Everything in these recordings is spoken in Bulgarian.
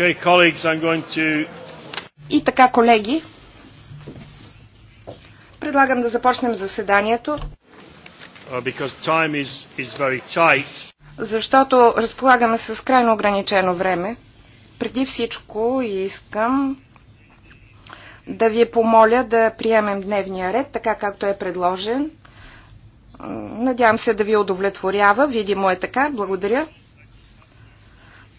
Okay, colleagues, I'm going to... И така, колеги, предлагам да започнем заседанието, uh, because time is, is very tight. защото разполагаме с крайно ограничено време. Преди всичко искам да ви помоля да приемем дневния ред, така както е предложен. Надявам се да ви удовлетворява. Видимо е така. Благодаря.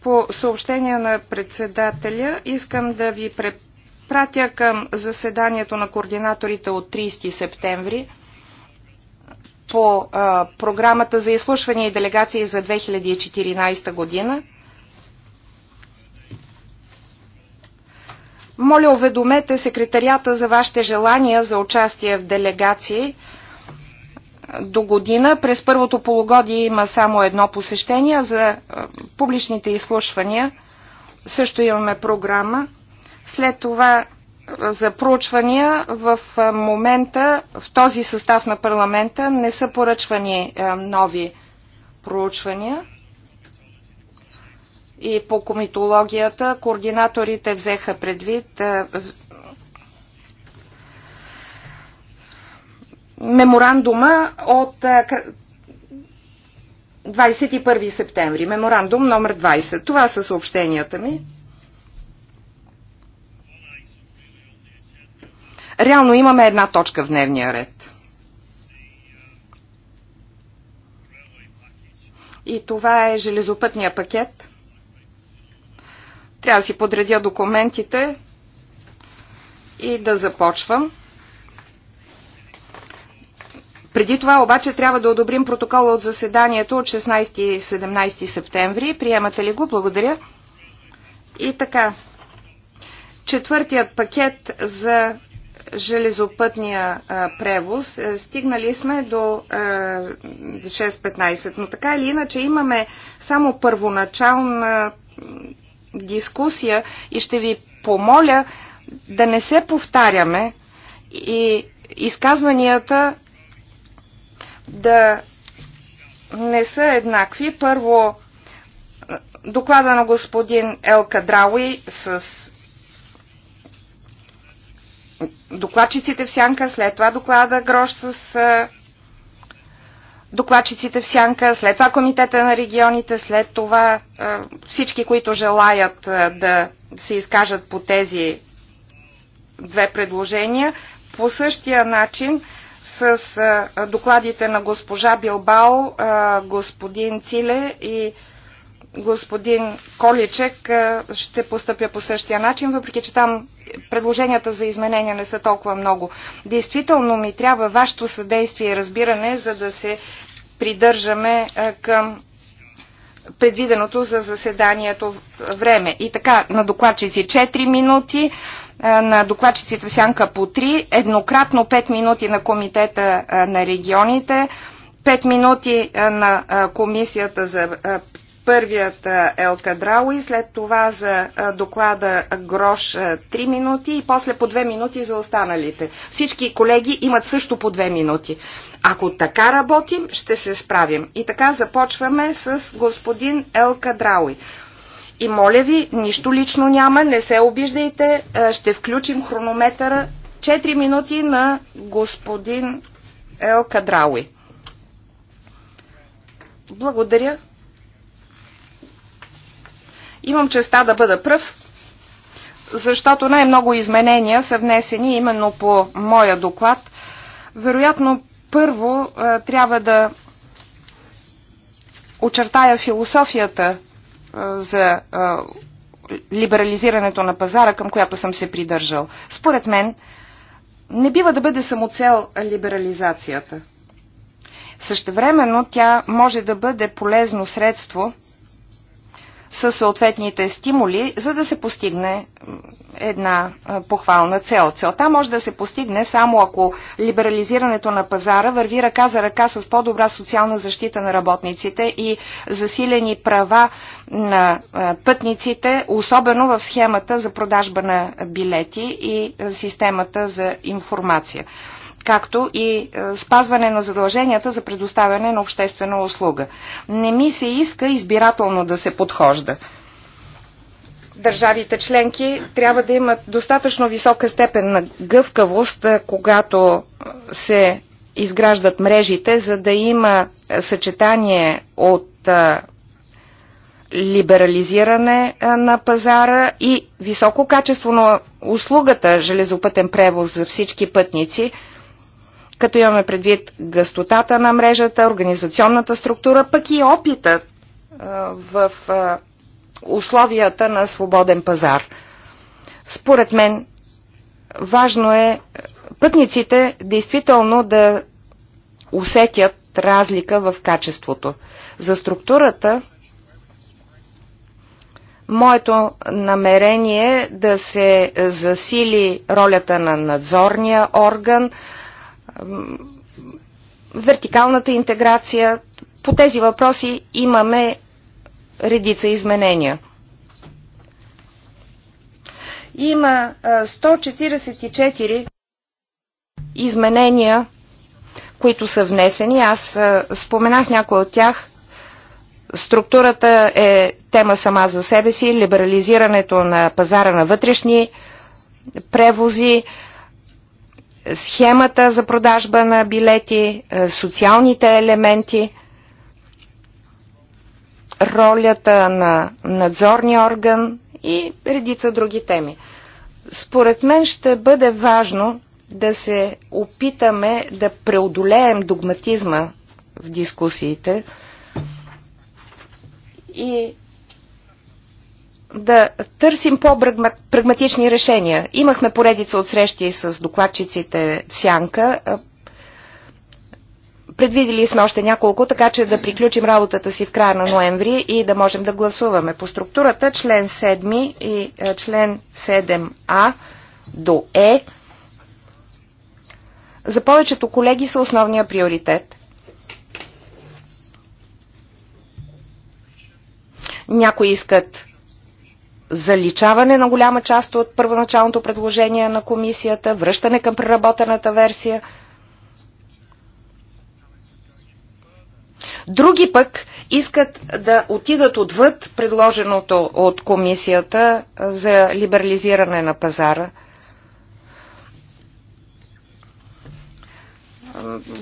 По съобщение на председателя искам да ви препратя към заседанието на координаторите от 30 септември по а, програмата за изслушвания и делегации за 2014 година. Моля, уведомете секретарията за вашите желания за участие в делегации – до година. През първото полугодие има само едно посещение. За публичните изслушвания също имаме програма. След това за проучвания в момента в този състав на парламента не са поръчвани нови проучвания. И по комитологията координаторите взеха предвид меморандума от 21 септември. Меморандум номер 20. Това са съобщенията ми. Реално имаме една точка в дневния ред. И това е железопътния пакет. Трябва да си подредя документите и да започвам. Преди това обаче трябва да одобрим протокола от заседанието от 16 и 17 септември. Приемате ли го? Благодаря. И така, четвъртият пакет за железопътния а, превоз. Е, стигнали сме до 6.15, но така или иначе имаме само първоначална дискусия и ще ви помоля да не се повтаряме и изказванията да не са еднакви. Първо, доклада на господин Елка Драуи с докладчиците в сянка, след това доклада Грош с докладчиците в сянка, след това комитета на регионите, след това всички, които желаят да се изкажат по тези две предложения. По същия начин с докладите на госпожа Билбао, господин Циле и господин Количек ще постъпя по същия начин, въпреки че там предложенията за изменения не са толкова много. Действително ми трябва вашето съдействие и разбиране, за да се придържаме към предвиденото за заседанието време. И така, на докладчици 4 минути, е, на докладчиците в сянка по 3, еднократно 5 минути на комитета е, на регионите, 5 минути е, на комисията за първият Ел Кадрауи, след това за доклада Грош 3 минути и после по 2 минути за останалите. Всички колеги имат също по 2 минути. Ако така работим, ще се справим. И така започваме с господин Ел Кадрауи. И моля ви, нищо лично няма, не се обиждайте, е, ще включим хронометъра 4 минути на господин Ел Кадрауи. Благодаря. Имам честа да бъда пръв, защото най-много изменения са внесени именно по моя доклад. Вероятно, първо е, трябва да очертая философията за либерализирането на пазара, към която съм се придържал. Според мен, не бива да бъде самоцел либерализацията. Същевременно тя може да бъде полезно средство – със съответните стимули, за да се постигне една похвална цел. Целта може да се постигне само ако либерализирането на пазара върви ръка за ръка с по-добра социална защита на работниците и засилени права на пътниците, особено в схемата за продажба на билети и системата за информация както и е, спазване на задълженията за предоставяне на обществена услуга. Не ми се иска избирателно да се подхожда. Държавите членки трябва да имат достатъчно висока степен на гъвкавост, е, когато се изграждат мрежите, за да има е, съчетание от либерализиране на пазара и високо качество на услугата железопътен превоз за всички пътници – като имаме предвид гъстотата на мрежата, организационната структура, пък и опитът в условията на свободен пазар. Според мен, важно е пътниците действително да усетят разлика в качеството. За структурата моето намерение е да се засили ролята на надзорния орган, вертикалната интеграция. По тези въпроси имаме редица изменения. Има 144 изменения, които са внесени. Аз споменах някои от тях. Структурата е тема сама за себе си, либерализирането на пазара на вътрешни превози, схемата за продажба на билети, е, социалните елементи, ролята на надзорния орган и редица други теми. Според мен ще бъде важно да се опитаме да преодолеем догматизма в дискусиите и да търсим по-прагматични решения. Имахме поредица от срещи с докладчиците в Сянка. Предвидели сме още няколко, така че да приключим работата си в края на ноември и да можем да гласуваме. По структурата член 7 и член 7а до Е за повечето колеги са основния приоритет. Някои искат заличаване на голяма част от първоначалното предложение на комисията, връщане към преработената версия. Други пък искат да отидат отвъд предложеното от комисията за либерализиране на пазара.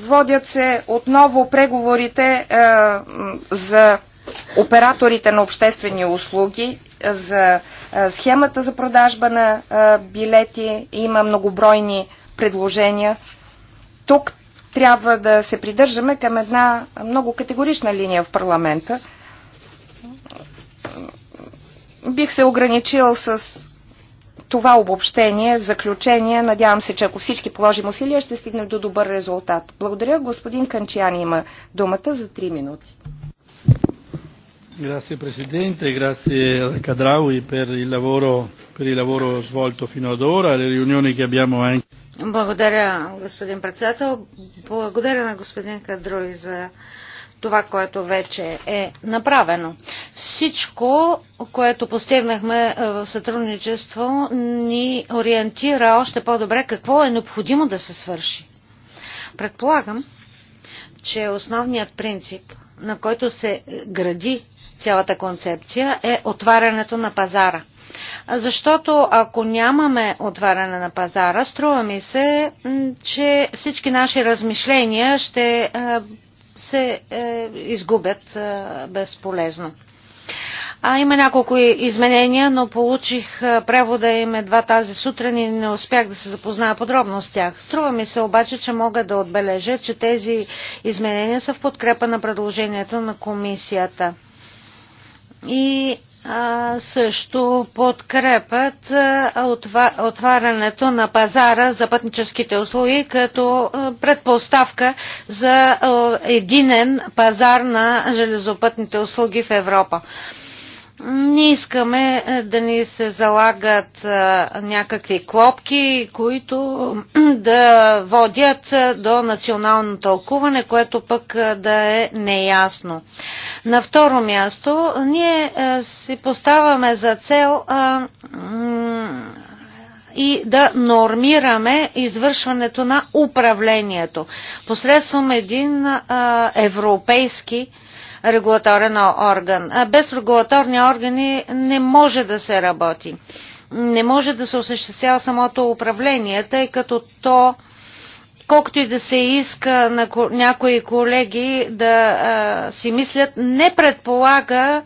Водят се отново преговорите е, за операторите на обществени услуги за схемата за продажба на билети. Има многобройни предложения. Тук трябва да се придържаме към една много категорична линия в парламента. Бих се ограничил с това обобщение в заключение. Надявам се, че ако всички положим усилия, ще стигнем до добър резултат. Благодаря. Господин Канчиан има думата за 3 минути. Grazie Presidente, grazie al Cadraui per il, lavoro, per il lavoro svolto fino ad ora, le riunioni che abbiamo anche. Благодаря, господин председател. Благодаря на господин Кадрои за това, което вече е направено. Всичко, което постигнахме е, в сътрудничество, ни ориентира още по-добре какво е необходимо да се свърши. Предполагам, че основният принцип, на който се гради цялата концепция, е отварянето на пазара. Защото ако нямаме отваряне на пазара, струва ми се, че всички наши размишления ще е, се е, изгубят е, безполезно. А, има няколко изменения, но получих превода им едва тази сутрин и не успях да се запозная подробно с тях. Струва ми се обаче, че мога да отбележа, че тези изменения са в подкрепа на предложението на комисията и а, също подкрепят а, отварянето на пазара за пътническите услуги като предпоставка за а, единен пазар на железопътните услуги в Европа. Не искаме е, да ни се залагат е, някакви клопки, които е, да водят до национално тълкуване, което пък да е неясно. На второ място, ние си поставаме за цел и да нормираме извършването на управлението посредством един европейски регулаторен орган. Без регулаторни органи не може да се работи. Не може да се осъществява самото управление, тъй като то колкото и да се иска на някои колеги да а, си мислят, не предполага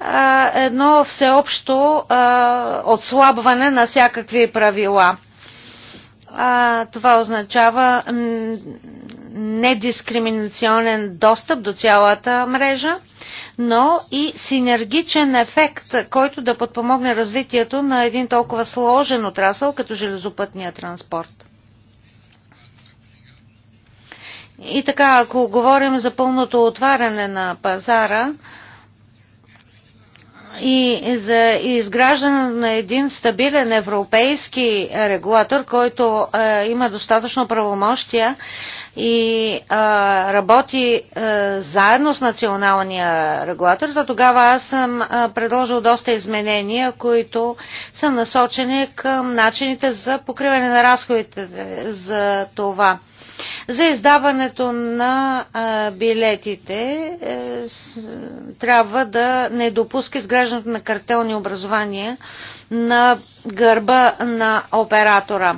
а, едно всеобщо а, отслабване на всякакви правила. А, това означава недискриминационен достъп до цялата мрежа, но и синергичен ефект, който да подпомогне развитието на един толкова сложен отрасъл, като железопътния транспорт. И така, ако говорим за пълното отваряне на пазара, и за изграждане на един стабилен европейски регулатор, който е, има достатъчно правомощия и а, работи а, заедно с националния регулатор, то тогава аз съм а, предложил доста изменения, които са насочени към начините за покриване на разходите за това. За издаването на а, билетите е, с, трябва да не допуска изграждането на картелни образования на гърба на оператора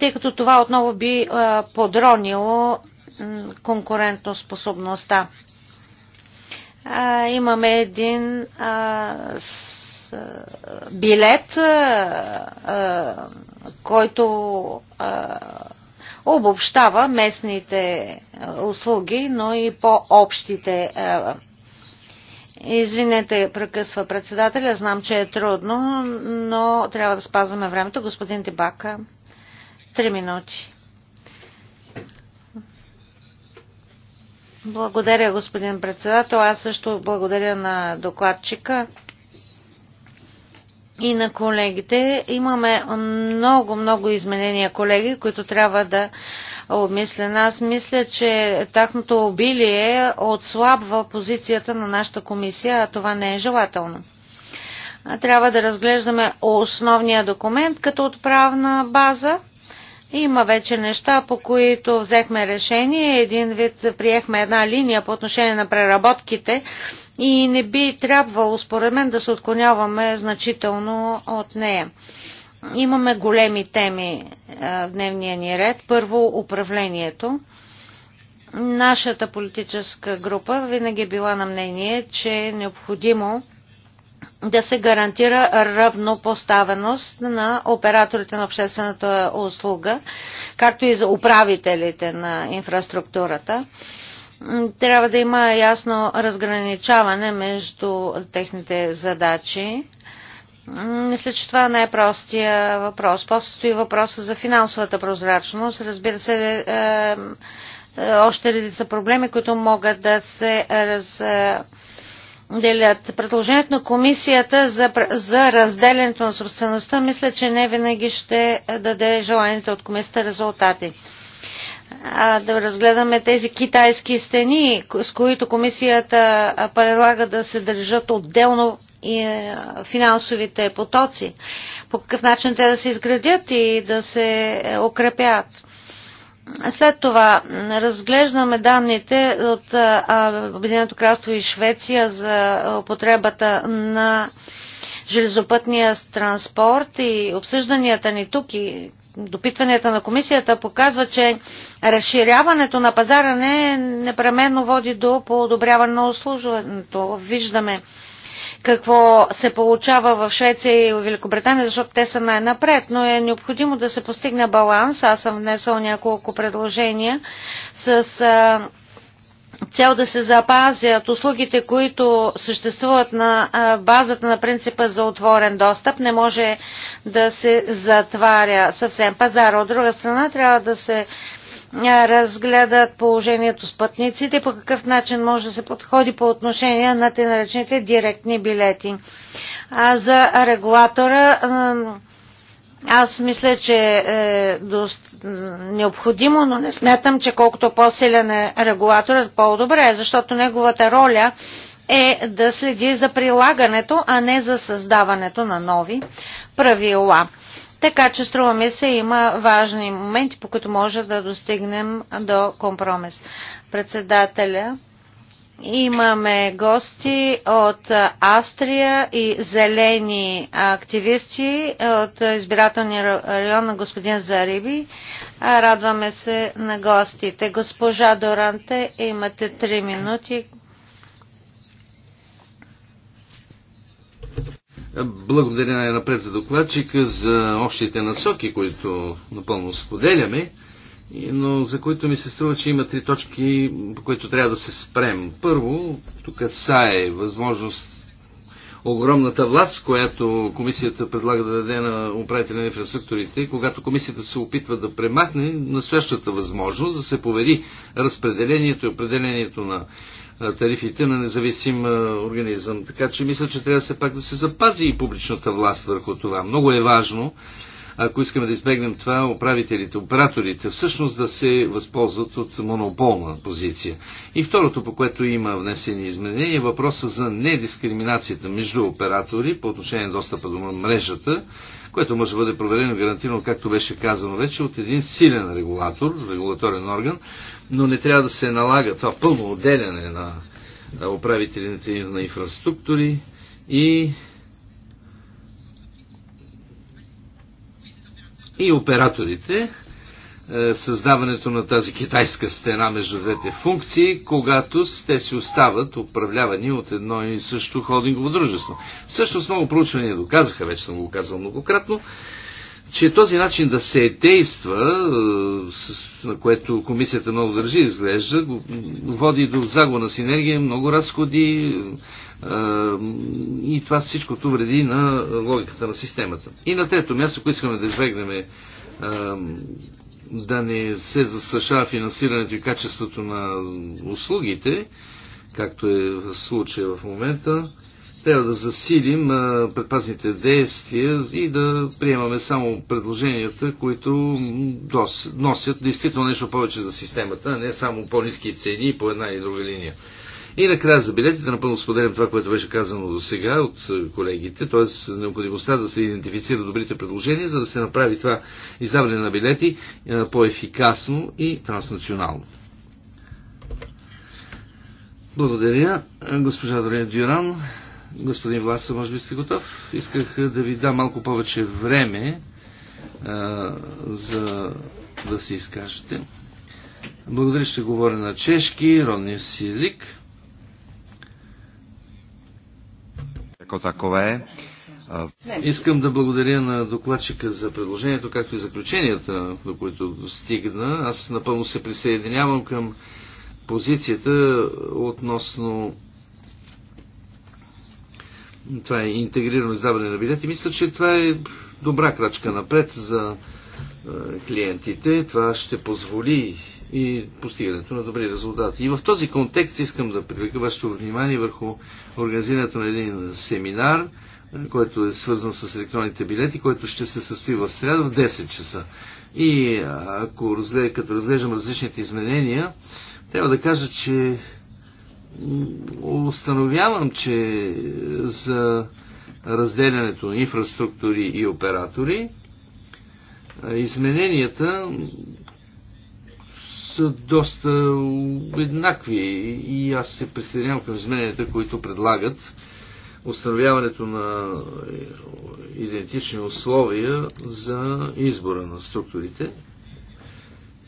тъй като това отново би е, подронило конкурентоспособността. Имаме един билет, който обобщава местните услуги, но и по-общите. Извинете, прекъсва председателя, знам, че е трудно, но трябва да спазваме времето. Господин Дебака. Три минути. Благодаря, господин председател. Аз също благодаря на докладчика и на колегите. Имаме много, много изменения, колеги, които трябва да обмислен. Аз мисля, че тяхното обилие отслабва позицията на нашата комисия, а това не е желателно. Трябва да разглеждаме основния документ като отправна база има вече неща, по които взехме решение. Един вид приехме една линия по отношение на преработките и не би трябвало, според мен, да се отклоняваме значително от нея. Имаме големи теми е, в дневния ни ред. Първо, управлението. Нашата политическа група винаги е била на мнение, че е необходимо да се гарантира равнопоставеност на операторите на обществената услуга, както и за управителите на инфраструктурата. Трябва да има ясно разграничаване между техните задачи. Мисля, че това не е простия въпрос. После стои въпроса за финансовата прозрачност. Разбира се, е, е, още редица проблеми, които могат да се раз, е, делят. Предложението на комисията за, за разделянето на собствеността мисля, че не винаги ще даде желаните от комисията резултати. А, да разгледаме тези китайски стени, с които комисията предлага да се държат отделно и финансовите потоци. По какъв начин те да се изградят и да се е, укрепят. След това разглеждаме данните от Обединеното кралство и Швеция за употребата на железопътния транспорт и обсъжданията ни тук и допитванията на комисията показва, че разширяването на пазара не непременно води до подобряване на услужването. Виждаме какво се получава в Швеция и в Великобритания, защото те са най-напред, но е необходимо да се постигне баланс. Аз съм внесъл няколко предложения с цел да се запазят услугите, които съществуват на базата на принципа за отворен достъп. Не може да се затваря съвсем пазара. От друга страна трябва да се разгледат положението с пътниците, по какъв начин може да се подходи по отношение на те наречените директни билети. А за регулатора аз мисля, че е дост необходимо, но не смятам, че колкото по-силен е регулаторът, по-добре, защото неговата роля е да следи за прилагането, а не за създаването на нови правила. Така че струва ми се има важни моменти, по които може да достигнем до компромис. Председателя, имаме гости от Австрия и зелени активисти от избирателния район на господин Зариби. Радваме се на гостите. Госпожа Доранте, имате 3 минути. Благодаря най-напред за докладчика, за общите насоки, които напълно споделяме, но за които ми се струва, че има три точки, по които трябва да се спрем. Първо, тук сае възможност огромната власт, която комисията предлага да даде на управителя на инфраструктурите, когато комисията се опитва да премахне настоящата възможност да се повери разпределението и определението на тарифите на независим организъм. Така че мисля, че трябва все пак да се запази и публичната власт върху това. Много е важно ако искаме да избегнем това, управителите, операторите всъщност да се възползват от монополна позиция. И второто, по което има внесени изменения, е въпроса за недискриминацията между оператори по отношение на достъпа до мрежата, което може да бъде проверено гарантирано, както беше казано вече, от един силен регулатор, регулаторен орган, но не трябва да се налага това пълно отделяне на управителите на инфраструктури и и операторите е, създаването на тази китайска стена между двете функции, когато те си остават управлявани от едно и също холдингово дружество. Също с много проучвания доказаха, вече съм го казал многократно, че този начин да се действа, е, на което комисията много държи, изглежда, води до загуба на синергия, много разходи, е, и това всичкото вреди на логиката на системата. И на трето място, ако искаме да избегнем е, да не се застрашава финансирането и качеството на услугите, както е в случая в момента, трябва да засилим е, предпазните действия и да приемаме само предложенията, които носят действително нещо повече за системата, а не само по-низки цени по една или друга линия. И накрая за билетите напълно споделям това, което беше казано до сега от е, колегите, т.е. необходимостта да се идентифицира добрите предложения, за да се направи това издаване на билети е, по-ефикасно и транснационално. Благодаря, госпожа Дория Дюран. Господин Власа, може би сте готов. Исках е, да ви дам малко повече време а, за да се изкажете. Благодаря, ще говоря на чешки, родния си език. Е, Искам да благодаря на докладчика за предложението, както и заключенията, до които стигна, Аз напълно се присъединявам към позицията относно това е интегрирано издаване на билети. Мисля, че това е добра крачка напред за клиентите. Това ще позволи и постигането на добри резултати. И в този контекст искам да привлека вашето внимание върху организирането на един семинар, е, който е свързан с електронните билети, който ще се състои в среда в 10 часа. И ако разглед, като разглеждам различните изменения, трябва да кажа, че установявам, че е, за разделянето на инфраструктури и оператори, е, измененията са доста еднакви и аз се присъединявам към измененията, които предлагат установяването на идентични условия за избора на структурите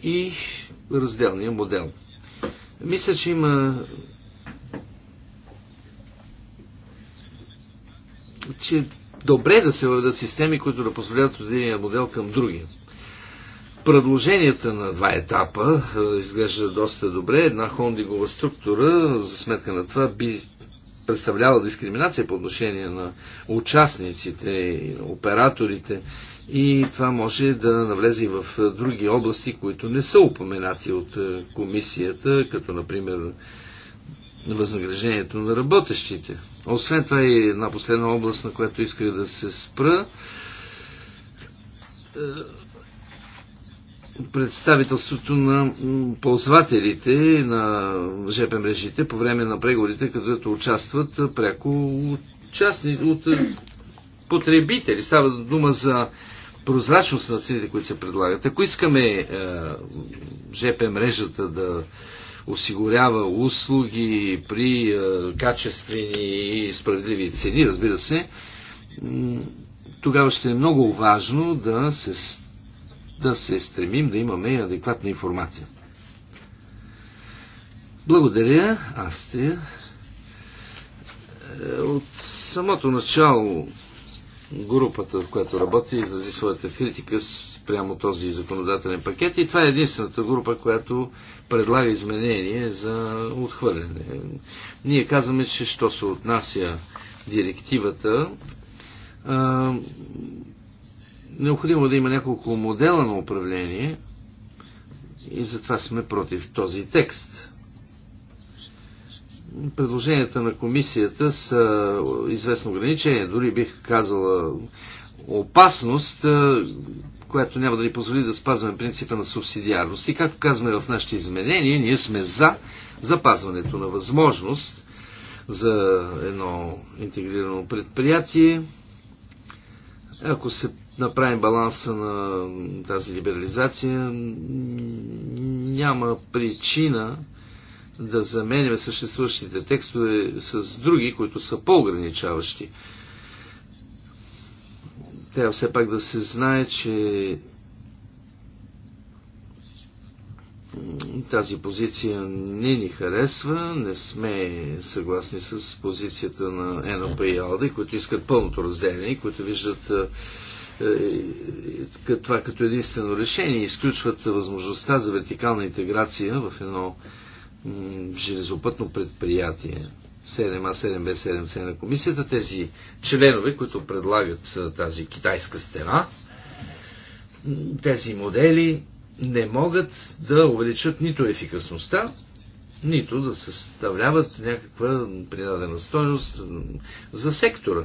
и разделния модел. Мисля, че има че добре е да се въведат системи, които да позволят от един модел към другия. Предложенията на два етапа е, изглежда доста добре. Една хондигова структура за сметка на това би представлява дискриминация по отношение на участниците и операторите и това може да навлезе и в е, други области, които не са упоменати от е, комисията, като например възнаграждението на работещите. Освен това и една последна област, на която исках да се спра представителството на ползвателите на ЖП мрежите по време на преговорите, където участват пряко частни от е, потребители. Става дума за прозрачност на цените, които се предлагат. Ако искаме е, ЖП мрежата да осигурява услуги при е, качествени и справедливи цени, разбира се, тогава ще е много важно да се да се стремим да имаме адекватна информация. Благодаря, Астрия. Е, от самото начало групата, в която работи, изрази своята критика прямо този законодателен пакет и това е единствената група, която предлага изменение за отхвърляне. Ние казваме, че що се отнася директивата, Необходимо е да има няколко модела на управление и затова сме против този текст. Предложенията на комисията са известно ограничение, дори бих казала опасност, която няма да ни позволи да спазваме принципа на субсидиарност. И както казваме в нашите изменения, ние сме за запазването на възможност за едно интегрирано предприятие, ако се направим баланса на тази либерализация, няма причина да заменяме съществуващите текстове с други, които са по-ограничаващи. Трябва все пак да се знае, че тази позиция не ни харесва, не сме съгласни с позицията на НОП и АЛДИ, които искат пълното разделение, които виждат е, е, е, това като единствено решение, изключват възможността за вертикална интеграция в едно железопътно предприятие. 7А, 7Б, 7С на комисията, тези членове, които предлагат тази китайска стена, тези модели не могат да увеличат нито ефикасността, нито да съставляват някаква принадена стойност за сектора.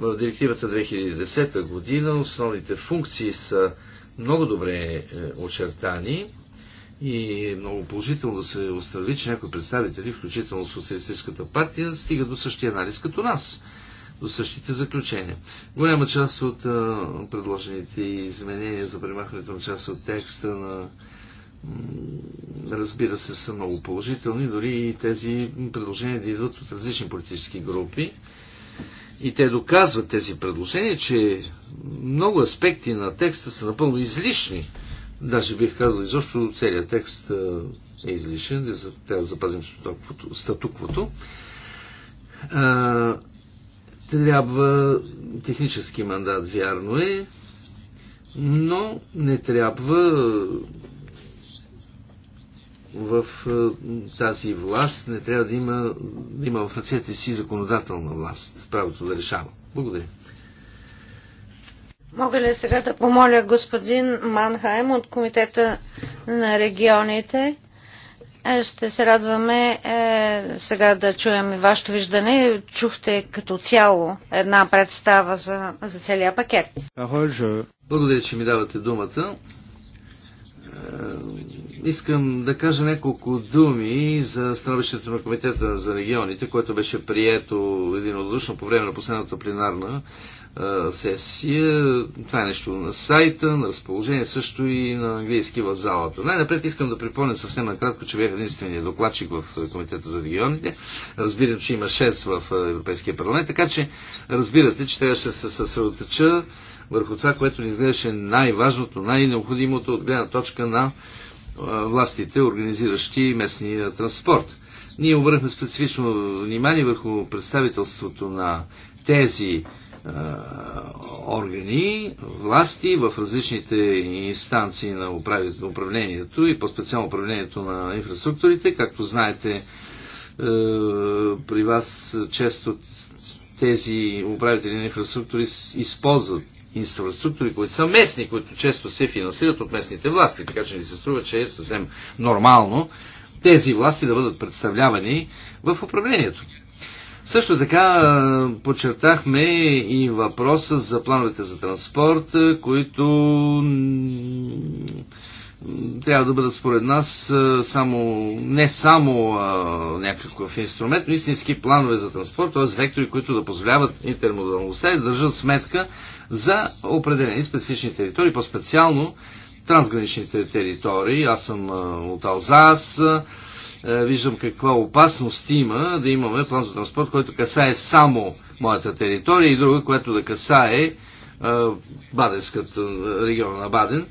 В директивата 2010 година основните функции са много добре е, очертани и е много положително да се установи, че някои представители, включително Социалистическата партия, стига до същия анализ като нас, до същите заключения. Голяма част от а, е, предложените изменения за премахването на част от текста на разбира се, са много положителни, дори и тези предложения да идват от различни политически групи. И те доказват тези предложения, че много аспекти на текста са напълно излишни. Даже бих казал, изобщо целият текст е излишен, е трябва да запазим статуквото. Трябва технически мандат, вярно е, но не трябва в е, тази власт не трябва да има, да има в ръцете си законодателна власт, правото да решава. Благодаря. Мога ли сега да помоля господин Манхайм от Комитета на регионите? Е, ще се радваме е, сега да чуем и вашето виждане. Чухте като цяло една представа за, за целия пакет. Е. Благодаря, че ми давате думата. Е, искам да кажа няколко думи за становището на Комитета за регионите, което беше прието единодушно по време на последната пленарна е, сесия. Това е нещо на сайта, на разположение също и на английски в залата. Най-напред искам да припомня съвсем накратко, че бях единствения докладчик в е, Комитета за регионите. Разбирам, че има 6 в Европейския парламент, така че разбирате, че трябваше да се съсредоточа върху това, което ни изглеждаше най-важното, най-необходимото от гледна точка на властите, организиращи местния транспорт. Ние обърнахме специфично внимание върху представителството на тези органи, власти в различните инстанции на управлението и по-специално управлението на инфраструктурите. Както знаете, при вас често тези управители на инфраструктури използват инфраструктури, които са местни, които често се финансират от местните власти. Така че ни се струва, че е съвсем нормално тези власти да бъдат представлявани в управлението. Също така подчертахме и въпроса за плановете за транспорт, които трябва да бъдат според нас само, не само а, някакъв инструмент, но истински планове за транспорт, т.е. вектори, които да позволяват интермодалността и да държат сметка за определени специфични територии, по-специално трансграничните територии. Аз съм а, от Алзас, а, виждам каква опасност има да имаме план за транспорт, който касае само моята територия и друга, която да касае Баденската региона на Баден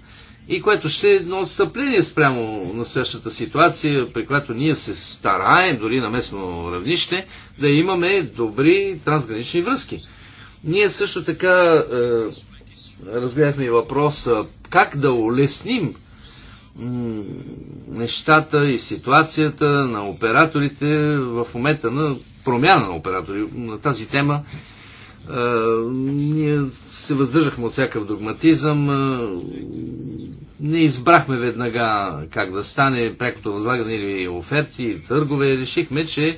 и което ще е едно отстъпление спрямо настоящата ситуация, при която ние се стараем, дори на местно равнище, да имаме добри трансгранични връзки. Ние също така е, разгледахме и въпроса как да улесним нещата и ситуацията на операторите в момента на промяна на оператори. На тази тема ние се въздържахме от всякакъв догматизъм. Не избрахме веднага как да стане прякото възлагане или оферти, търгове. Решихме, че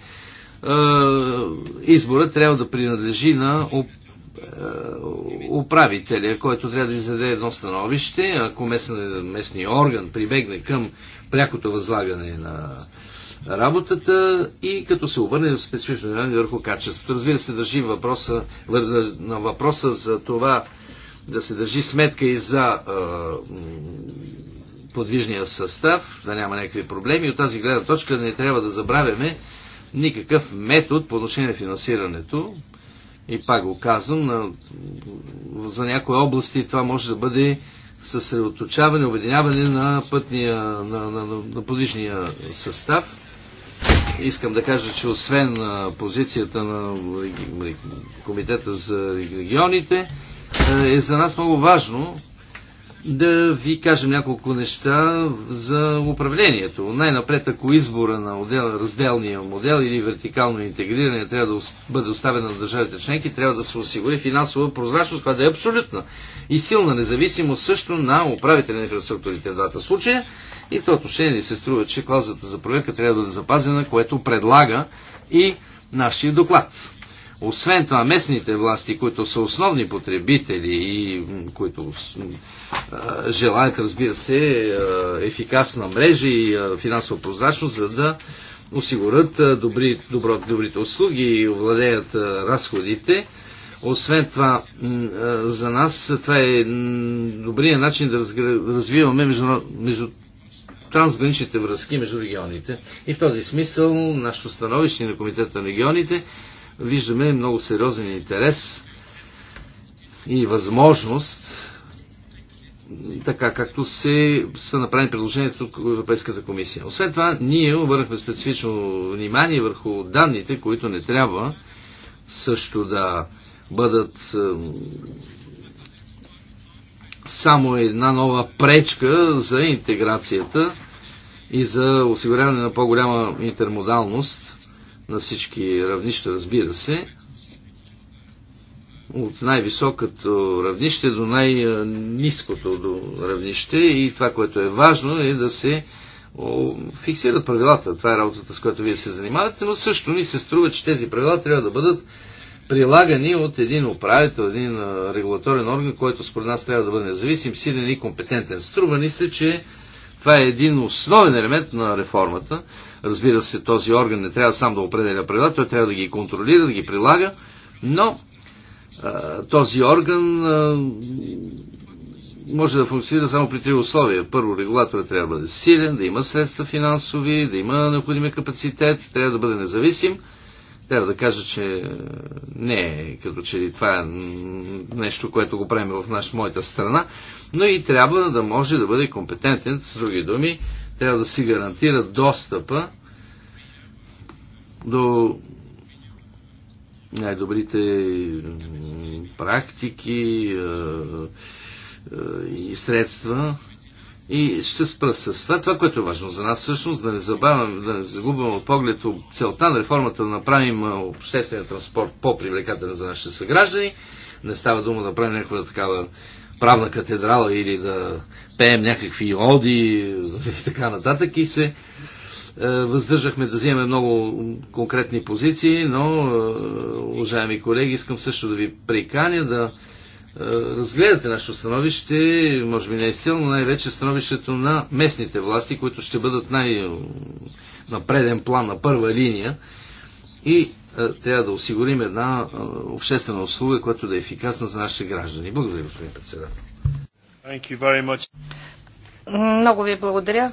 изборът трябва да принадлежи на управителя, който трябва да издаде едно становище, ако местния орган прибегне към прякото възлагане на работата и като се обърне за специфично внимание върху качеството. Разбира се, държи въпроса, на въпроса за това да се държи сметка и за а, подвижния състав, да няма някакви проблеми. От тази гледна точка не трябва да забравяме никакъв метод по отношение на финансирането. И пак го казвам, на, за някои области това може да бъде съсредоточаване, обединяване на пътния, на, на, на, на подвижния състав искам да кажа, че освен позицията на Комитета за регионите, е за нас много важно да ви кажем няколко неща за управлението. Най-напред, ако избора на отдел, разделния модел или вертикално интегриране трябва да бъде оставен на държавите членки, трябва да се осигури финансова прозрачност, която да е абсолютна и силна независимост също на управителя на инфраструктурите в двата случая. И в това отношение се струва, че клаузата за проверка трябва да бъде запазена, което предлага и нашия доклад. Освен това, местните власти, които са основни потребители и които желаят, разбира се, ефикасна мрежа и финансова прозрачност, за да осигурят добри, добро, добрите услуги и овладеят разходите. Освен това, за нас това е добрият начин да развиваме между, между трансграничните връзки между регионите. И в този смисъл нашето становище на Комитета на регионите виждаме много сериозен интерес и възможност така както се, са направени предложението от Европейската комисия. Освен това, ние обърнахме специфично внимание върху данните, които не трябва също да бъдат само една нова пречка за интеграцията и за осигуряване на по-голяма интермодалност на всички равнища, разбира се, от най-високото равнище до най-низкото равнище и това, което е важно е да се фиксират правилата. Това е работата, с която вие се занимавате, но също ми се струва, че тези правила трябва да бъдат прилагани от един управител, един регулаторен орган, който според нас трябва да бъде независим, силен и компетентен. Струва ни се, че това е един основен елемент на реформата Разбира се, този орган не трябва сам да определя правила, той трябва да ги контролира, да ги прилага, но а, този орган а, може да функционира само при три условия. Първо, регулаторът трябва да бъде силен, да има средства финансови, да има необходимия капацитет, трябва да бъде независим. Трябва да кажа, че не е като че ли това е нещо, което го правим в наш, моята страна, но и трябва да може да бъде компетентен, с други думи, трябва да си гарантира достъпа до най-добрите практики и средства. И ще спра с това. Това, което е важно за нас всъщност, да не забавяме, да не загубваме от поглед целта на реформата да направим обществения транспорт по-привлекателен за нашите съграждани. Не става дума да правим някаква такава правна катедрала или да пеем някакви оди и така нататък и се е, въздържахме да вземем много конкретни позиции, но, е, уважаеми колеги, искам също да ви приканя да е, разгледате нашето становище, може би не е силно, най-вече становището на местните власти, които ще бъдат най-напреден план на първа линия. И е, трябва да осигурим една е, обществена услуга, която да е ефикасна за нашите граждани. Благодаря, господин председател. Много ви благодаря.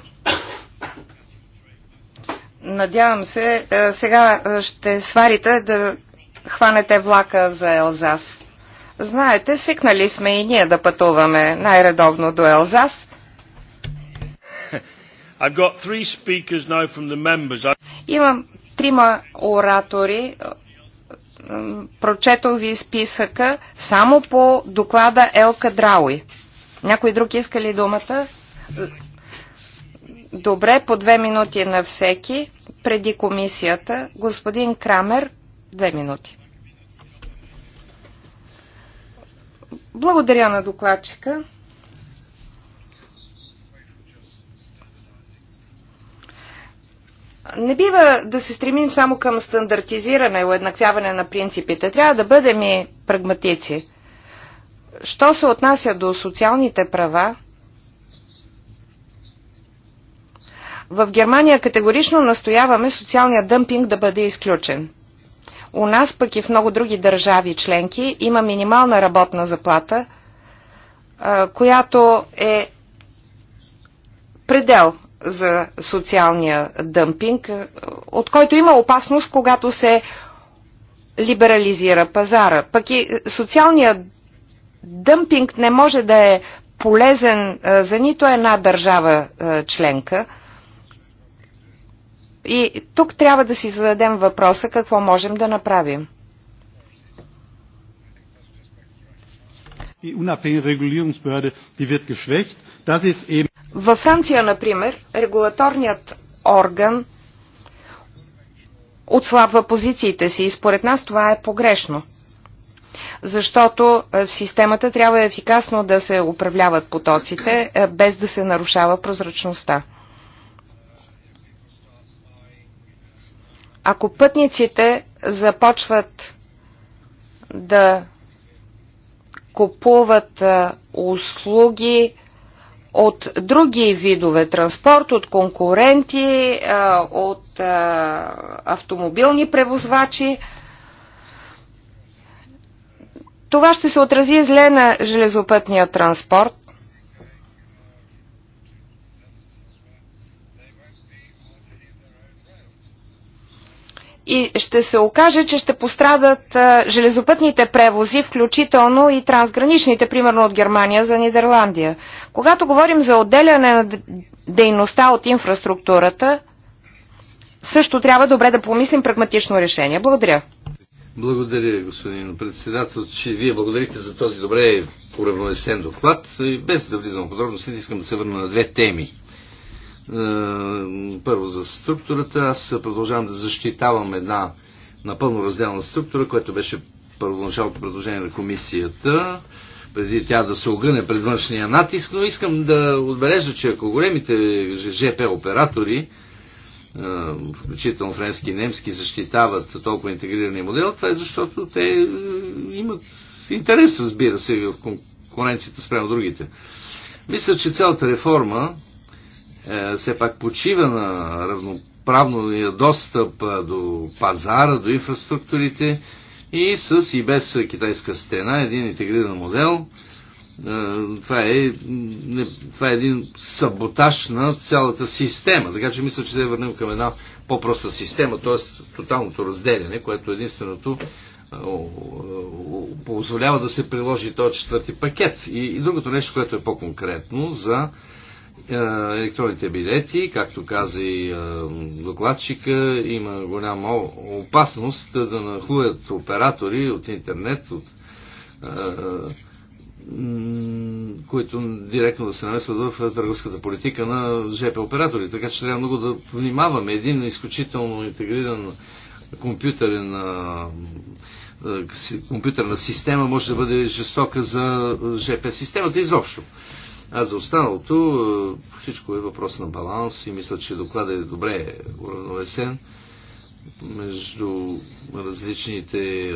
Надявам се, е, сега ще сварите да хванете влака за Елзас. Знаете, свикнали сме и ние да пътуваме най-редовно до Елзас. Имам трима оратори. Е, прочетох ви списъка само по доклада Елка Драуи. Някой друг иска ли думата? Добре, по две минути на всеки. Преди комисията, господин Крамер, две минути. Благодаря на докладчика. Не бива да се стремим само към стандартизиране и уеднаквяване на принципите. Трябва да бъдем и прагматици. Що се отнася до социалните права, в Германия категорично настояваме социалния дъмпинг да бъде изключен. У нас пък и в много други държави членки има минимална работна заплата, която е предел за социалния дъмпинг, от който има опасност, когато се либерализира пазара. Пък и социалният дъмпинг не може да е полезен за нито една държава членка. И тук трябва да си зададем въпроса какво можем да направим. Die unabhängige Regulierungsbehörde, die wird geschwächt. Das ist eben във Франция, например, регулаторният орган отслабва позициите си и според нас това е погрешно. Защото е, в системата трябва ефикасно да се управляват потоците, е, без да се нарушава прозрачността. Ако пътниците започват да купуват е, услуги, от други видове транспорт, от конкуренти, от автомобилни превозвачи. Това ще се отрази зле на железопътния транспорт. и ще се окаже, че ще пострадат железопътните превози, включително и трансграничните, примерно от Германия за Нидерландия. Когато говорим за отделяне на дейността от инфраструктурата, също трябва добре да помислим прагматично решение. Благодаря. Благодаря, господин председател, че вие благодарихте за този добре уравновесен доклад. И без да влизам в подробности, искам да се върна на две теми. Е, първо за структурата. Аз продължавам да защитавам една напълно разделна структура, която беше първоначалното предложение на комисията преди тя да се огъне пред външния натиск, но искам да отбележа, че ако големите ЖП оператори, е, включително френски и немски, защитават толкова интегрирания модел, това е защото те е, имат интерес, разбира се, в конкуренцията спрямо другите. Мисля, че цялата реформа е, все пак почива на равноправния достъп е, до пазара, до инфраструктурите и с и без китайска стена, един интегриран модел. Е, това е, това е един саботаж на цялата система. Така че мисля, че се върнем към една по-проста система, т.е. тоталното разделяне, което единственото позволява да се приложи този четвърти пакет. И, и другото нещо, което е по-конкретно за е, електронните билети, както каза и е, докладчика, има голяма опасност да нахлуят оператори от интернет, от, е, които директно да се намесват в търговската политика на ЖП оператори. Така че трябва много да внимаваме. Един изключително интегриран компютърен компютърна система може да бъде жестока за ЖП системата изобщо. А за останалото е, всичко е въпрос на баланс и мисля, че докладът е добре уравновесен между различните е,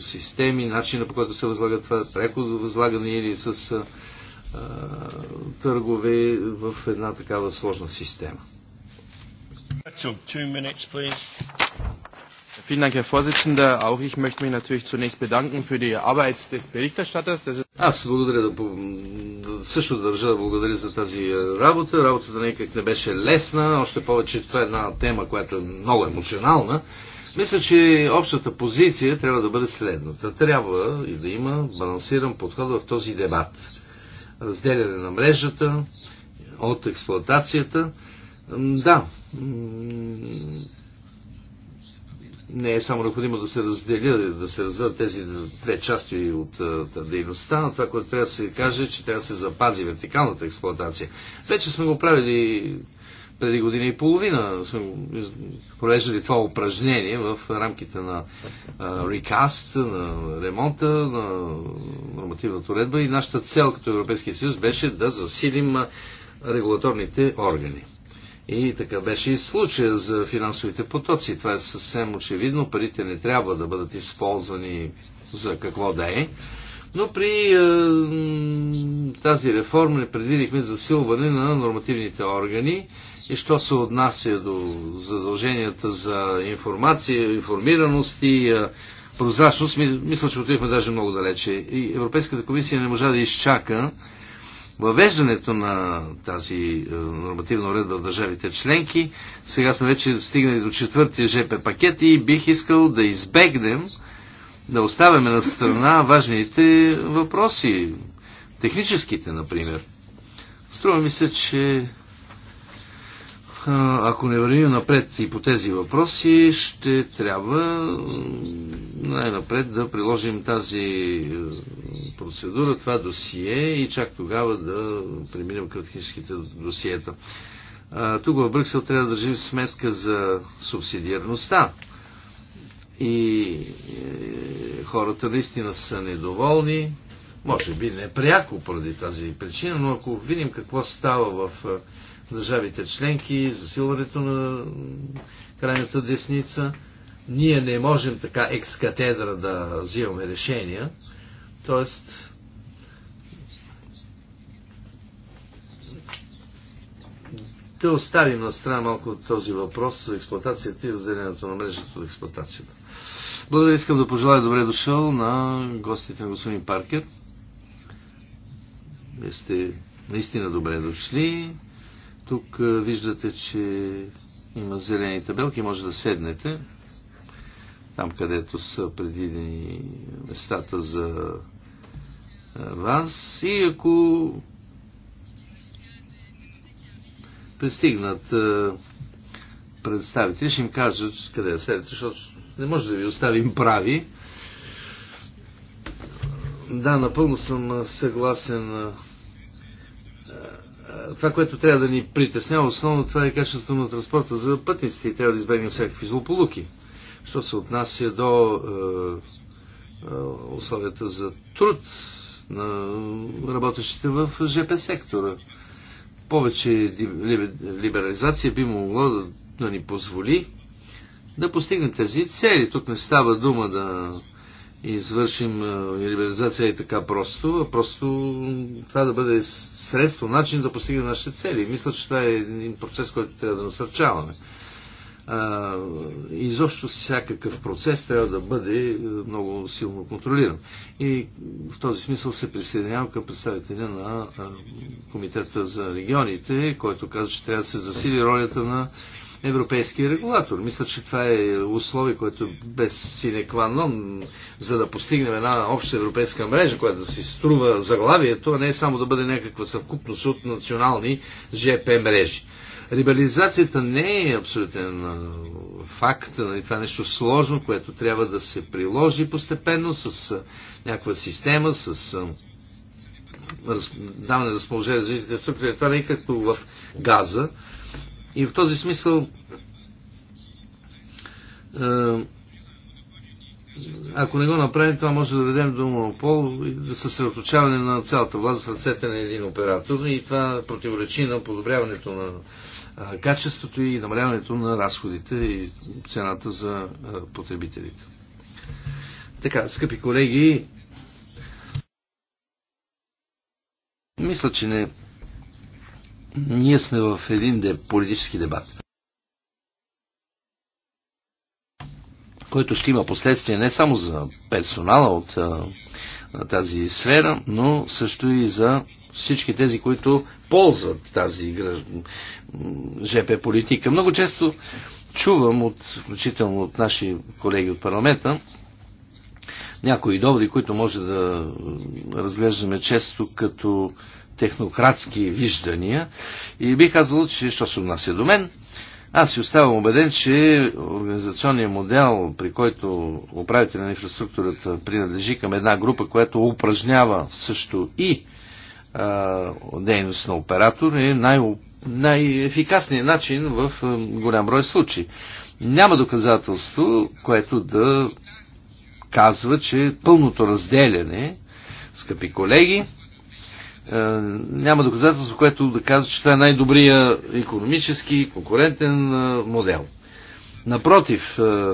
системи, начина по който се възлага това, преко възлагане или с е, търгове в една такава сложна система. Vielen Dank, Herr Vorsitzender. Auch ich möchte mich natürlich zunächst bedanken für die Arbeit des Berichterstatters. Das ist Аз благодаря да, също да държа да благодаря за тази е, работа. Работата никак не беше лесна, още повече това е една тема, която е много емоционална. Мисля, че общата позиция трябва да бъде следната. Трябва и да има балансиран подход в този дебат. Разделяне на мрежата от експлоатацията. Да, не е само необходимо да се разделя, да се раздадат тези две части е, от дейността, но това, което трябва да се каже, е, че трябва да се запази вертикалната експлуатация. Вече сме го правили преди година и половина, сме провеждали това упражнение в рамките на е, рекаст, на ремонта, на нормативната уредба и нашата цел като Европейския съюз беше да засилим регулаторните органи. И така беше и случая за финансовите потоци. Това е съвсем очевидно. Парите не трябва да бъдат използвани за какво да е. Но при е, тази реформа не предвидихме засилване на нормативните органи и що се отнася до задълженията за информация, информираност и е, прозрачност, мисля, че отивахме даже много далече. И Европейската комисия не можа да изчака въвеждането на тази е, нормативна уредба в държавите членки. Сега сме вече стигнали до четвъртия ЖП пакет и бих искал да избегнем да оставяме на страна важните въпроси, техническите, например. Струва ми се, че ако не вървим напред и по тези въпроси, ще трябва най-напред да приложим тази е, процедура, това досие и чак тогава да преминем към техническите досиета. Тук в Брюксел трябва да държим сметка за субсидиарността. И е, хората наистина са недоволни, може би непряко поради тази причина, но ако видим какво става в е, държавите членки, засилването на крайната десница. Ние не можем така екс-катедра да взимаме решения. Тоест, да оставим на страна малко от този въпрос за експлуатацията и разделението на мрежата от експлуатацията. Благодаря, искам да пожелая добре дошъл на гостите на господин Паркер. Вие сте наистина добре дошли. Тук виждате, че има зелени табелки, може да седнете там, където са предвидени местата за вас. И ако пристигнат представители, ще им кажат къде да седете, защото не може да ви оставим прави. Да, напълно съм съгласен това, което трябва да ни притеснява основно, това е качеството на транспорта за пътниците и трябва да избегнем всякакви злополуки. Що се отнася до е, е, условията за труд на работещите в ЖП сектора. Повече либерализация би могло да, да ни позволи да постигне тези цели. Тук не става дума да извършим либерализация и така просто, а просто това да бъде средство, начин да на нашите цели. Мисля, че това е един процес, който трябва да насърчаваме. А, изобщо всякакъв процес трябва да бъде много силно контролиран. И в този смисъл се присъединявам към представителя на Комитета за регионите, който каза, че трябва да се засили ролята на европейския регулатор. Мисля, че това е условие, което е без синекванон, за да постигнем една обща европейска мрежа, която да си струва заглавието, а не е само да бъде някаква съвкупност от национални ЖП мрежи. Либерализацията не е абсолютен факт, нали? това е нещо сложно, което трябва да се приложи постепенно с някаква система, с даване на разположение за жителите структури. Това не е като в газа, и в този смисъл е, ако не го направим, това може да доведем до монопол и да съсредоточаване на цялата власт в ръцете на един оператор и това противоречи на подобряването на качеството и намаляването на разходите и цената за потребителите. Така, скъпи колеги, мисля, че не ние сме в един политически дебат, който ще има последствия не само за персонала от тази сфера, но също и за всички тези, които ползват тази ЖП политика. Много често чувам, от, включително от наши колеги от парламента, някои доводи, които може да разглеждаме често като технократски виждания. И бих казал, че, що се отнася до мен, аз си оставам убеден, че организационният модел, при който управителя на инфраструктурата принадлежи към една група, която упражнява също и а, дейност на оператор, е най- най-ефикасният начин в голям брой случаи. Няма доказателство, което да казва, че пълното разделяне, скъпи колеги, е, няма доказателство, което да казва, че това е най-добрия економически, конкурентен е, модел. Напротив, е,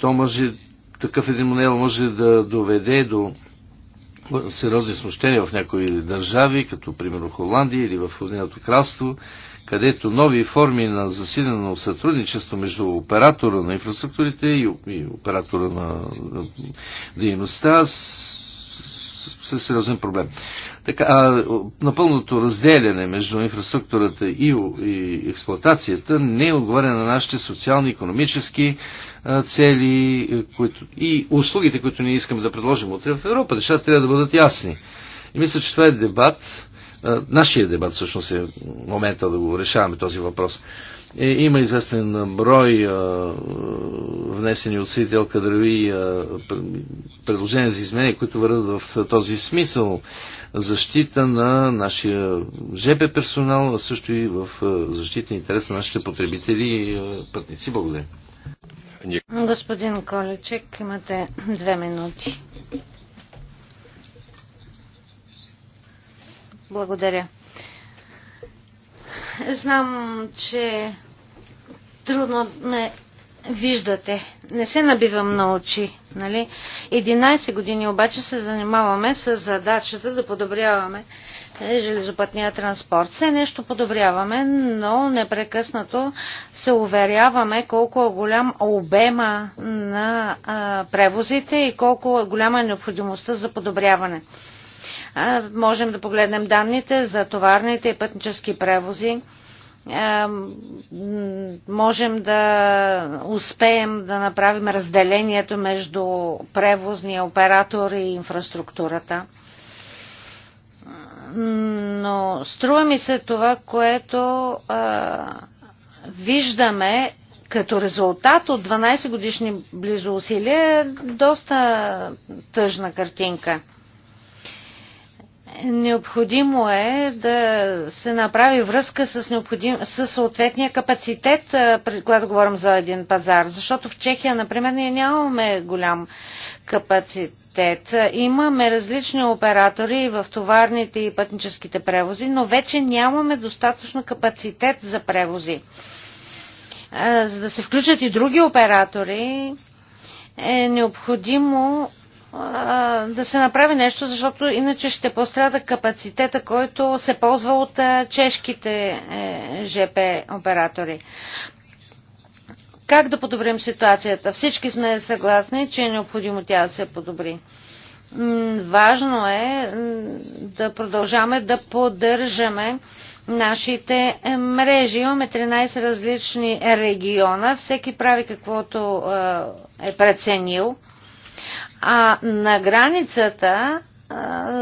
то може, такъв един модел може да доведе до сериозни смущения в някои държави, като примерно Холандия или в Единото кралство, където нови форми на засилено сътрудничество между оператора на инфраструктурите и оператора на дейността са сериозен проблем така, а, напълното разделяне между инфраструктурата и, и експлуатацията не отговаря на нашите социални, економически а, цели които, и услугите, които ние искаме да предложим утре в Европа. Нещата трябва да бъдат ясни. И мисля, че това е дебат, а, нашия дебат всъщност е момента да го решаваме този въпрос. Е, има известен брой а, внесени от Сидел Кадрави предложения за изменения, които върват в този смисъл. Защита на нашия ЖП персонал, а също и в защита на интерес на нашите потребители и пътници. Благодаря. Господин Колечек, имате две минути. Благодаря. Знам, че трудно ме виждате. Не се набивам на очи. Нали? 11 години обаче се занимаваме с задачата да подобряваме е, железопътния транспорт. Все нещо подобряваме, но непрекъснато се уверяваме колко е голям обема на а, превозите и колко е голяма е необходимостта за подобряване. Можем да погледнем данните за товарните и пътнически превози. Можем да успеем да направим разделението между превозния оператор и инфраструктурата но струва ми се това, което а, виждаме като резултат от 12 годишни близо усилия е доста тъжна картинка. Необходимо е да се направи връзка с, необходим, с съответния капацитет, когато говорим за един пазар. Защото в Чехия, например, ние нямаме голям капацитет. Имаме различни оператори в товарните и пътническите превози, но вече нямаме достатъчно капацитет за превози. За да се включат и други оператори, е необходимо да се направи нещо, защото иначе ще пострада капацитета, който се ползва от чешките е, ЖП оператори. Как да подобрим ситуацията? Всички сме съгласни, че е необходимо тя да се подобри. Важно е да продължаваме да поддържаме нашите е, мрежи. Имаме 13 различни региона, всеки прави каквото е, е преценил. А на границата,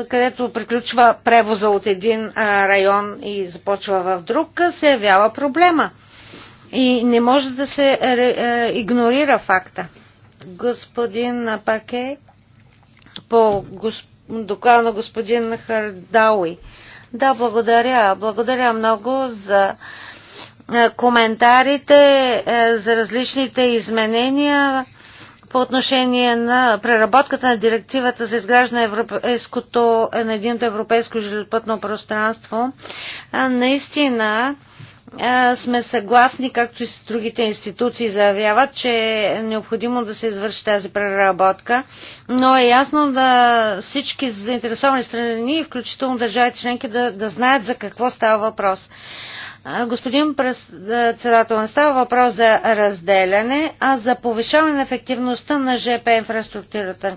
където приключва превоза от един район и започва в друг, се явява проблема. И не може да се игнорира факта. Господин Паке, по доклада на господин Хардауи. Да, благодаря. Благодаря много за коментарите, за различните изменения по отношение на преработката на директивата за изграждане европейското, на единото европейско железопътно пространство, наистина сме съгласни, както и с другите институции заявяват, че е необходимо да се извърши тази преработка, но е ясно да всички заинтересовани страни, включително държавите членки, да, да знаят за какво става въпрос. Господин председател, не става въпрос за разделяне, а за повишаване на ефективността на ЖП инфраструктурата.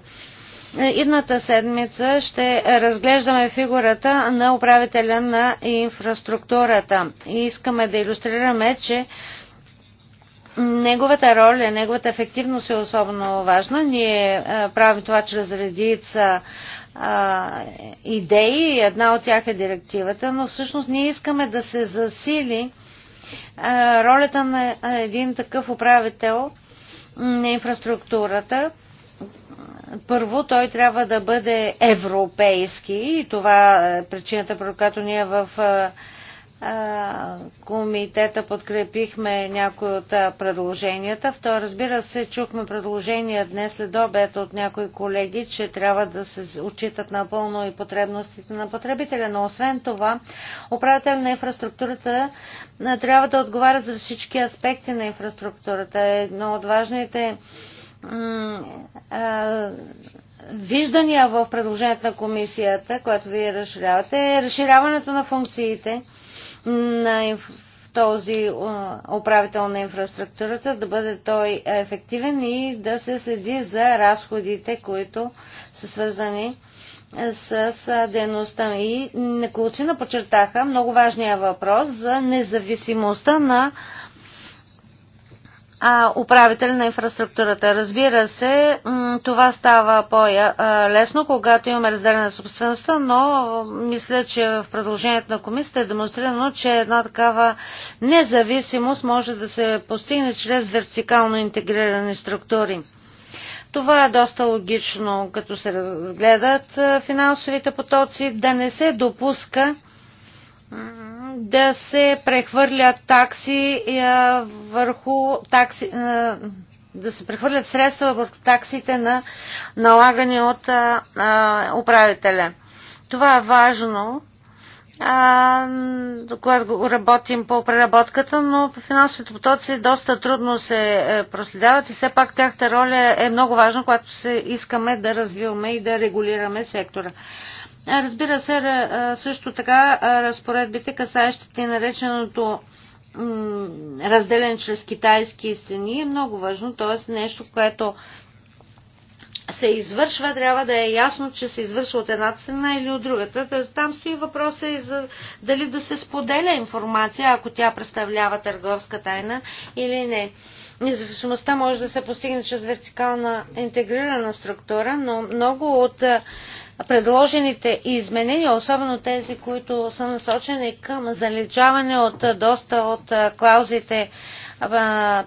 Идната седмица ще разглеждаме фигурата на управителя на инфраструктурата. И искаме да иллюстрираме, че неговата роля, неговата ефективност е особено важна. Ние правим това чрез редица а, идеи. Една от тях е директивата, но всъщност ние искаме да се засили а, ролята на един такъв управител на инфраструктурата. Първо, той трябва да бъде европейски и това е причината, по която ние в а, комитета подкрепихме някои от предложенията. Второ, разбира се, чухме предложения днес след обед от някои колеги, че трябва да се отчитат напълно и потребностите на потребителя. Но освен това, управител на инфраструктурата трябва да отговаря за всички аспекти на инфраструктурата. Едно от важните виждания в предложението на комисията, което вие разширявате, е разширяването на функциите на този управител на инфраструктурата, да бъде той ефективен и да се следи за разходите, които са свързани с дейността. И неколцина подчертаха много важния въпрос за независимостта на управител на инфраструктурата. Разбира се, това става по-лесно, когато имаме разделена собствеността, но мисля, че в предложението на комисията е демонстрирано, че една такава независимост може да се постигне чрез вертикално интегрирани структури. Това е доста логично, като се разгледат финансовите потоци, да не се допуска да се прехвърлят такси е, върху такси, е, да се прехвърлят средства върху таксите на налагане от е, управителя. Това е важно, когато работим по преработката, но по финансовите потоци доста трудно се проследяват и все пак тяхта роля е много важна, когато се искаме да развиваме и да регулираме сектора. Разбира се, също така разпоредбите, касаещи те нареченото разделен чрез китайски стени е много важно, т.е. нещо, което се извършва, трябва да е ясно, че се извършва от едната страна или от другата. Там стои въпроса и за дали да се споделя информация, ако тя представлява търговска тайна или не. Независимостта може да се постигне чрез вертикална интегрирана структура, но много от предложените изменения, особено тези, които са насочени към заличаване от доста от клаузите,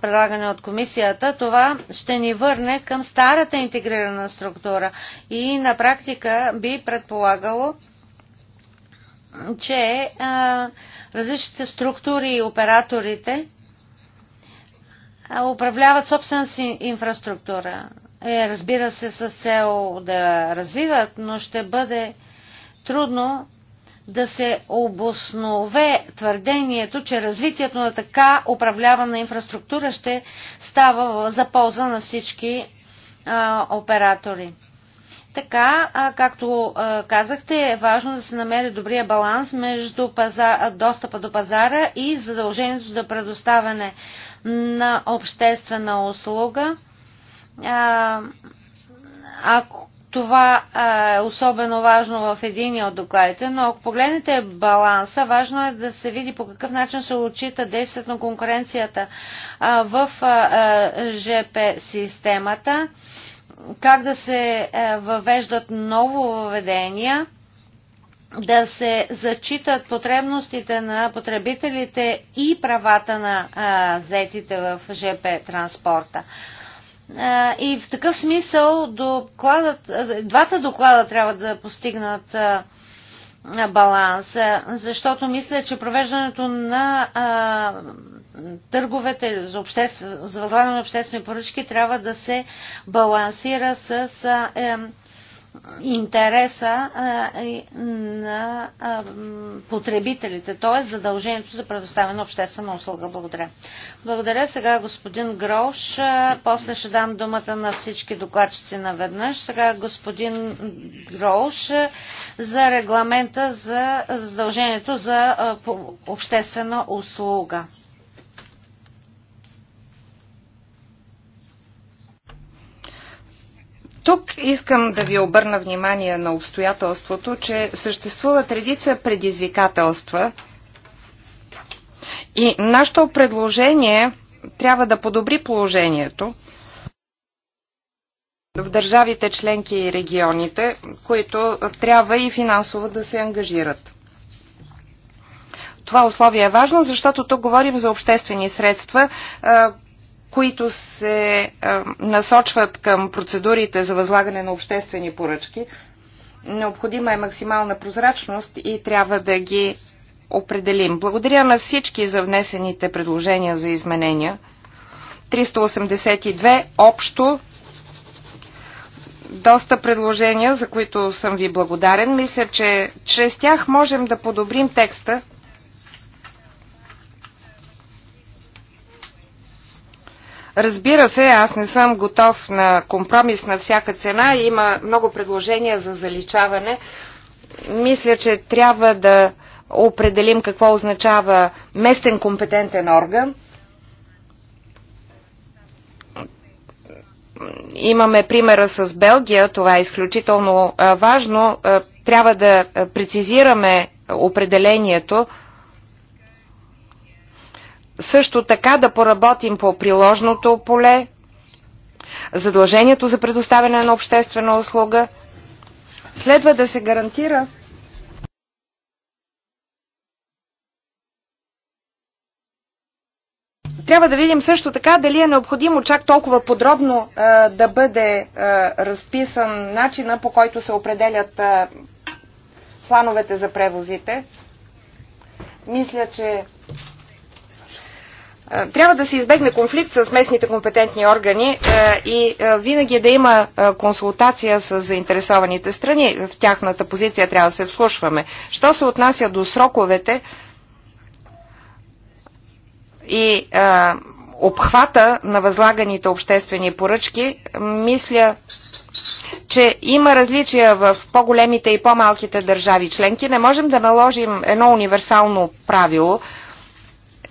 предлагане от комисията, това ще ни върне към старата интегрирана структура и на практика би предполагало, че различните структури и операторите управляват собствената си инфраструктура е, разбира се, с цел да развиват, но ще бъде трудно да се обоснове твърдението, че развитието на така управлявана инфраструктура ще става за полза на всички а, оператори. Така, а, както а, казахте, е важно да се намери добрия баланс между паза, достъпа до пазара и задължението за предоставяне на обществена услуга ако това е особено важно в един от докладите, но ако погледнете баланса, важно е да се види по какъв начин се отчита действието на конкуренцията в ЖП системата, как да се въвеждат ново въведения, да се зачитат потребностите на потребителите и правата на заетите в ЖП транспорта. И в такъв смисъл докладът, двата доклада трябва да постигнат баланс, защото мисля, че провеждането на търговете за, обществ... за възлагане на обществени поръчки трябва да се балансира с а, е, интереса на потребителите, т.е. задължението за предоставена обществена услуга. Благодаря. Благодаря сега господин Грош, после ще дам думата на всички докладчици наведнъж. Сега господин Грош за регламента за задължението за обществена услуга. Тук искам да ви обърна внимание на обстоятелството, че съществуват редица предизвикателства и нашето предложение трябва да подобри положението в държавите членки и регионите, които трябва и финансово да се ангажират. Това условие е важно, защото тук говорим за обществени средства, които се насочват към процедурите за възлагане на обществени поръчки. Необходима е максимална прозрачност и трябва да ги определим. Благодаря на всички за внесените предложения за изменения. 382 общо. Доста предложения, за които съм ви благодарен. Мисля, че чрез тях можем да подобрим текста Разбира се, аз не съм готов на компромис на всяка цена. Има много предложения за заличаване. Мисля, че трябва да определим какво означава местен компетентен орган. Имаме примера с Белгия, това е изключително важно. Трябва да прецизираме определението също така да поработим по приложното поле, задължението за предоставяне на обществена услуга. Следва да се гарантира Трябва да видим също така дали е необходимо чак толкова подробно а, да бъде а, разписан начина по който се определят а, плановете за превозите. Мисля, че е, трябва да се избегне конфликт с местните компетентни органи е, и е, винаги да има консултация с заинтересованите страни. В тяхната позиция трябва да се вслушваме. Що се отнася до сроковете и обхвата на възлаганите обществени поръчки, мисля, че има различия в по-големите и по-малките държави членки. Не можем да наложим едно универсално правило –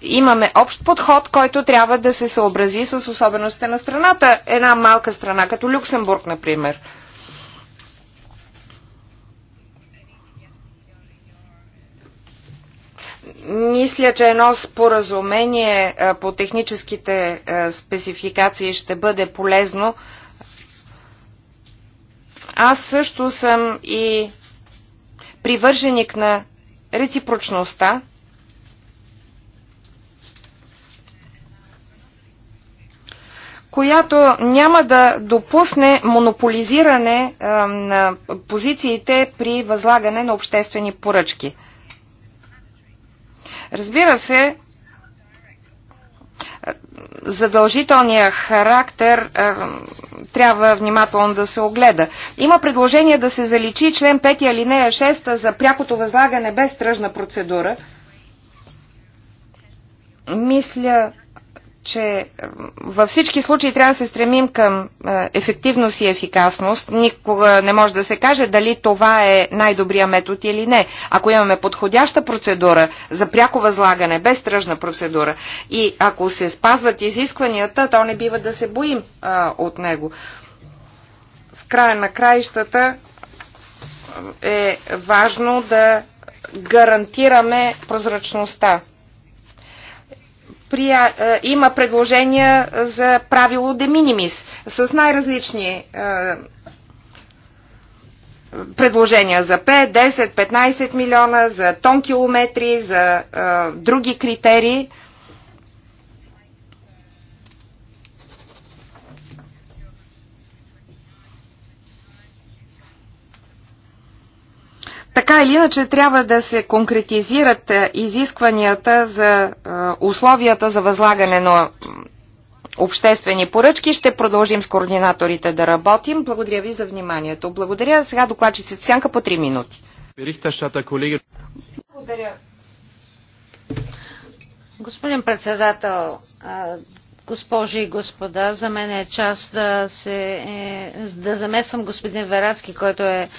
имаме общ подход, който трябва да се съобрази с особеностите на страната. Една малка страна, като Люксембург, например. Мисля, че едно споразумение по техническите спецификации ще бъде полезно. Аз също съм и привърженик на реципрочността. която няма да допусне монополизиране на позициите при възлагане на обществени поръчки. Разбира се, задължителният характер трябва внимателно да се огледа. Има предложение да се заличи член 5 алинея 6 за прякото възлагане без тръжна процедура. Мисля, че във всички случаи трябва да се стремим към ефективност и ефикасност. Никога не може да се каже дали това е най-добрия метод или не. Ако имаме подходяща процедура за пряко възлагане, без тръжна процедура и ако се спазват изискванията, то не бива да се боим а, от него. В края на краищата е важно да гарантираме прозрачността възприя... Е, има предложения за правило де минимис с най-различни е, предложения за 5, 10, 15 милиона, за тон километри, за е, други критерии – Така или иначе трябва да се конкретизират е, изискванията за е, условията за възлагане на обществени поръчки. Ще продължим с координаторите да работим. Благодаря ви за вниманието. Благодаря. Сега докладчици Сянка по 3 минути. Благодаря. Господин председател, Госпожи и господа, за мен е част да, се, е, да замесвам господин Верацки, който е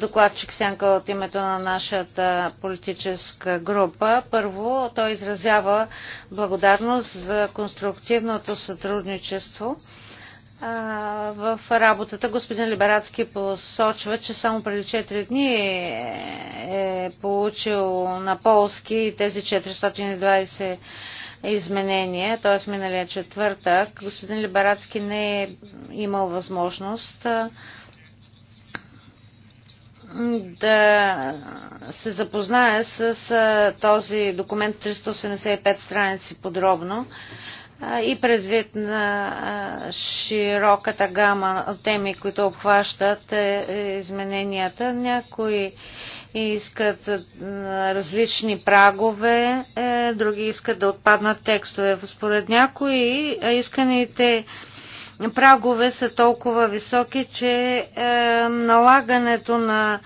докладчик сянка от името на нашата политическа група. Първо, той изразява благодарност за конструктивното сътрудничество в работата. Господин Либерацки посочва, че само преди 4 дни е, е получил на полски тези 420 изменения, т.е. миналия четвъртък. Господин Либарацки не е имал възможност да се запознае с този документ 385 страници подробно и предвид на широката гама от теми, които обхващат е, е, измененията. Някои искат различни прагове, е, други искат да отпаднат текстове. Според някои исканите прагове са толкова високи, че налагането на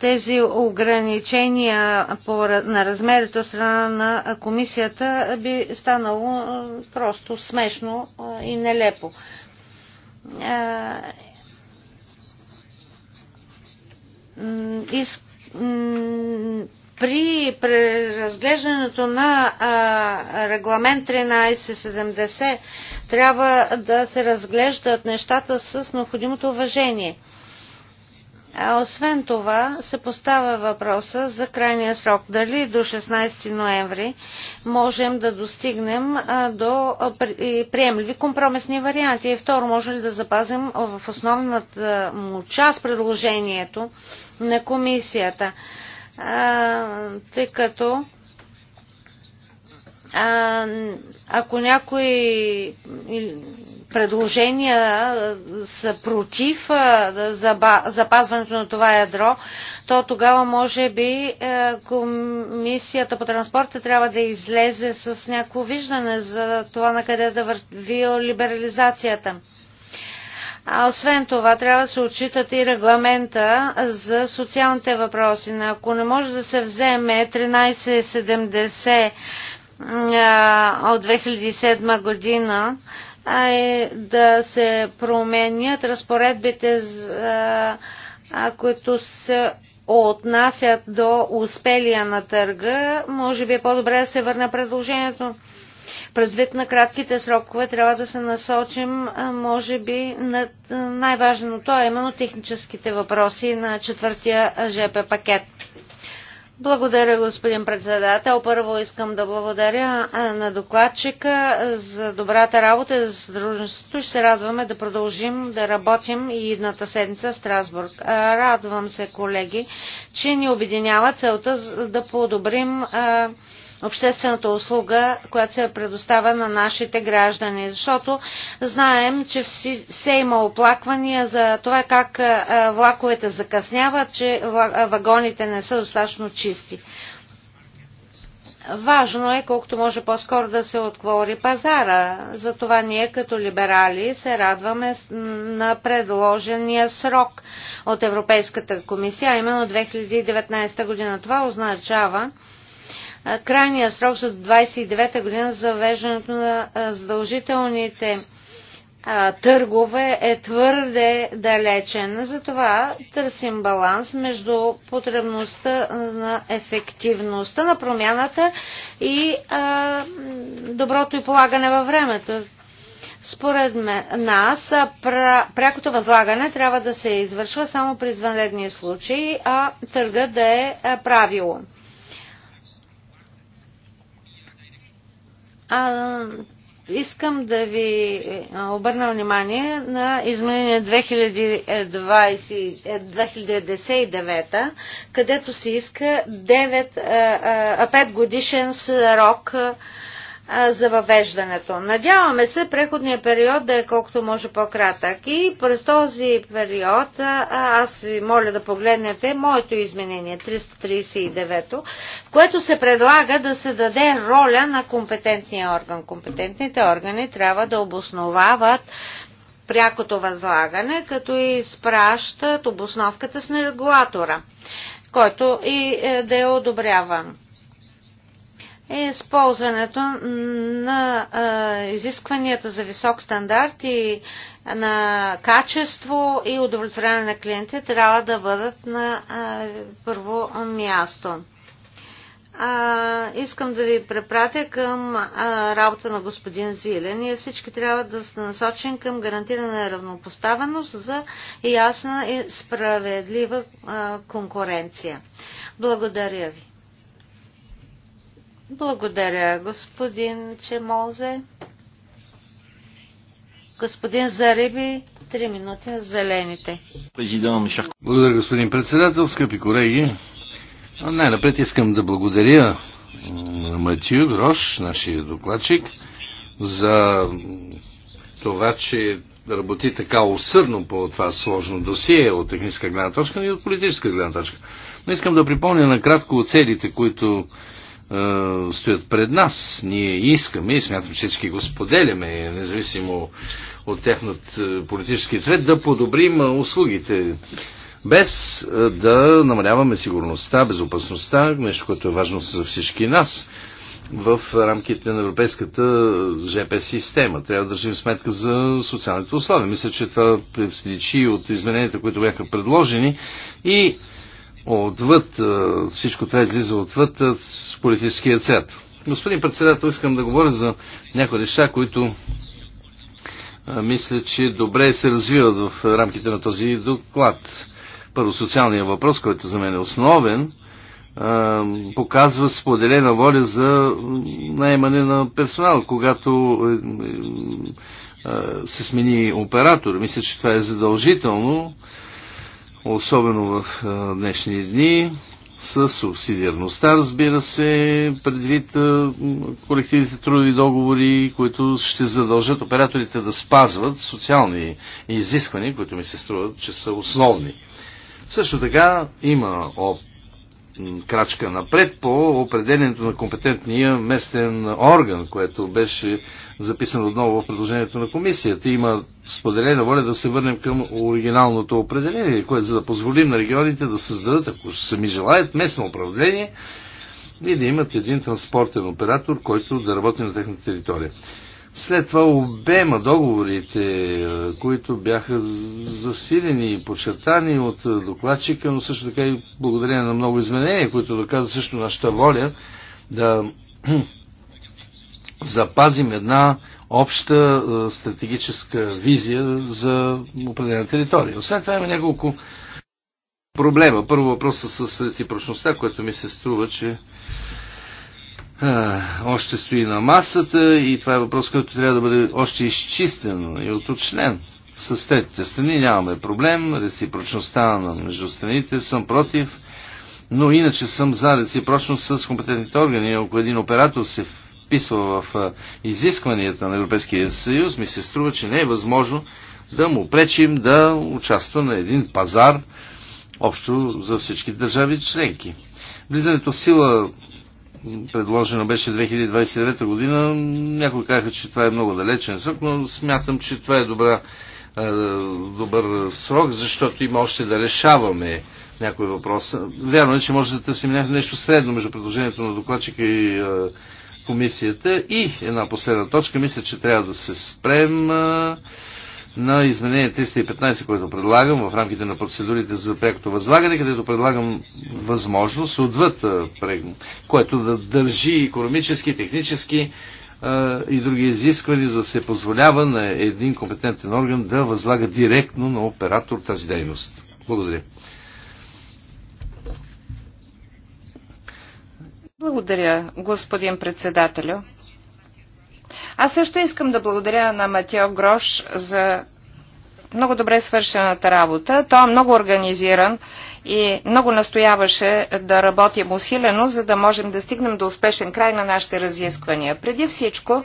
тези ограничения по, на размерите от страна на комисията би станало просто смешно и нелепо. При преразглеждането на регламент 1370 трябва да се разглеждат нещата с необходимото уважение – освен това се поставя въпроса за крайния срок. Дали до 16 ноември можем да достигнем до приемливи компромисни варианти? И второ, може ли да запазим в основната му част предложението на комисията? Тъй като а, ако някои предложения са против запазването на това ядро, то тогава може би е, комисията по транспорта трябва да излезе с някакво виждане за това на къде да върви либерализацията. А освен това, трябва да се отчитат и регламента за социалните въпроси. Ако не може да се вземе 1370 от 2007 година е да се променят разпоредбите, за, които се отнасят до успелия на търга. Може би е по-добре да се върне предложението. Предвид на кратките срокове трябва да се насочим, може би, на най-важното, а именно техническите въпроси на четвъртия ЖП пакет. Благодаря, господин председател. Първо искам да благодаря на докладчика за добрата работа и за съдружеството. и се радваме да продължим да работим и едната седмица в Страсбург. Радвам се, колеги, че ни обединява целта да подобрим обществената услуга, която се предоставя на нашите граждани. Защото знаем, че все има оплаквания за това как влаковете закъсняват, че вагоните не са достатъчно чисти. Важно е колкото може по-скоро да се отвори пазара. Затова ние като либерали се радваме на предложения срок от Европейската комисия, именно 2019 година. Това означава, крайния срок за 29-та година за въвеждането на задължителните търгове е твърде далечен. Затова търсим баланс между потребността на ефективността на промяната и доброто и полагане във времето. Според нас, прякото възлагане трябва да се извършва само при извънредни случаи, а търга да е правило. А, искам да ви обърна внимание на изменение 2010-2009, където се иска 9, 5 годишен срок за въвеждането. Надяваме се преходния период да е колкото може по-кратък. И през този период аз моля да погледнете моето изменение 339, в което се предлага да се даде роля на компетентния орган. Компетентните органи трябва да обосновават прякото възлагане, като изпращат обосновката с регулатора, който и е, да е одобряван е използването на а, изискванията за висок стандарт и на качество и удовлетворяване на клиентите трябва да бъдат на а, първо място. А, искам да ви препратя към а, работа на господин Зилен. Ние всички трябва да сте насочени към гарантиране на равнопоставеност за ясна и справедлива а, конкуренция. Благодаря ви. Благодаря, господин Чемозе. Господин Зариби, 3 минути на зелените. Благодаря, господин председател, скъпи колеги. Най-напред искам да благодаря Матю Грош, нашия докладчик, за това, че работи така усърдно по това сложно досие от техническа гледна точка и от политическа гледна точка. Но искам да припомня накратко целите, които е, стоят пред нас. Ние искаме и смятам, че всички го споделяме, независимо от техният е, политически цвет, да подобрим е, услугите, без да намаляваме сигурността, безопасността, нещо, което е важно за всички нас в рамките на европейската ЖП система. Трябва да държим сметка за социалните условия. Мисля, че това личи от измененията, които бяха предложени и отвъд, всичко това излиза отвъд с политическия цвят. Господин председател, искам да говоря за някои неща, които мисля, че добре се развиват в рамките на този доклад. Първо, социалния въпрос, който за мен е основен, показва споделена воля за наймане на персонал, когато е, е, се смени оператор. Мисля, че това е задължително особено в днешни дни, с субсидиарността, разбира се, предвид колективните трудови договори, които ще задължат операторите да спазват социални изисквания, които ми се струват, че са основни. Също така има крачка напред по определенето на компетентния местен орган, което беше записано отново в предложението на комисията. Има споделена воля да се върнем към оригиналното определение, което за да позволим на регионите да създадат, ако сами желаят, местно управление и да имат един транспортен оператор, който да работи на техната територия. След това обема договорите, които бяха засилени и подчертани от докладчика, но също така и благодарение на много изменения, които доказа също нашата воля да запазим една обща стратегическа визия за определена територия. Освен това има няколко проблема. Първо въпросът с реципрочността, което ми се струва, че а, още стои на масата и това е въпрос, който трябва да бъде още изчистен и уточнен. С третите страни нямаме проблем, реципрочността на между страните съм против, но иначе съм за реципрочност с компетентните органи. Ако един оператор се вписва в изискванията на Европейския съюз, ми се струва, че не е възможно да му пречим да участва на един пазар общо за всички държави членки. Влизането в сила предложено беше 2029 година. Някои казаха, че това е много далечен срок, но смятам, че това е добра, добър срок, защото има още да решаваме някои въпроса. Вярно е, че може да търсим нещо средно между предложението на докладчика и комисията. И една последна точка. Мисля, че трябва да се спрем на изменение 315, което предлагам в рамките на процедурите за прякото възлагане, където предлагам възможност отвъд, което да държи економически, технически и други изисквания, за да се позволява на един компетентен орган да възлага директно на оператор тази дейност. Благодаря. Благодаря, господин председателю. Аз също искам да благодаря на Матео Грош за много добре свършената работа. Той е много организиран и много настояваше да работим усилено, за да можем да стигнем до успешен край на нашите разисквания. Преди всичко,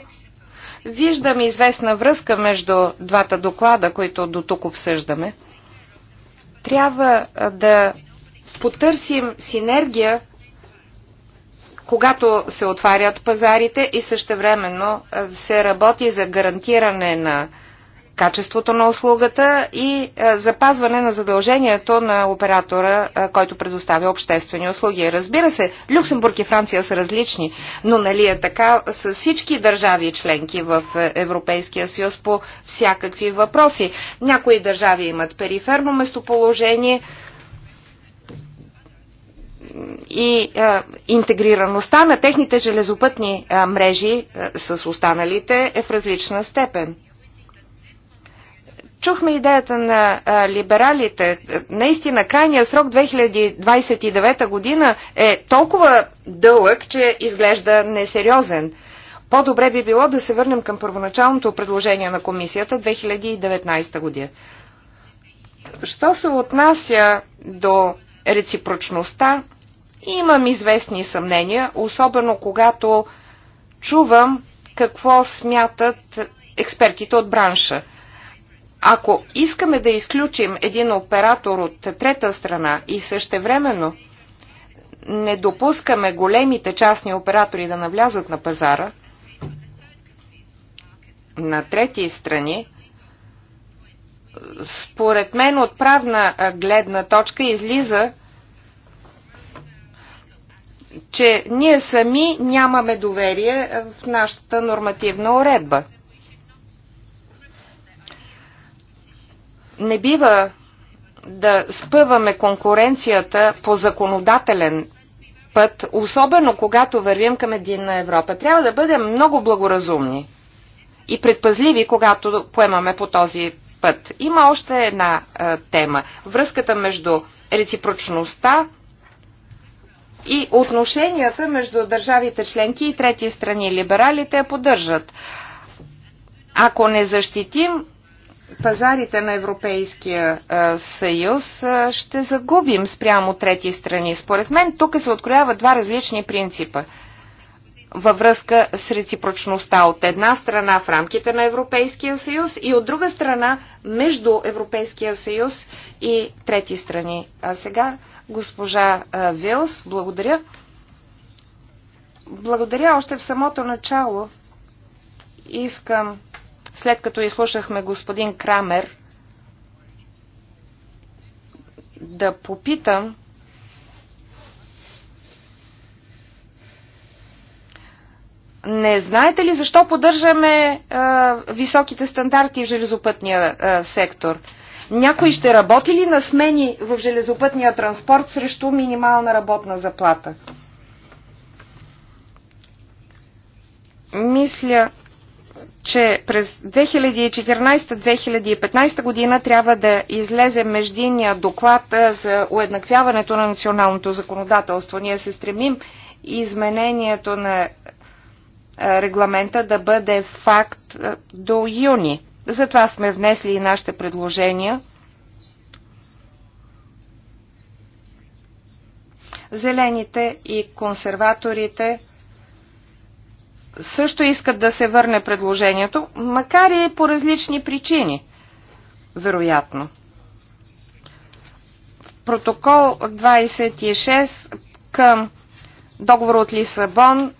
виждам известна връзка между двата доклада, които до тук обсъждаме. Трябва да потърсим синергия когато се отварят пазарите и същевременно се работи за гарантиране на качеството на услугата и запазване на задължението на оператора, който предоставя обществени услуги. Разбира се, Люксембург и Франция са различни, но нали е така с всички държави и членки в Европейския съюз по всякакви въпроси. Някои държави имат периферно местоположение, и интегрираността на техните железопътни мрежи с останалите е в различна степен. Чухме идеята на а, либералите. Наистина, крайният срок 2029 година е толкова дълъг, че изглежда несериозен. По-добре би било да се върнем към първоначалното предложение на комисията 2019 година. Що се отнася до реципрочността, Имам известни съмнения, особено когато чувам какво смятат експертите от бранша. Ако искаме да изключим един оператор от трета страна и същевременно не допускаме големите частни оператори да навлязат на пазара на трети страни, според мен от правна гледна точка излиза, че ние сами нямаме доверие е, в нашата нормативна уредба. Не бива да спъваме конкуренцията по законодателен път, особено когато вървим към единна Европа. Трябва да бъдем много благоразумни и предпазливи, когато поемаме по този път. Има още една а, е, тема. Връзката между реципрочността и отношенията между държавите членки и трети страни. Либералите я поддържат. Ако не защитим пазарите на Европейския съюз, ще загубим спрямо трети страни. Според мен тук се открояват два различни принципа във връзка с реципрочността от една страна в рамките на Европейския съюз и от друга страна между Европейския съюз и трети страни. А сега Госпожа Вилс, благодаря. Благодаря още в самото начало. Искам, след като изслушахме господин Крамер, да попитам Не знаете ли защо поддържаме високите стандарти в железопътния а, сектор? Някой ще работи ли на смени в железопътния транспорт срещу минимална работна заплата? Мисля, че през 2014-2015 година трябва да излезе междинния доклад за уеднаквяването на националното законодателство. Ние се стремим изменението на регламента да бъде факт до юни. Затова сме внесли и нашите предложения. Зелените и консерваторите също искат да се върне предложението, макар и по различни причини, вероятно. В протокол 26 към договор от Лисабон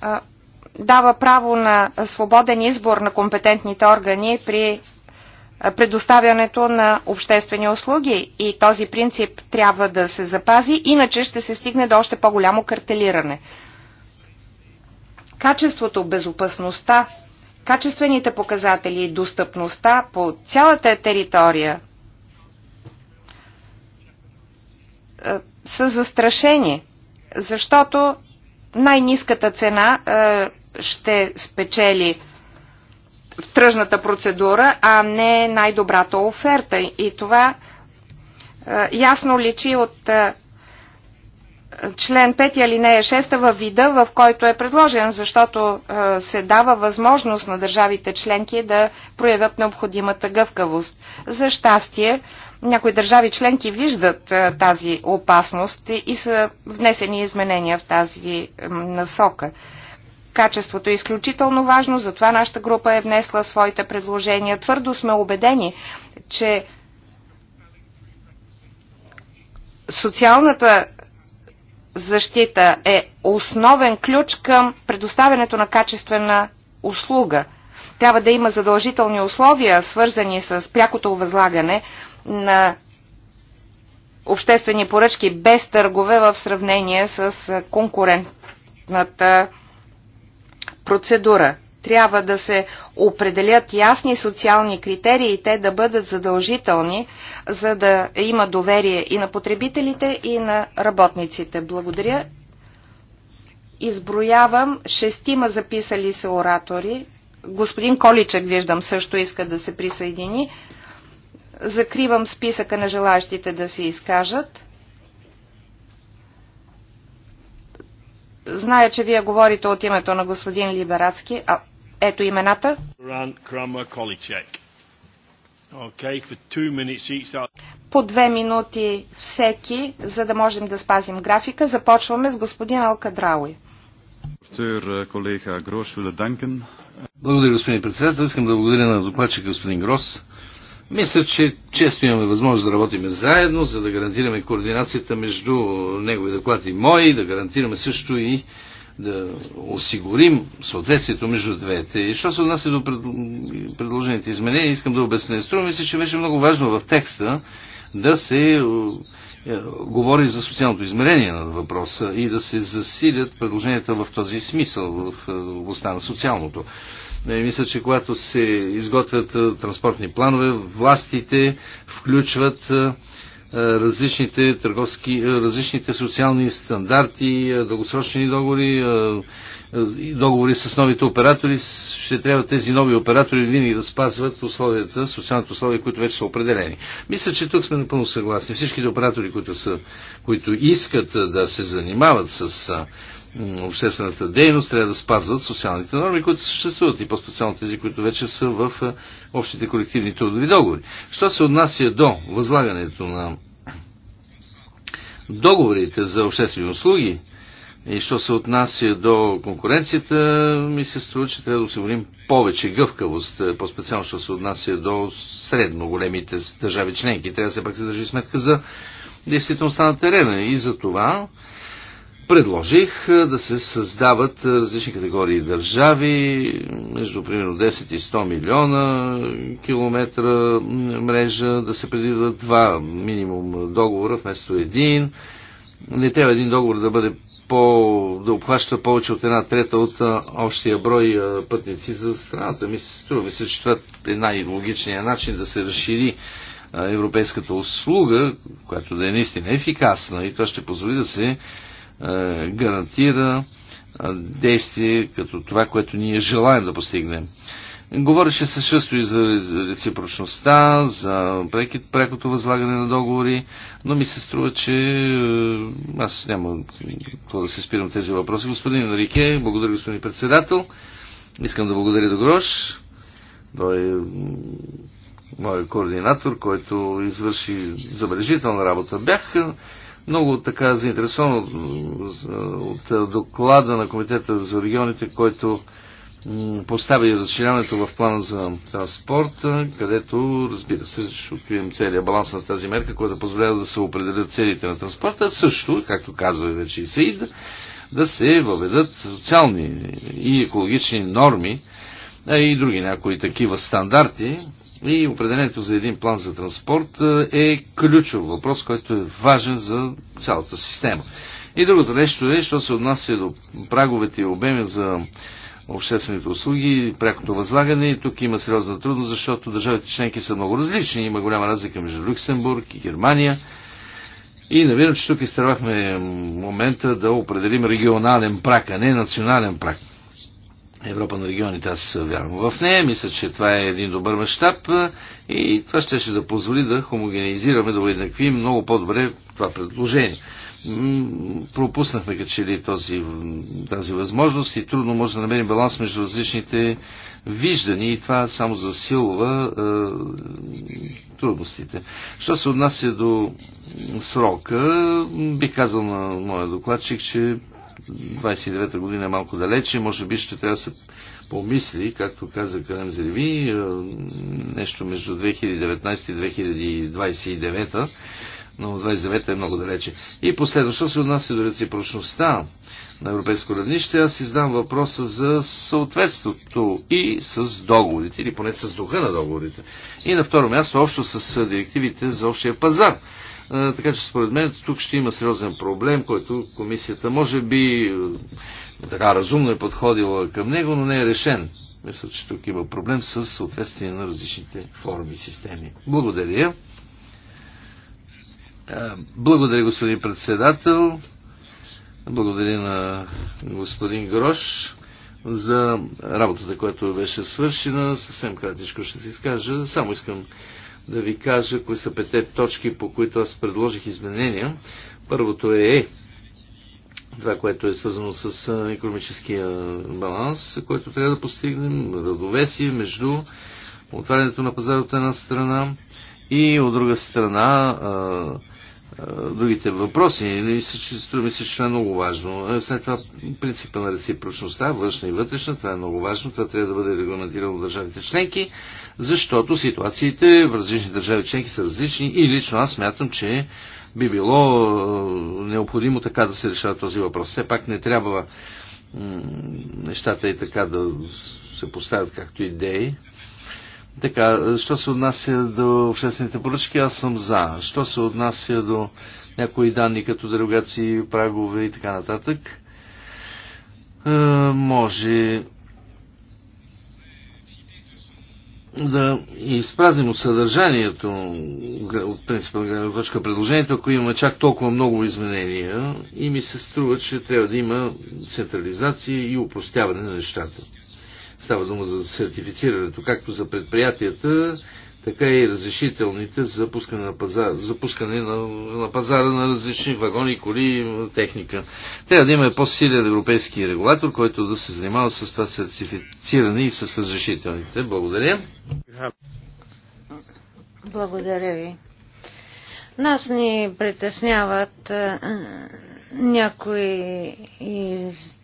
дава право на свободен избор на компетентните органи при предоставянето на обществени услуги и този принцип трябва да се запази, иначе ще се стигне до още по-голямо картелиране. Качеството, безопасността, качествените показатели и достъпността по цялата територия са застрашени, защото най-низката цена ще спечели тръжната процедура, а не най-добрата оферта. И това е, ясно личи от е, член 5 алинея 6 във вида, в който е предложен, защото е, се дава възможност на държавите членки да проявят необходимата гъвкавост. За щастие, някои държави членки виждат тази опасност и са внесени изменения в тази насока. Качеството е изключително важно, затова нашата група е внесла своите предложения. Твърдо сме убедени, че социалната защита е основен ключ към предоставянето на качествена услуга. Трябва да има задължителни условия, свързани с прякото възлагане на обществени поръчки без търгове в сравнение с конкурентната процедура. Трябва да се определят ясни социални критерии и те да бъдат задължителни, за да има доверие и на потребителите, и на работниците. Благодаря. Изброявам шестима записали се оратори. Господин Количек, виждам, също иска да се присъедини. Закривам списъка на желащите да се изкажат. Зная, че вие говорите от името на господин Либерацки. А, ето имената. По две минути всеки, за да можем да спазим графика. Започваме с господин Алкадрауи. Е, благодаря, господин председател. Искам да благодаря на докладчика господин Грос мисля, че често имаме възможност да работим заедно, за да гарантираме координацията между негови доклад и мой, да гарантираме също и да осигурим съответствието между двете. И що се отнася до предложените изменения, искам да обясня. Струва ми се, че беше много важно в текста да се е, е, говори за социалното измерение на въпроса и да се засилят предложенията в този смисъл, в е, областта на социалното. Е, мисля, че когато се изготвят е, транспортни планове, властите включват е, различните търговски, различните социални стандарти, дългосрочни договори, договори с новите оператори, ще трябва тези нови оператори винаги да спазват условията, социалните условия, които вече са определени. Мисля, че тук сме напълно съгласни. Всичките оператори, които, са, които искат да се занимават с обществената дейност трябва да спазват социалните норми, които съществуват и по-специално тези, които вече са в е, общите колективни трудови договори. Що се отнася до възлагането на договорите за обществени услуги и що се отнася до конкуренцията, ми се струва, че трябва да осигурим повече гъвкавост, е, по-специално, що се отнася до средно големите държави членки. Трябва да се пак се държи сметка за действителността на терена и за това предложих е, да се създават е, различни категории държави, между примерно 10 и 100 милиона е, километра мрежа, да се предвидят два минимум договора вместо един. Не трябва един договор да бъде по, да обхваща повече от една трета от общия брой пътници за страната. Мисля, струва мисля, че това е най-логичният начин да се разшири европейската услуга, която да е наистина ефикасна и това ще позволи да се е, гарантира е, действие като това, което ние желаем да постигнем. Говореше се също и за реципрочността, за прекото възлагане на договори, но ми се струва, че е, аз няма какво да се спирам тези въпроси. Господин Рике, благодаря господин председател. Искам да благодаря до Грош. Той е моят координатор, който извърши забележителна работа. Бях много така заинтересован от, от доклада на Комитета за регионите, който постави разширяването в плана за транспорт, където, разбира се, ще открием целият баланс на тази мерка, която позволява да се определят целите на транспорта, също, както казва вече и Саид, да се въведат социални и екологични норми, а и други някои такива стандарти, и определението за един план за транспорт е, е ключов въпрос, който е важен за цялата система. И другото нещо е, що се отнася до праговете и обеми за обществените услуги, прякото възлагане. И тук има сериозна трудност, защото държавите членки са много различни. Има голяма разлика между Люксембург и Германия. И навинам, че тук изтървахме момента да определим регионален прак, а не национален прак. Европа на регионите. Аз вярвам в нея. Мисля, че това е един добър мащаб и това ще, ще да позволи да хомогенизираме, да уеднаквим много по-добре това предложение. Пропуснахме като че ли този, тази възможност и трудно може да намерим баланс между различните виждани и това само засилва е, трудностите. Що се отнася до срока, би казал на моя докладчик, че 29-та година е малко далече, може би ще трябва да се помисли, както каза Карем Зерви, е, нещо между 2019 и 2029, но 29 е много далече. И последно, що се отнася до реципрочността на европейско равнище, аз издам въпроса за съответството и с договорите, или поне с духа на договорите. И на второ място, общо с е, директивите за общия пазар така че според мен тук ще има сериозен проблем, който комисията може би е, така разумно е подходила към него, но не е решен. Мисля, че тук има проблем с съответствие на различните форми и системи. Благодаря. Благодаря, господин председател. Благодаря на господин Грош за работата, която беше свършена. Съвсем кратичко ще се изкажа. Само искам да ви кажа кои са пете точки, по които аз предложих изменения. Първото е, е. това, което е свързано с економическия баланс, който трябва да постигнем, равновесие между отварянето на пазара от една страна и от друга страна другите въпроси. Нали, струва ми се, че това е много важно. След това принципа на реципрочността, външна и вътрешна, това е много важно. Това трябва да бъде регламентирано от държавите членки, защото ситуациите в различни държави членки са различни и лично аз смятам, че би било необходимо така да се решава този въпрос. Все пак не трябва нещата и така да се поставят както идеи. Така, що се отнася до обществените поръчки, аз съм за. Що се отнася до някои данни като дерогации, прагове и така нататък, е, може да изпразим от съдържанието, от принципа на точка предложението, ако има чак толкова много изменения и ми се струва, че трябва да има централизация и упростяване на нещата. Става дума за сертифицирането, както за предприятията, така и разрешителните за пускане на, пазара, за пускане на, на пазара на различни вагони, коли, техника. Трябва да има по-силен европейски регулатор, който да се занимава с това сертифициране и с разрешителните. Благодаря. Благодаря ви. Нас ни притесняват някои из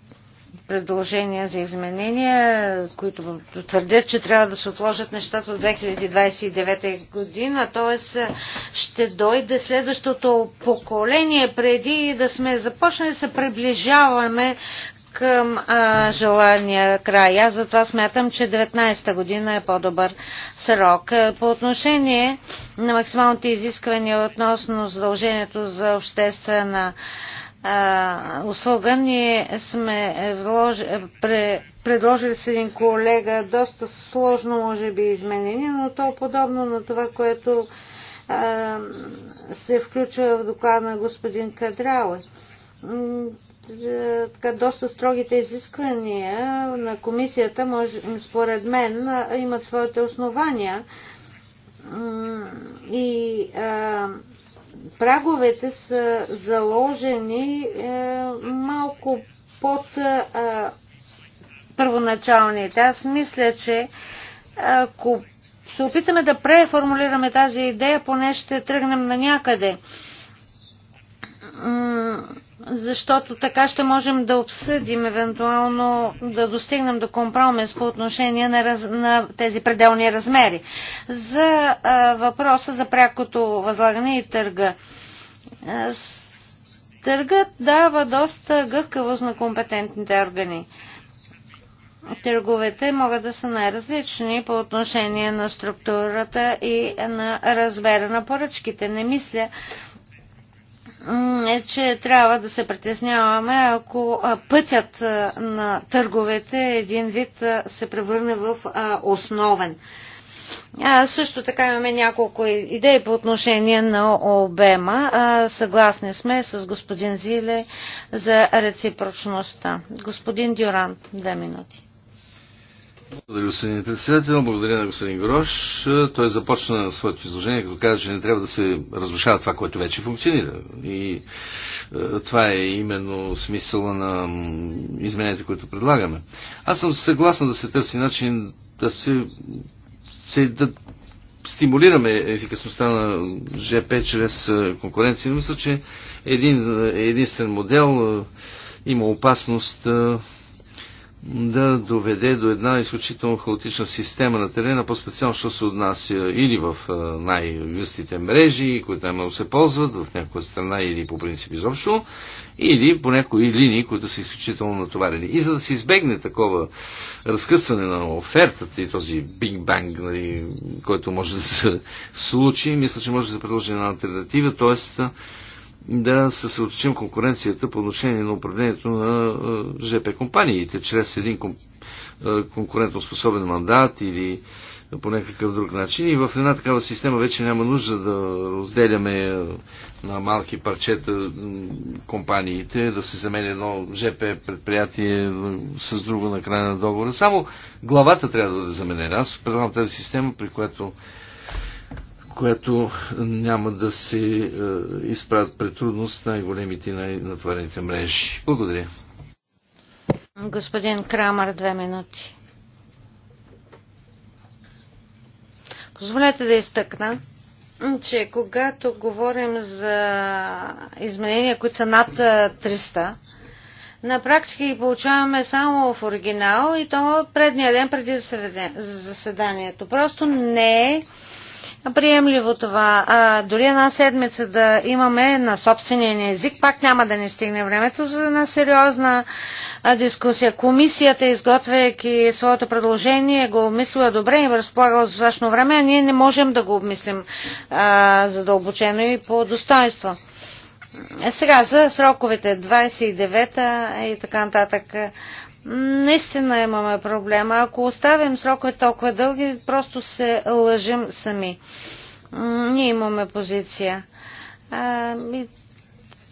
предложения за изменения, които твърдят, че трябва да се отложат нещата от 2029 година, т.е. ще дойде следващото поколение преди да сме започнали да се приближаваме към а, желания края. Аз затова смятам, че 19-та година е по-добър срок. По отношение на максималните изисквания относно задължението за обществена а, а, услуга. Ние сме пре, предложили с един колега доста сложно, може би, изменение, но то е подобно на това, което а, се включва в доклада на господин Кадрауе така, доста строгите изисквания на комисията, може, според мен, имат своите основания. И а, праговете са заложени е, малко под е, първоначалните. Аз мисля, че ако се опитаме да преформулираме тази идея, поне ще тръгнем на някъде защото така ще можем да обсъдим, евентуално да достигнем до компромис по отношение на, раз, на тези пределни размери. За а, въпроса за прякото възлагане и търга. Търгът дава доста гъвкавост на компетентните органи. Търговете могат да са най-различни по отношение на структурата и на размера на поръчките. Не мисля, е, че трябва да се притесняваме, ако пътят на търговете един вид се превърне в основен. А, също така имаме няколко идеи по отношение на обема. А, съгласни сме с господин Зиле за реципрочността. Господин Дюрант, две минути. Благодаря, господин председател. Благодаря на господин Грош. Той започна своето изложение, като каза, че не трябва да се разрушава това, което вече функционира. И е, това е именно смисъла на измененията, които предлагаме. Аз съм съгласен да се търси начин да се, се да стимулираме ефикасността на ЖП чрез е, конкуренция. Мисля, че един единствен модел е, има опасност да доведе до една изключително хаотична система на терена, по-специално, що се отнася или в най-гъстите мрежи, които най-много се ползват в някаква страна или по принцип изобщо, или по някои линии, които са изключително натоварени. И за да се избегне такова разкъсване на офертата и този биг банг, нали, който може да се случи, мисля, че може да се предложи една альтернатива, т.е да се съсредоточим конкуренцията по отношение на управлението на ЖП компаниите, чрез един конкурентоспособен мандат или по някакъв друг начин. И в една такава система вече няма нужда да разделяме на малки парчета компаниите, да се замени едно ЖП предприятие с друго на края на договора. Само главата трябва да бъде заменена. Аз предлагам тази система, при която която няма да се е, изправят пред трудност най-големите и най-натварените мрежи. Благодаря. Господин Крамър, две минути. Позволете да изтъкна, че когато говорим за изменения, които са над 300, е, на практика ги получаваме само в оригинал и то предния ден преди заседанието. Просто не е приемливо това. А, дори една седмица да имаме на собствения ни език, пак няма да ни стигне времето за една сериозна а, дискусия. Комисията, изготвяйки своето предложение, го обмислила добре и разполагала достатъчно време, а ние не можем да го обмислим а, задълбочено и по достоинство. Сега за сроковете 29-та и така нататък. Наистина имаме проблема. Ако оставим срока толкова дълги, просто се лъжим сами. Ние имаме позиция. А, и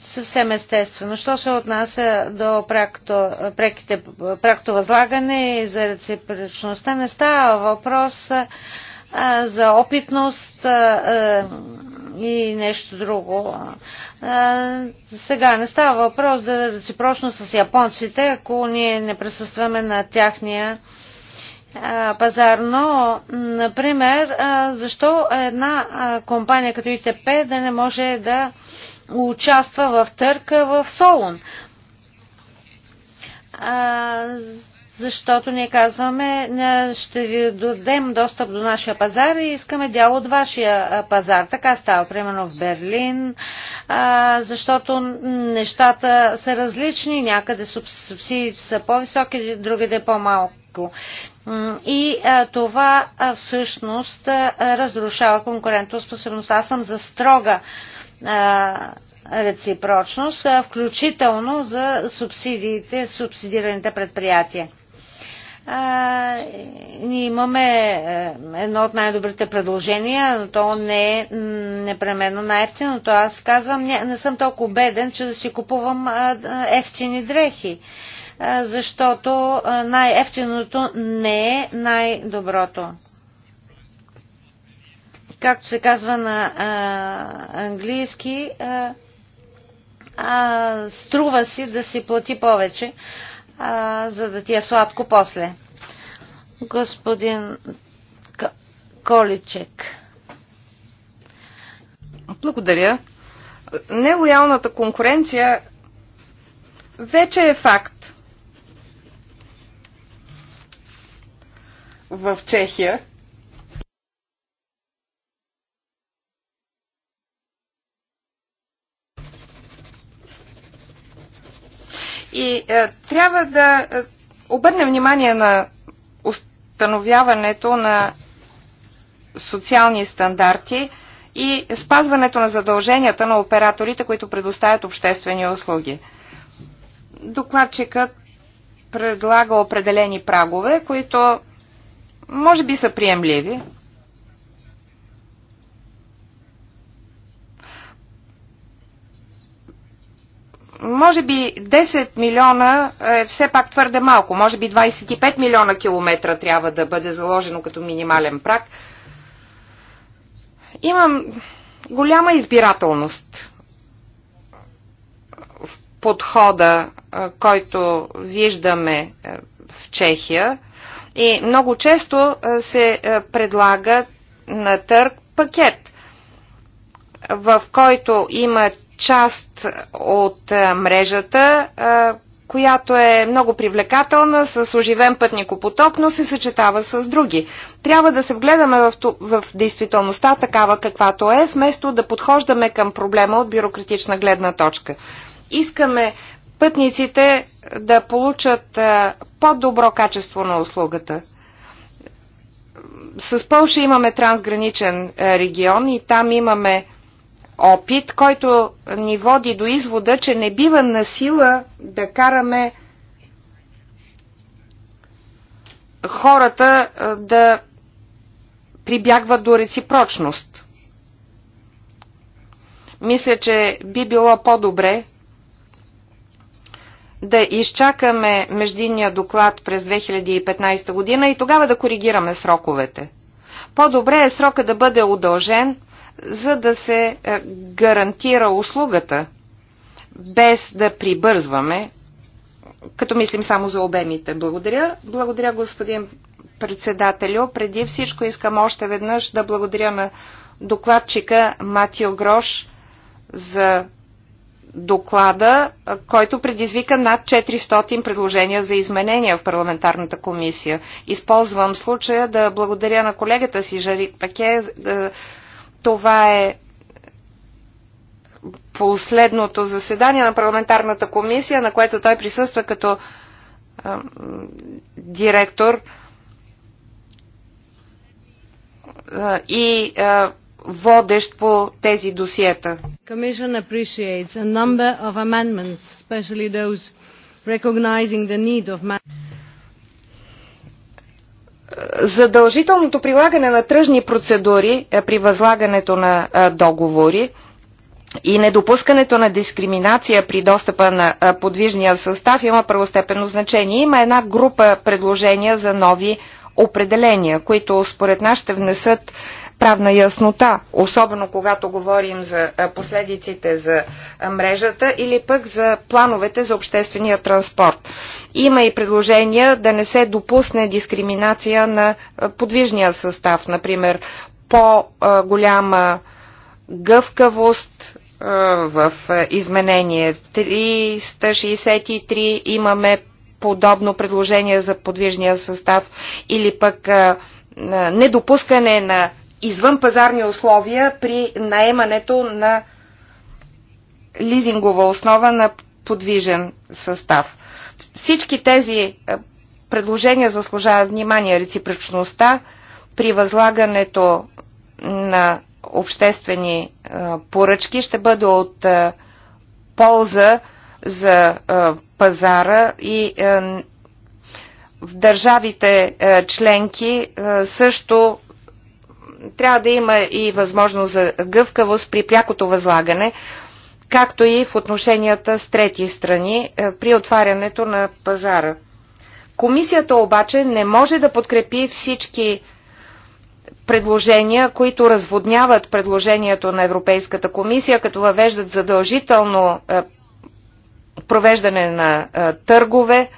съвсем естествено. Що се отнася до практо, преките, практо възлагане и за реципричността? не става въпрос а, за опитност, а, и нещо друго. А, сега не става въпрос да реципрочно с японците, ако ние не присъстваме на тяхния а, пазар. Но, например, а, защо една а, компания като ИТП да не може да участва в търка в Солун? А, защото ние казваме, ще ви дадем достъп до нашия пазар и искаме дял от вашия пазар. Така става, примерно в Берлин, защото нещата са различни, някъде субсидиите са по-високи, другите по-малко. И а, това а, всъщност а, разрушава конкурентоспособността. Аз съм за строга а, реципрочност, а, включително за субсидиите, субсидираните предприятия. А, ние имаме е, едно от най-добрите предложения, но то не е непременно най-ефтиното. Аз казвам, не, не съм толкова беден, че да си купувам ефтини дрехи, защото най-ефтиното не е най-доброто. Както се казва на а, английски, а, а, струва си да си плати повече, а, за да ти е сладко после. Господин К... Количек. Благодаря. Нелоялната конкуренция вече е факт. В Чехия И е, трябва да е, обърнем внимание на установяването на социални стандарти и спазването на задълженията на операторите, които предоставят обществени услуги. Докладчикът предлага определени прагове, които може би са приемливи, може би 10 милиона е все пак твърде малко. Може би 25 милиона километра трябва да бъде заложено като минимален прак. Имам голяма избирателност в подхода, е, който виждаме е, в Чехия. И много често е, се предлага на търг пакет, в който имат част от е, мрежата, е, която е много привлекателна, с оживен пътникопоток, но се съчетава с други. Трябва да се вгледаме в, в действителността такава каквато е, вместо да подхождаме към проблема от бюрократична гледна точка. Искаме пътниците да получат е, по-добро качество на услугата. С Польша имаме трансграничен регион и там имаме опит, който ни води до извода, че не бива на сила да караме хората да прибягват до реципрочност. Мисля, че би било по-добре да изчакаме междинния доклад през 2015 година и тогава да коригираме сроковете. По-добре е срока да бъде удължен – за да се е, гарантира услугата, без да прибързваме, като мислим само за обемите. Благодаря. Благодаря, господин председателю. Преди всичко искам още веднъж да благодаря на докладчика Матио Грош за доклада, който предизвика над 400 предложения за изменения в парламентарната комисия. Използвам случая да благодаря на колегата си Жари Паке е, това е последното заседание на парламентарната комисия, на което той присъства като а, директор а, и а, водещ по тези досиета. Commission задължителното прилагане на тръжни процедури е, при възлагането на е, договори и недопускането на дискриминация при достъпа на е, подвижния състав има първостепенно значение. Има една група предложения за нови определения, които според нас ще внесат правна яснота, особено когато говорим за последиците за мрежата или пък за плановете за обществения транспорт. Има и предложения да не се допусне дискриминация на подвижния състав, например по-голяма гъвкавост в изменение 363 имаме подобно предложение за подвижния състав или пък недопускане на извън пазарни условия при наемането на лизингова основа на подвижен състав. Всички тези е, предложения заслужават внимание. Реципрочността при възлагането на обществени е, поръчки ще бъде от е, полза за пазара и в държавите членки също трябва да има и възможност за гъвкавост при прякото възлагане, както и в отношенията с трети страни е, при отварянето на пазара. Комисията обаче не може да подкрепи всички предложения, които разводняват предложението на Европейската комисия, като въвеждат задължително е, провеждане на е, търгове,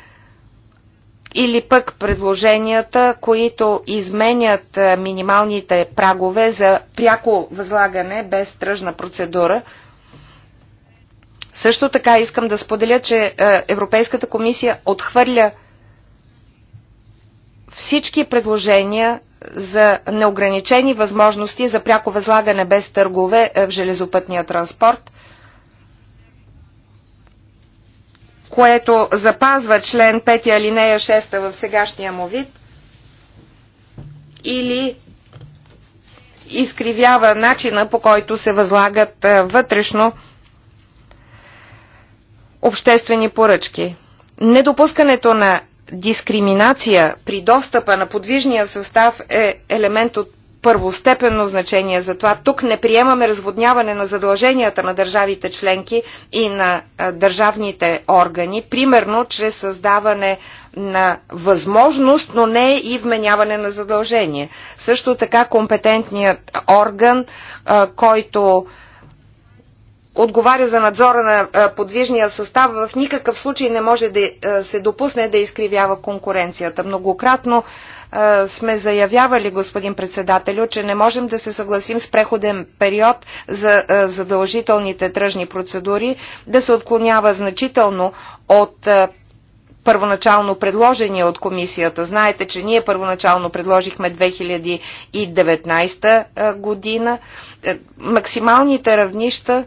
или пък предложенията, които изменят е, минималните прагове за пряко възлагане без тръжна процедура. Също така искам да споделя, че е, Европейската комисия отхвърля всички предложения за неограничени възможности за пряко възлагане без търгове е, в железопътния транспорт което запазва член 5 алинея 6 в сегашния му вид или изкривява начина по който се възлагат е, вътрешно обществени поръчки. Недопускането на дискриминация при достъпа на подвижния състав е елемент от първостепенно значение. Затова тук не приемаме разводняване на задълженията на държавите членки и на държавните органи, примерно чрез създаване на възможност, но не и вменяване на задължение. Също така компетентният орган, който отговаря за надзора на подвижния състав, в никакъв случай не може да се допусне да изкривява конкуренцията. Многократно сме заявявали, господин председателю, че не можем да се съгласим с преходен период за задължителните тръжни процедури да се отклонява значително от първоначално предложение от комисията. Знаете, че ние първоначално предложихме 2019 година. Е, максималните равнища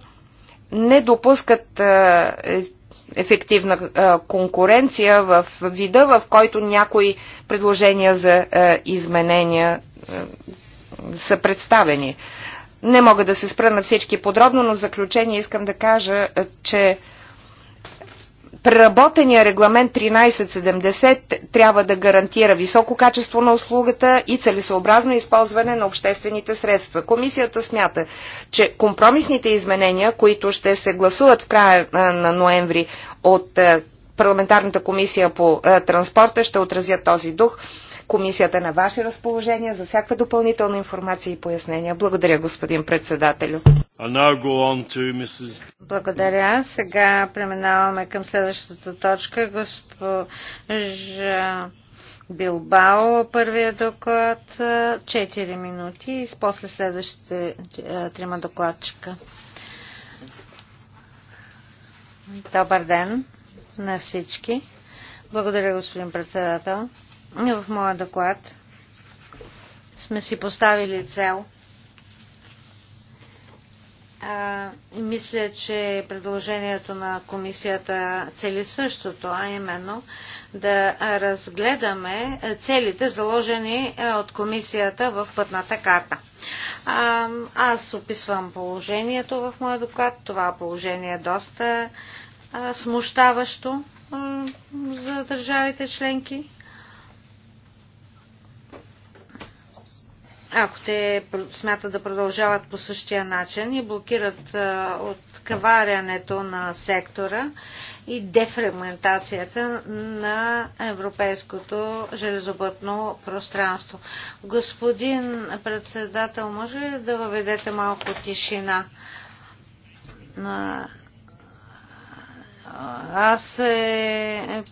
не допускат е, ефективна е, конкуренция в вида, в който някои предложения за е, изменения са представени. Не мога да се спра на всички подробно, но в заключение искам да кажа, че преработения регламент 1370 трябва да гарантира високо качество на услугата и целесообразно използване на обществените средства. Комисията смята, че компромисните изменения, които ще се гласуват в края на ноември от парламентарната комисия по транспорта, ще отразят този дух Комисията на ваше разположение за всяка допълнителна информация и пояснения. Благодаря, господин председателю. Благодаря. Сега преминаваме към следващата точка. Госпожа Билбао, първия доклад, 4 минути и после следващите е, трима докладчика. Добър ден на всички. Благодаря, господин председател. В моя доклад сме си поставили цел. А, мисля, че предложението на комисията цели същото, а именно да разгледаме целите, заложени от комисията в пътната карта. А, аз описвам положението в моя доклад. Това положение е доста а, смущаващо а, за държавите членки ако те смятат да продължават по същия начин и блокират откъварянето на сектора и дефрагментацията на европейското железопътно пространство. Господин председател, може ли да въведете малко тишина? Аз е...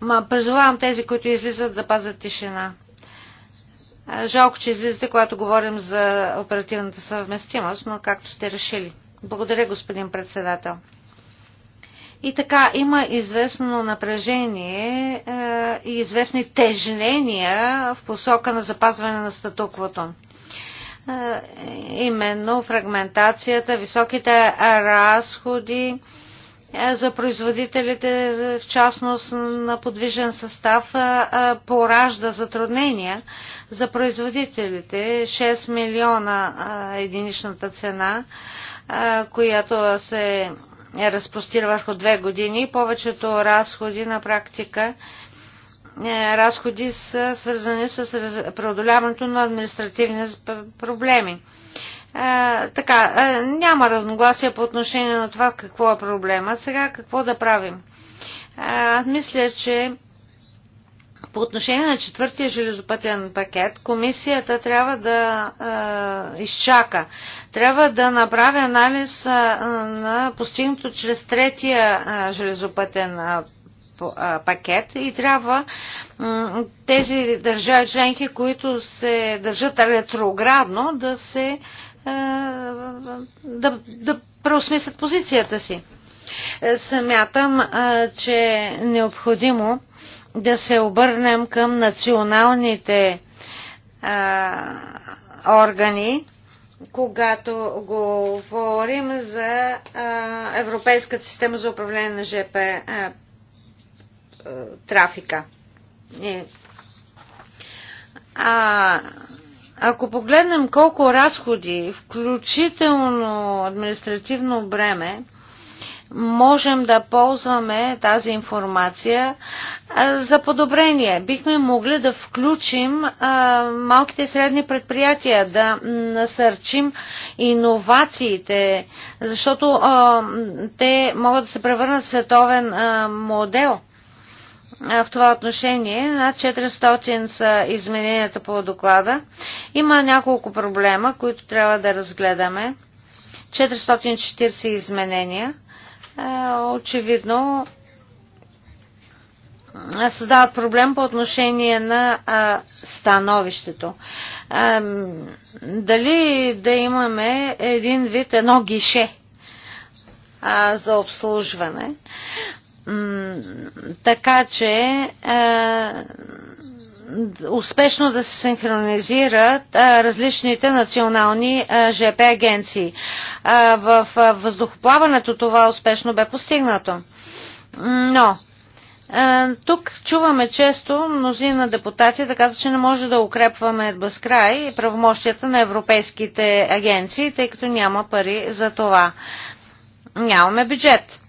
Ма, призовавам тези, които излизат да пазят тишина. Жалко, че излизате, когато говорим за оперативната съвместимост, но както сте решили. Благодаря, господин председател. И така, има известно напрежение е, и известни тежнения в посока на запазване на статуквото. Е, именно фрагментацията, високите разходи, е, за производителите, в частност на подвижен състав, е, е, поражда затруднения за производителите. 6 милиона единичната цена, която се разпростира върху две години. Повечето разходи на практика разходи са свързани с преодоляването на административни проблеми. А, е, така, а, е, няма разногласия по отношение на това какво е проблема. Сега какво да правим? Е, а, мисля, че по отношение на четвъртия железопътен пакет, комисията трябва да а, изчака. Трябва да направи анализ а, на постигнато чрез третия а, железопътен а, пакет и трябва тези държави членки, които се държат ретроградно, да се е, да, да преосмислят позицията си. Е, смятам, е, че е необходимо да се обърнем към националните а, органи, когато говорим за а, Европейската система за управление на ЖП а, трафика. а, ако погледнем колко разходи, включително административно бреме, можем да ползваме тази информация за подобрение. Бихме могли да включим малките и средни предприятия, да насърчим иновациите, защото те могат да се превърнат в световен модел – в това отношение. Над 400 са измененията по доклада. Има няколко проблема, които трябва да разгледаме. 440 изменения. Очевидно създават проблем по отношение на а, становището. А, дали да имаме един вид, едно гише а, за обслужване така че е, успешно да се синхронизират е, различните национални е, ЖП агенции. Е, в е, въздухоплаването това успешно бе постигнато. Но е, тук чуваме често мнозина депутати да казват, че не може да укрепваме безкрай правомощията на европейските агенции, тъй като няма пари за това. Нямаме бюджет.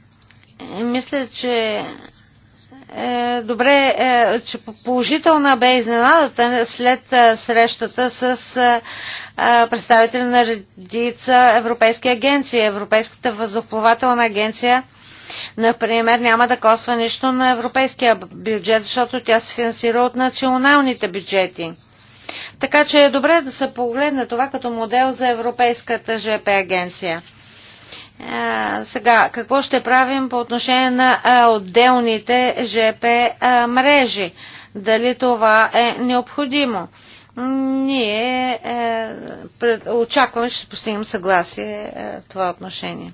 Мисля, че е, добре, е, че положителна бе изненадата след е, срещата с е, е, представители на редица европейски агенции. Европейската въздухоплавателна агенция, например, няма да косва нищо на европейския бюджет, защото тя се финансира от националните бюджети. Така че е добре да се погледне това като модел за Европейската ЖП агенция сега, какво ще правим по отношение на отделните ЖП мрежи? Дали това е необходимо? Ние очакваме, че ще постигнем съгласие в това отношение.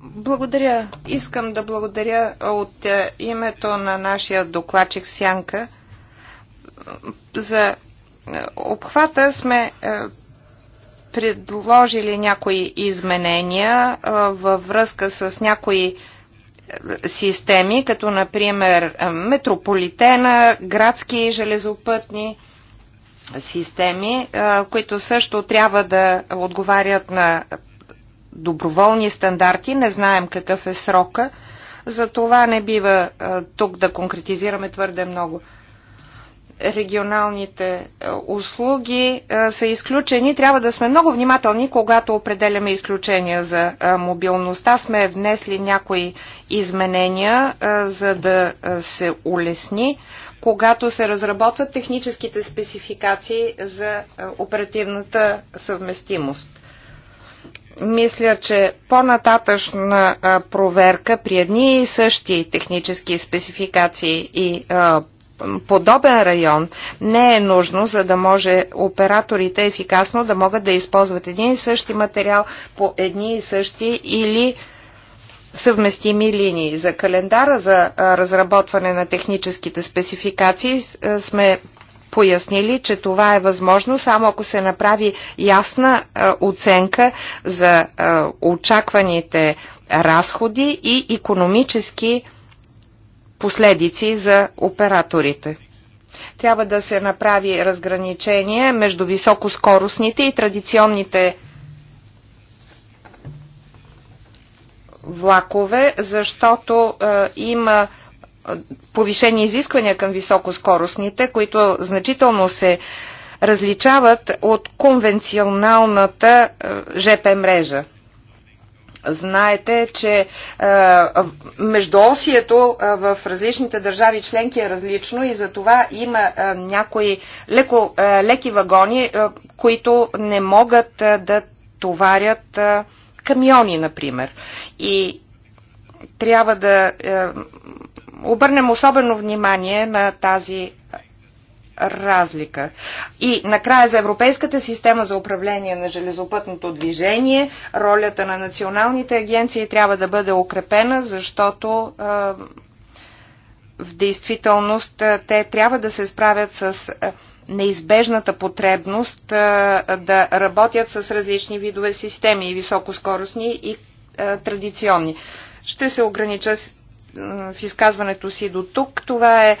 Благодаря. Искам да благодаря от името на нашия докладчик в Сянка за обхвата сме е, предложили някои изменения е, във връзка с някои е, системи, като например метрополитена, градски железопътни системи, които също трябва да отговарят на доброволни стандарти. Не знаем какъв е срока, за това не бива тук да конкретизираме твърде много регионалните е, услуги е, са изключени. Трябва да сме много внимателни, когато определяме изключения за е, мобилността. Сме внесли някои изменения, за да се улесни, когато се разработват техническите спецификации за оперативната съвместимост мисля, че по-нататъчна проверка при едни и същи технически спецификации и подобен район не е нужно, за да може операторите ефикасно да могат да използват един и същи материал по едни и същи или съвместими линии. За календара за разработване на техническите спецификации сме пояснили, че това е възможно само ако се направи ясна оценка за очакваните разходи и економически последици за операторите. Трябва да се направи разграничение между високоскоростните и традиционните влакове, защото е, има е, повишени изисквания към високоскоростните, които значително се различават от конвенционалната е, ЖП мрежа. Знаете, че е, междуосието е, в различните държави членки е различно и за това има е, някои леко, леки вагони, които не могат да товарят камиони, например. И трябва да обърнем особено внимание на тази разлика. И накрая за Европейската система за управление на железопътното движение, ролята на националните агенции трябва да бъде укрепена, защото в действителност те трябва да се справят с неизбежната потребност да работят с различни видове системи, и високоскоростни, и традиционни. Ще се огранича в изказването си до тук. Това е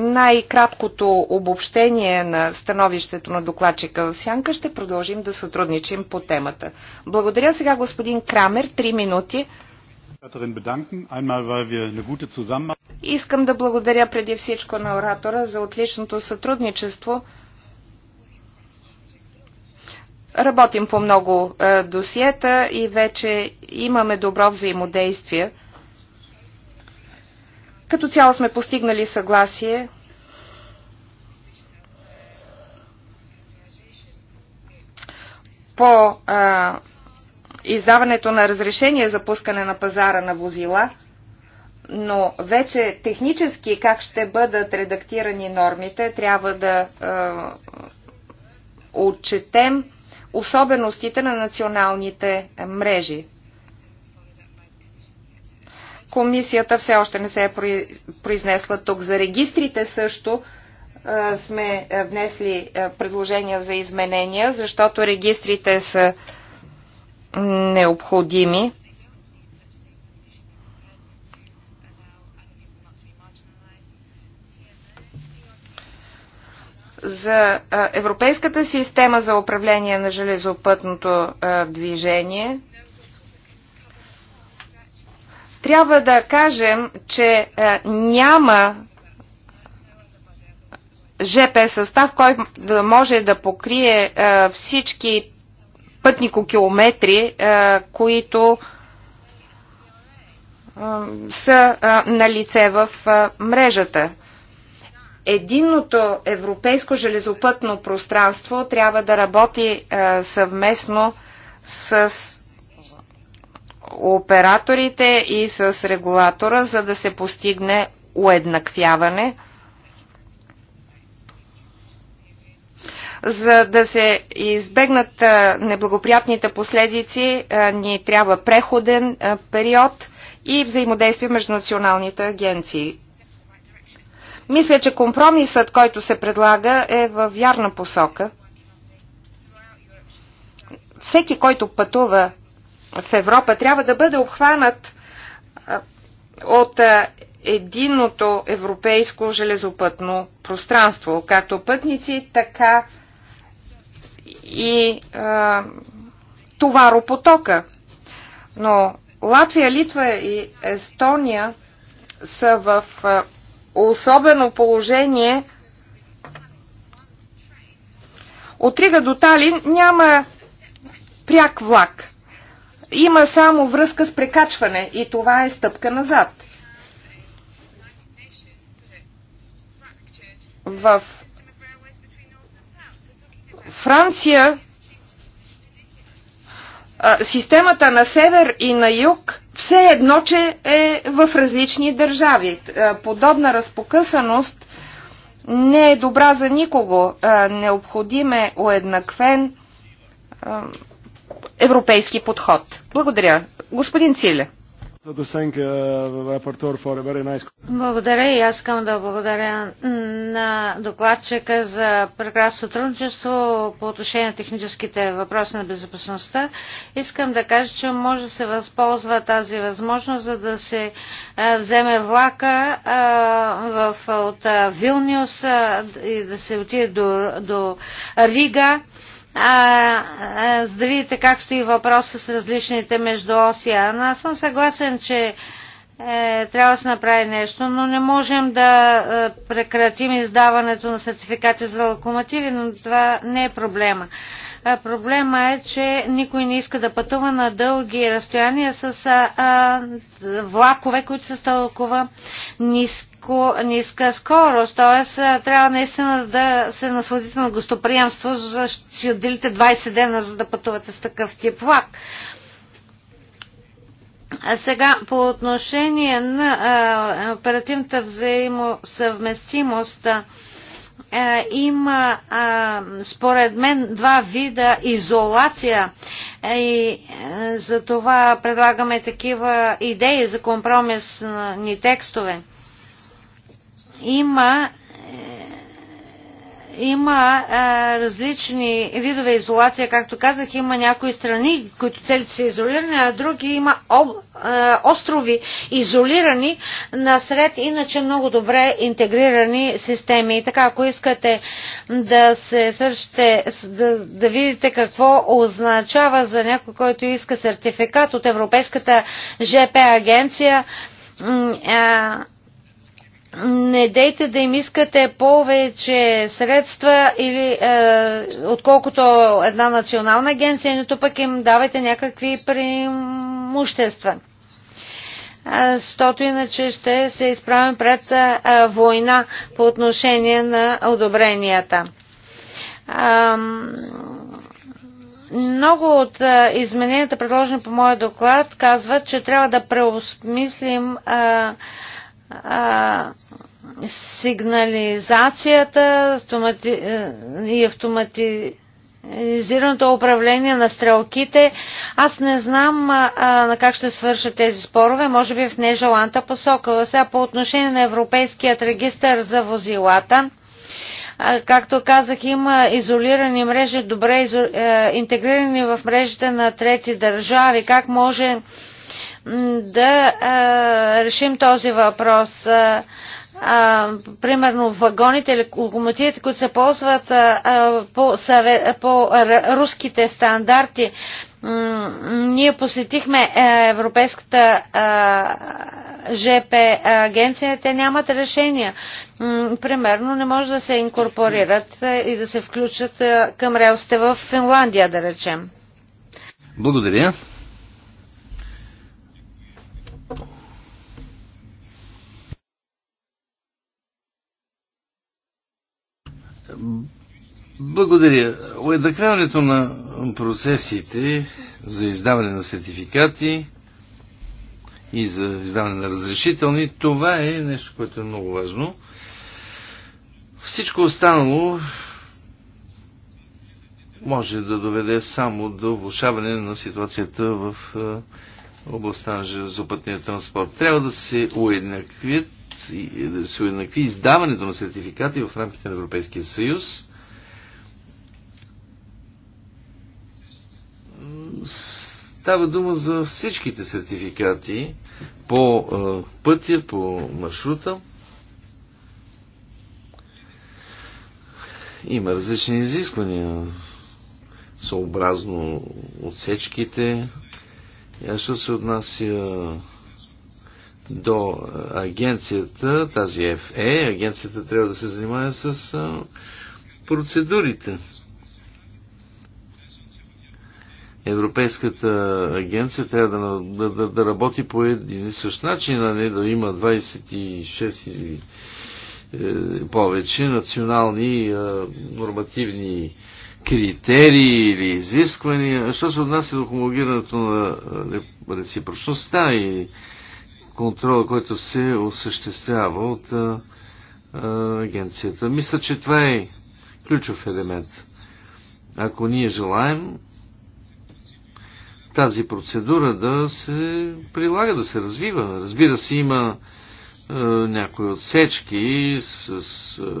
най-краткото обобщение на становището на докладчика в Сянка ще продължим да сътрудничим по темата. Благодаря сега господин Крамер, три минути. Искам да благодаря преди всичко на оратора за отличното сътрудничество. Работим по много е, досиета и вече имаме добро взаимодействие като цяло сме постигнали съгласие по а, издаването на разрешение за пускане на пазара на возила, но вече технически как ще бъдат редактирани нормите, трябва да а, отчетем особеностите на националните мрежи. Комисията все още не се е произнесла тук. За регистрите също сме внесли предложения за изменения, защото регистрите са необходими. За Европейската система за управление на железопътното движение – трябва да кажем, че е, няма ЖП състав, който да може да покрие е, всички пътникокилометри, е, които са на лице в мрежата. Единното европейско железопътно пространство трябва да работи съвместно с операторите и с регулатора, за да се постигне уеднаквяване, за да се избегнат неблагоприятните последици, ни трябва преходен период и взаимодействие между националните агенции. Мисля, че компромисът, който се предлага, е във вярна посока. Всеки, който пътува в Европа трябва да бъде обхванат от единното европейско железопътно пространство, както пътници, така и а, товаропотока. Но Латвия, Литва и Естония са в а, особено положение. От Рига до Талин няма пряк влак има само връзка с прекачване и това е стъпка назад. В Франция системата на север и на юг все едно, че е в различни държави. Подобна разпокъсаност не е добра за никого. Необходим е уеднаквен европейски подход. Благодаря. Господин Циле. Благодаря и аз искам да благодаря на докладчика за прекрасно сътрудничество по отношение на техническите въпроси на безопасността. Искам да кажа, че може да се възползва тази възможност, за да се вземе влака в, от Вилниус и да се отиде до, до Рига а, а, за да видите как стои въпроса с различните между оси. Аз съм съгласен, че е, трябва да се направи нещо, но не можем да е, прекратим издаването на сертификати за локомотиви, но това не е проблема. Проблема е, че никой не иска да пътува на дълги разстояния с влакове, които са с толкова ниско, ниска скорост. Т.е. трябва наистина да се насладите на гостоприемство, за си отделите 20 дена, за да пътувате с такъв тип влак. А сега по отношение на а, оперативната взаимосъвместимост, а, е, има, според мен, два вида изолация е, и е, за това предлагаме такива идеи за компромисни текстове. Има има а, е, различни видове изолация, както казах, има някои страни, които целите са изолирани, а други има об, а, е, острови изолирани насред иначе много добре интегрирани системи. И така, ако искате да се свършите, да, да видите какво означава за някой, който иска сертификат от Европейската ЖП агенция, а, не дейте да им искате повече средства или е, отколкото една национална агенция, нито пък им давайте някакви преимущества. Е, стото иначе ще се изправим пред е, война по отношение на одобренията. много от е, измененията, предложени по моя доклад, казват, че трябва да преосмислим е, сигнализацията автомати... и автоматизираното управление на стрелките. Аз не знам а, на как ще свършат тези спорове, може би в нежеланта посока. Сега по отношение на Европейският регистър за возилата, а, както казах, има изолирани мрежи, добре изо... Е, интегрирани в мрежите на трети държави. Как може да а, решим този въпрос. А, а, примерно вагоните или локомотивите, които се ползват а, по, съве, по руските стандарти. Ние посетихме Европейската ЖП агенция, те нямат решения. Примерно не може да се инкорпорират и да се включат към релсите в Финландия, да речем. Благодаря. Благодаря. Уеднаквяването на процесите за издаване на сертификати и за издаване на разрешителни, това е нещо, което е много важно. Всичко останало може да доведе само до влушаване на ситуацията в е, областта на железопътния транспорт. Трябва да се уеднаквят се уеднакви издаването на сертификати в рамките на Европейския съюз. Става дума за всичките сертификати по е, пътя, по маршрута. Има различни изисквания съобразно отсечките. А е, ще се отнася до агенцията, тази ФЕ, e, агенцията трябва да се занимава с процедурите. Европейската агенция трябва да, да, да, да работи по един и същ начин, а не да има 26 или е, повече национални е, нормативни критерии или изисквания. Що се отнася до хомологирането на реципрочността и контрола, който се осъществява от а, агенцията. Мисля, че това е ключов елемент. Ако ние желаем тази процедура да се прилага, да се развива. Разбира се, има а, някои отсечки с, с а,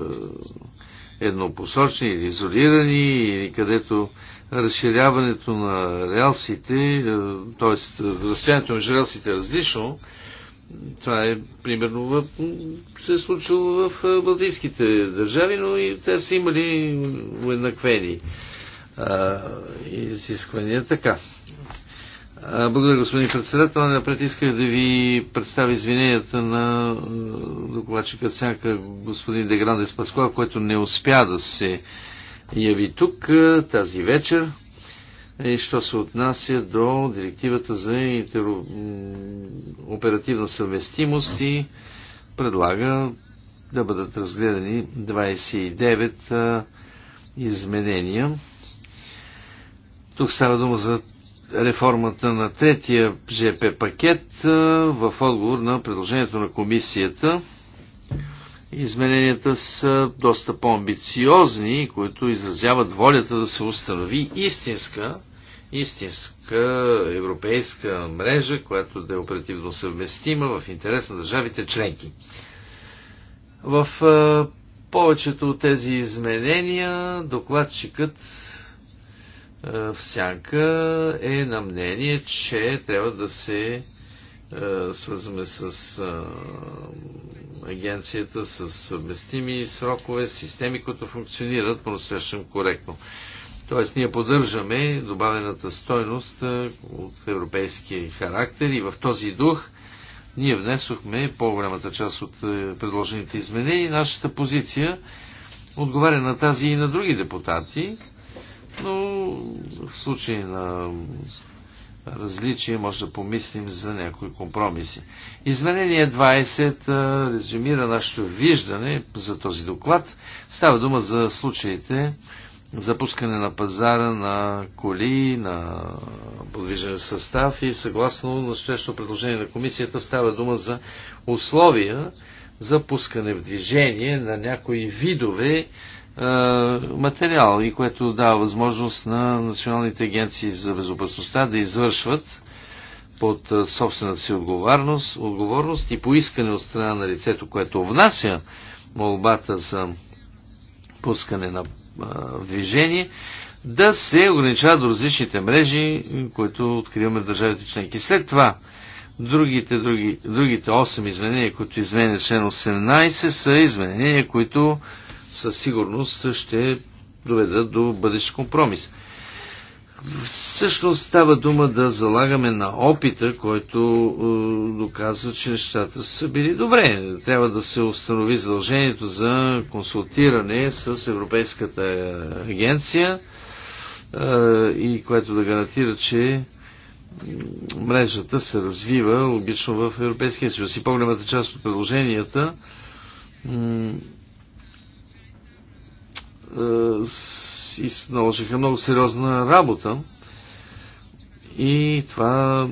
еднопосочни или изолирани, или където разширяването на релсите, т.е. разстоянието между релсите е различно, това е, примерно, в... се е случило в балтийските държави, но и те са имали уеднаквени изисквания. Така. Благодаря, господин председател. Напред исках да ви представя извиненията на докладчика Цянка господин Деграндес Паскуа, който не успя да се яви тук тази вечер. И що се отнася до директивата за интеро... оперативна съвместимост и предлага да бъдат разгледани 29 изменения. Тук става дума за реформата на третия ЖП пакет в отговор на предложението на комисията. Измененията са доста по-амбициозни, които изразяват волята да се установи истинска истинска европейска мрежа, която да е оперативно съвместима в интерес на държавите членки. В повечето от тези изменения докладчикът всяка е на мнение, че трябва да се свързваме с агенцията, с съвместими срокове, системи, които функционират по-настоящем коректно. Тоест, ние поддържаме добавената стойност е, от европейския характер и в този дух ние внесохме по-голямата част от е, предложените изменения. Нашата позиция отговаря на тази и на други депутати, но в случай на различие може да помислим за някои компромиси. Изменение 20 е, резюмира нашето виждане за този доклад. Става дума за случаите, запускане на пазара на коли, на подвижен състав и съгласно настоящото предложение на комисията става дума за условия за пускане в движение на някои видове е, материал и което дава възможност на националните агенции за безопасността да извършват под е, собствената си отговорност, отговорност и поискане от страна на лицето, което внася молбата за пускане на движение, да се ограничават до различните мрежи, които откриваме в държавите членки. След това, другите, други, другите 8 изменения, които изменя член 18, са изменения, които със сигурност ще доведат до бъдещ компромис. Всъщност става дума да залагаме на опита, който е, доказва, че нещата са били добре. Трябва да се установи задължението за консултиране с Европейската агенция е, и което да гарантира, че мрежата се развива логично в Европейския съюз. И по-голямата част от предложенията е, и се наложиха много сериозна работа и това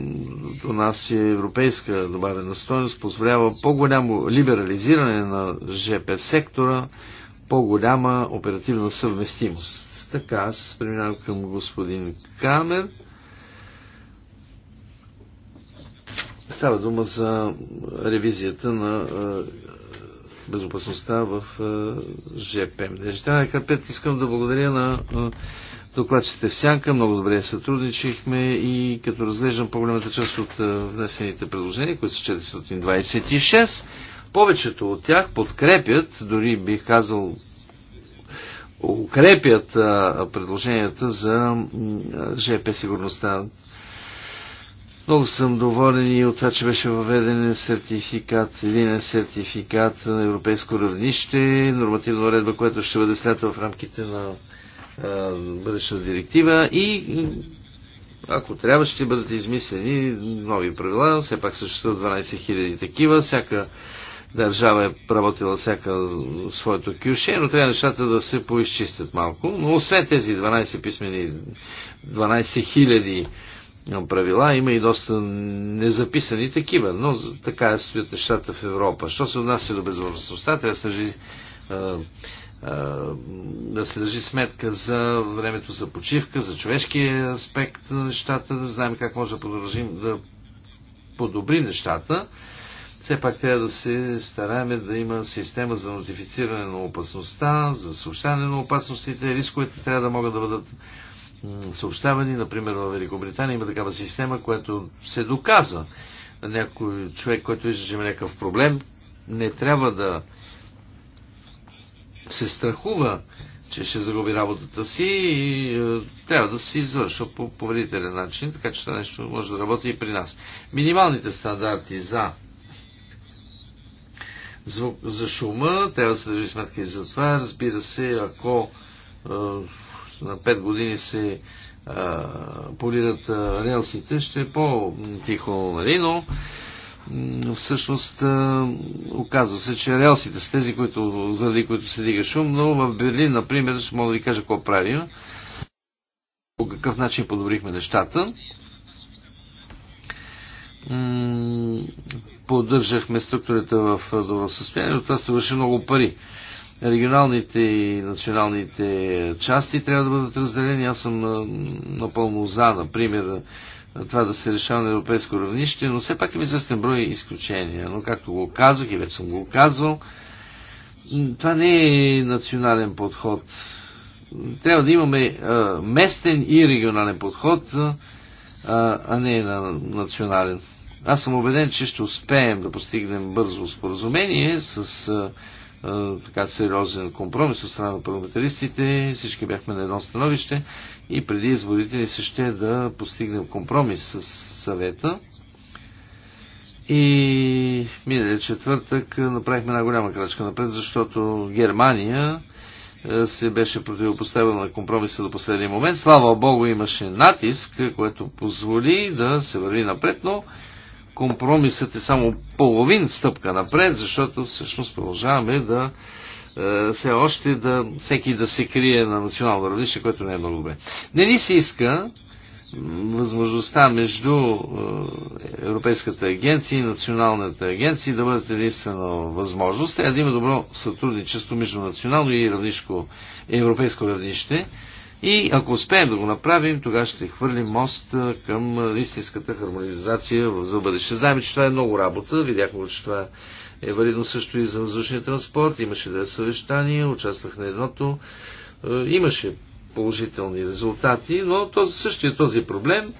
до нас е европейска добавена стоеност, позволява по-голямо либерализиране на ЖП сектора, по-голяма оперативна съвместимост. Така, аз преминавам към господин Камер. Става дума за ревизията на безопасността в е, ЖП. Неща Карпет искам да благодаря на е, докладчите в Сянка. Много добре сътрудничихме и като разглеждам по-голямата част от е, внесените предложения, които са 426, повечето от тях подкрепят, дори бих казал укрепят предложенията за ЖП сигурността. Много съм доволен и от това, че беше въведен сертификат, един сертификат на европейско равнище, нормативна редба, която ще бъде снята в рамките на а, бъдещата директива и ако трябва, ще бъдат измислени нови правила. Все пак съществуват 12 000 такива. Всяка държава е работила всяка своето кюше, но трябва нещата да се поизчистят малко. Но освен тези 12 писмени, 12 000 правила, има и доста незаписани такива, но така стоят нещата в Европа. Що се отнася до безопасността, трябва да се държи, да се държи сметка за времето за почивка, за човешкия аспект на нещата, да знаем как може да продължим да подобри нещата. Все пак трябва да се стараем да има система за нотифициране на опасността, за съобщане на опасностите. Рисковете трябва да могат да бъдат съобщавани. Например, в Великобритания има такава система, която се доказа. Някой човек, който вижда, че има някакъв проблем, не трябва да се страхува, че ще загуби работата си и е, трябва да се извършва по поверителен начин, така че това нещо може да работи и при нас. Минималните стандарти за звук, за шума, трябва да се държи сметка и за това. Разбира се, ако е, на 5 години се а, полират а, релсите, ще е по-тихо, нали, но всъщност оказва се, че релсите са тези, които, заради които се дига шум, но в Берлин, например, ще мога да ви кажа какво правим, по какъв начин подобрихме нещата. Поддържахме структурата в добро състояние, но това струваше много пари регионалните и националните части трябва да бъдат разделени. Аз съм напълно за, например, това да се решава на европейско равнище, но все пак има известен брой изключения. Но както го казах и вече съм го казвал, това не е национален подход. Трябва да имаме а, местен и регионален подход, а, а не на национален. Аз съм убеден, че ще успеем да постигнем бързо споразумение с а, така сериозен компромис от страна на парламентаристите. Всички бяхме на едно становище и преди изборите ни се ще да постигнем компромис с съвета. И миналия четвъртък направихме една голяма крачка напред, защото Германия се беше противопоставила на компромиса до последния момент. Слава Богу, имаше натиск, което позволи да се върви напред, но компромисът е само половин стъпка напред, защото всъщност продължаваме да е, все още да всеки да се крие на национално равнище, което не е много добре. Не ни се иска възможността между е, Европейската агенция и Националната агенция да бъдат единствено възможност. Трябва да има добро сътрудничество между национално и равнишко, европейско равнище. И ако успеем да го направим, тогава ще хвърлим мост към истинската хармонизация за бъдеще. Знаем, че това е много работа. Видяхме, че това е валидно също и за въздушния транспорт. Имаше две съвещания, участвах на едното. Имаше положителни резултати, но този, същия този проблем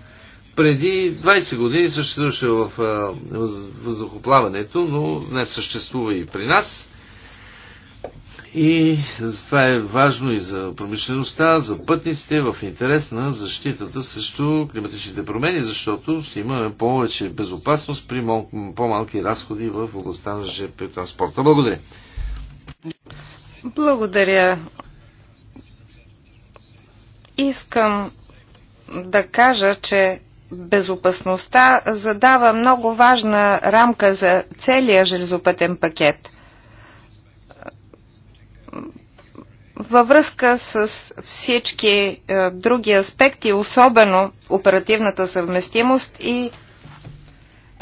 преди 20 години съществуваше в въздухоплаването, но не съществува и при нас. И това е важно и за промишлеността, за пътниците, в интерес на защитата срещу климатичните промени, защото ще имаме повече безопасност при по-малки разходи в областта на ЖП транспорта. Благодаря. Благодаря. Искам да кажа, че безопасността задава много важна рамка за целия железопътен пакет – Във връзка с всички е, други аспекти, особено оперативната съвместимост и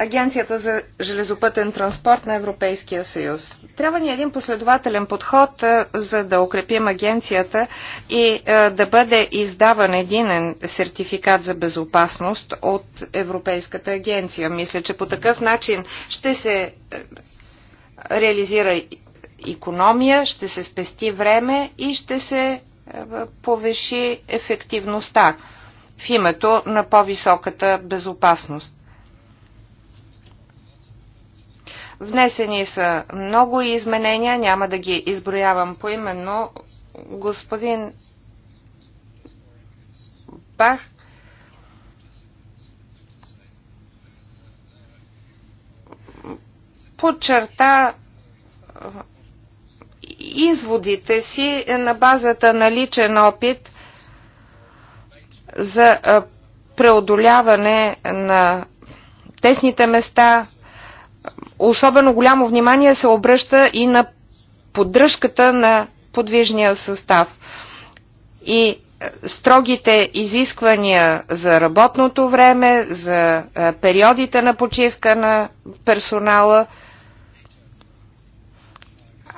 Агенцията за железопътен транспорт на Европейския съюз. Трябва ни един последователен подход, е, за да укрепим агенцията и е, да бъде издаван единен сертификат за безопасност от Европейската агенция. Мисля, че по такъв начин ще се е, реализира економия, ще се спести време и ще се е, повиши ефективността в името на по-високата безопасност. Внесени са много изменения, няма да ги изброявам поименно. Господин Бах подчерта изводите си на базата на личен опит за преодоляване на тесните места. Особено голямо внимание се обръща и на поддръжката на подвижния състав. И строгите изисквания за работното време, за периодите на почивка на персонала –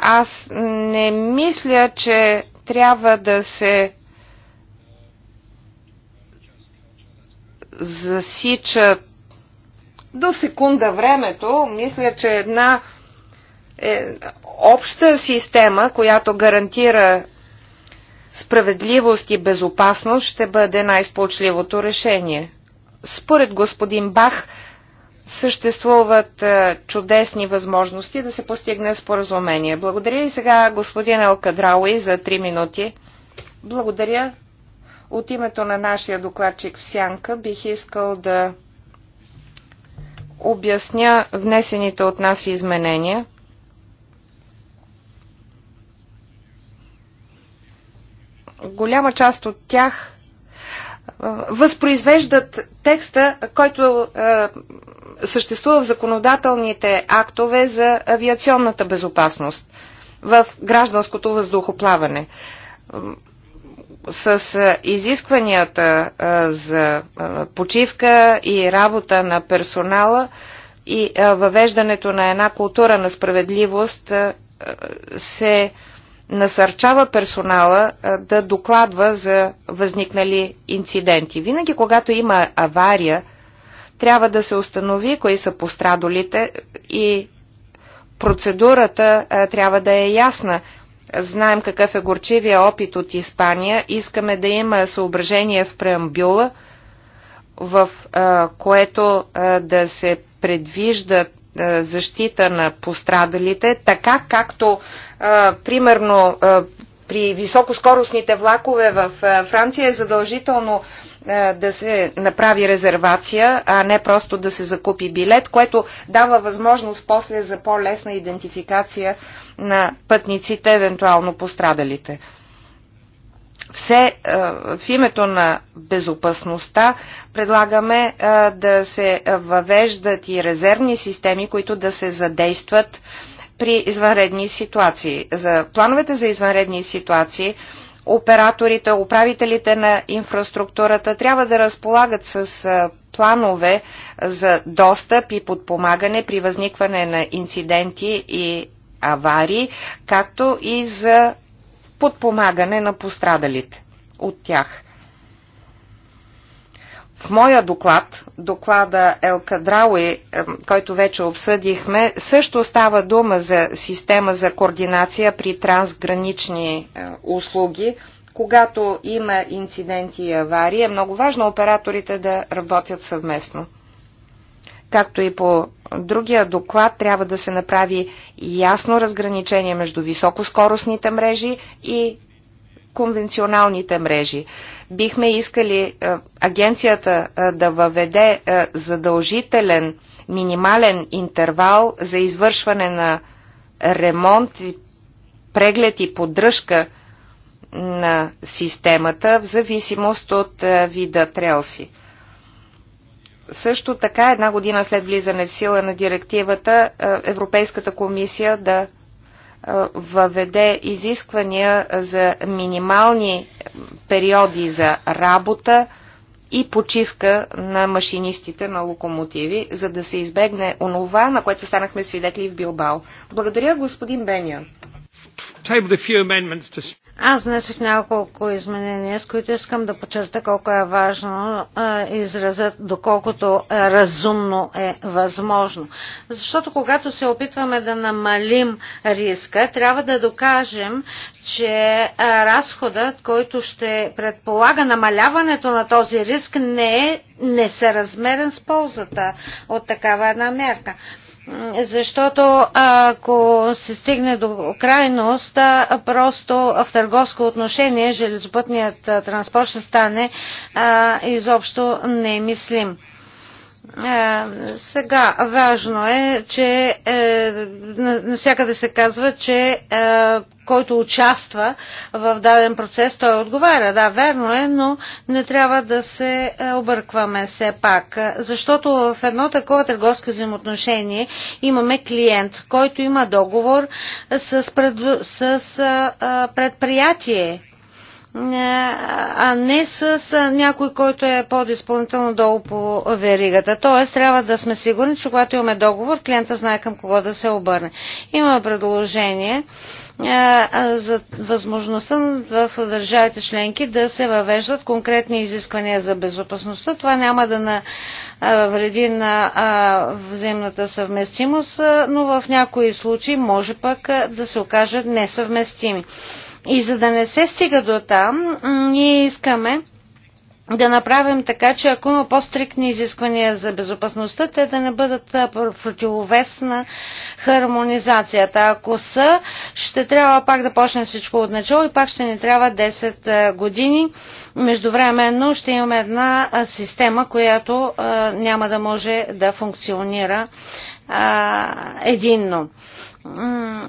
аз не мисля, че трябва да се засича до секунда времето. Мисля, че една е, обща система, която гарантира справедливост и безопасност, ще бъде най-сполучливото решение. Според господин Бах, съществуват е, чудесни възможности да се постигне споразумение. Благодаря и сега господин Алкадрауи за три минути. Благодаря. От името на нашия докладчик в Сянка бих искал да обясня внесените от нас изменения. Голяма част от тях възпроизвеждат текста, който е, съществува в законодателните актове за авиационната безопасност в гражданското въздухоплаване. С е, изискванията е, за почивка и работа на персонала и въвеждането на една култура на справедливост се насърчава персонала да докладва за възникнали инциденти. Винаги, когато има авария, трябва да се установи кои са пострадалите и процедурата трябва да е ясна. Знаем какъв е горчивия опит от Испания. Искаме да има съображение в преамбюла, в което да се предвиждат е, защита на пострадалите, така както е, примерно е, при високоскоростните влакове в Франция е задължително да се направи резервация, а не просто да се закупи билет, което дава възможност после за по-лесна идентификация на пътниците, евентуално пострадалите все е, в името на безопасността предлагаме е, да се въвеждат и резервни системи, които да се задействат при извънредни ситуации. За плановете за извънредни ситуации операторите, управителите на инфраструктурата трябва да разполагат с е, планове за достъп и подпомагане при възникване на инциденти и аварии, както и за подпомагане на пострадалите от тях. В моя доклад, доклада Ел Кадрауи, който вече обсъдихме, също става дума за система за координация при трансгранични е, услуги. Когато има инциденти и аварии, е много важно операторите да работят съвместно както и по другия доклад, трябва да се направи ясно разграничение между високоскоростните мрежи и конвенционалните мрежи. Бихме искали е, агенцията е, да въведе е, задължителен минимален интервал за извършване на ремонт, преглед и поддръжка на системата в зависимост от вида трелси също така една година след влизане в сила на директивата е, Европейската комисия да е, въведе изисквания за минимални периоди за работа и почивка на машинистите на локомотиви, за да се избегне онова, на което станахме свидетели в Билбао. Благодаря, господин Бения. Аз внесох няколко изменения, с които искам да почерта колко е важно а, изразът, доколкото разумно е възможно. Защото когато се опитваме да намалим риска, трябва да докажем, че а, разходът, който ще предполага намаляването на този риск, не е несъразмерен с ползата от такава една мерка защото ако се стигне до крайност, просто в търговско отношение железопътният транспорт ще стане изобщо немислим сега, важно е, че е, навсякъде се казва, че е, който участва в даден процес, той отговаря. Да, верно е, но не трябва да се е, объркваме все пак. Защото в едно такова търговско взаимоотношение имаме клиент, който има договор с, пред, с а, е, е, предприятие а не с някой, който е изпълнително долу по веригата. Тоест, трябва да сме сигурни, че когато имаме договор, клиента знае към кого да се обърне. Има предложение за възможността в държавите членки да се въвеждат конкретни изисквания за безопасността. Това няма да вреди на взаимната съвместимост, но в някои случаи може пък да се окажат несъвместими. И за да не се стига до там, ние искаме да направим така, че ако има по-стрикни изисквания за безопасността, те да не бъдат противовес на хармонизацията. Ако са, ще трябва пак да почне всичко от начало и пак ще ни трябва 10 години. Междувременно ще имаме една система, която няма да може да функционира единно.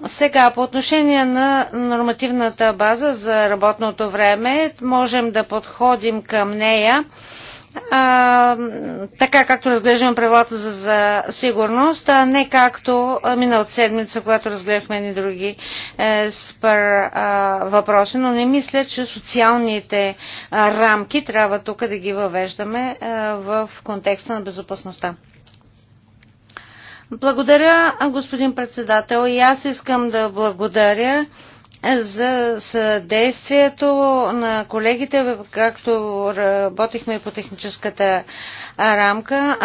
Сега, по отношение на нормативната база за работното време, можем да подходим към нея а, така както разглеждаме правилата за, за сигурност, а не както минал седмица, когато разгледахме ни други е, спър, а, въпроси, но не мисля, че социалните а, рамки трябва тук да ги въвеждаме а, в контекста на безопасността. Благодаря, господин председател. И аз искам да благодаря за съдействието на колегите, както работихме по техническата рамка.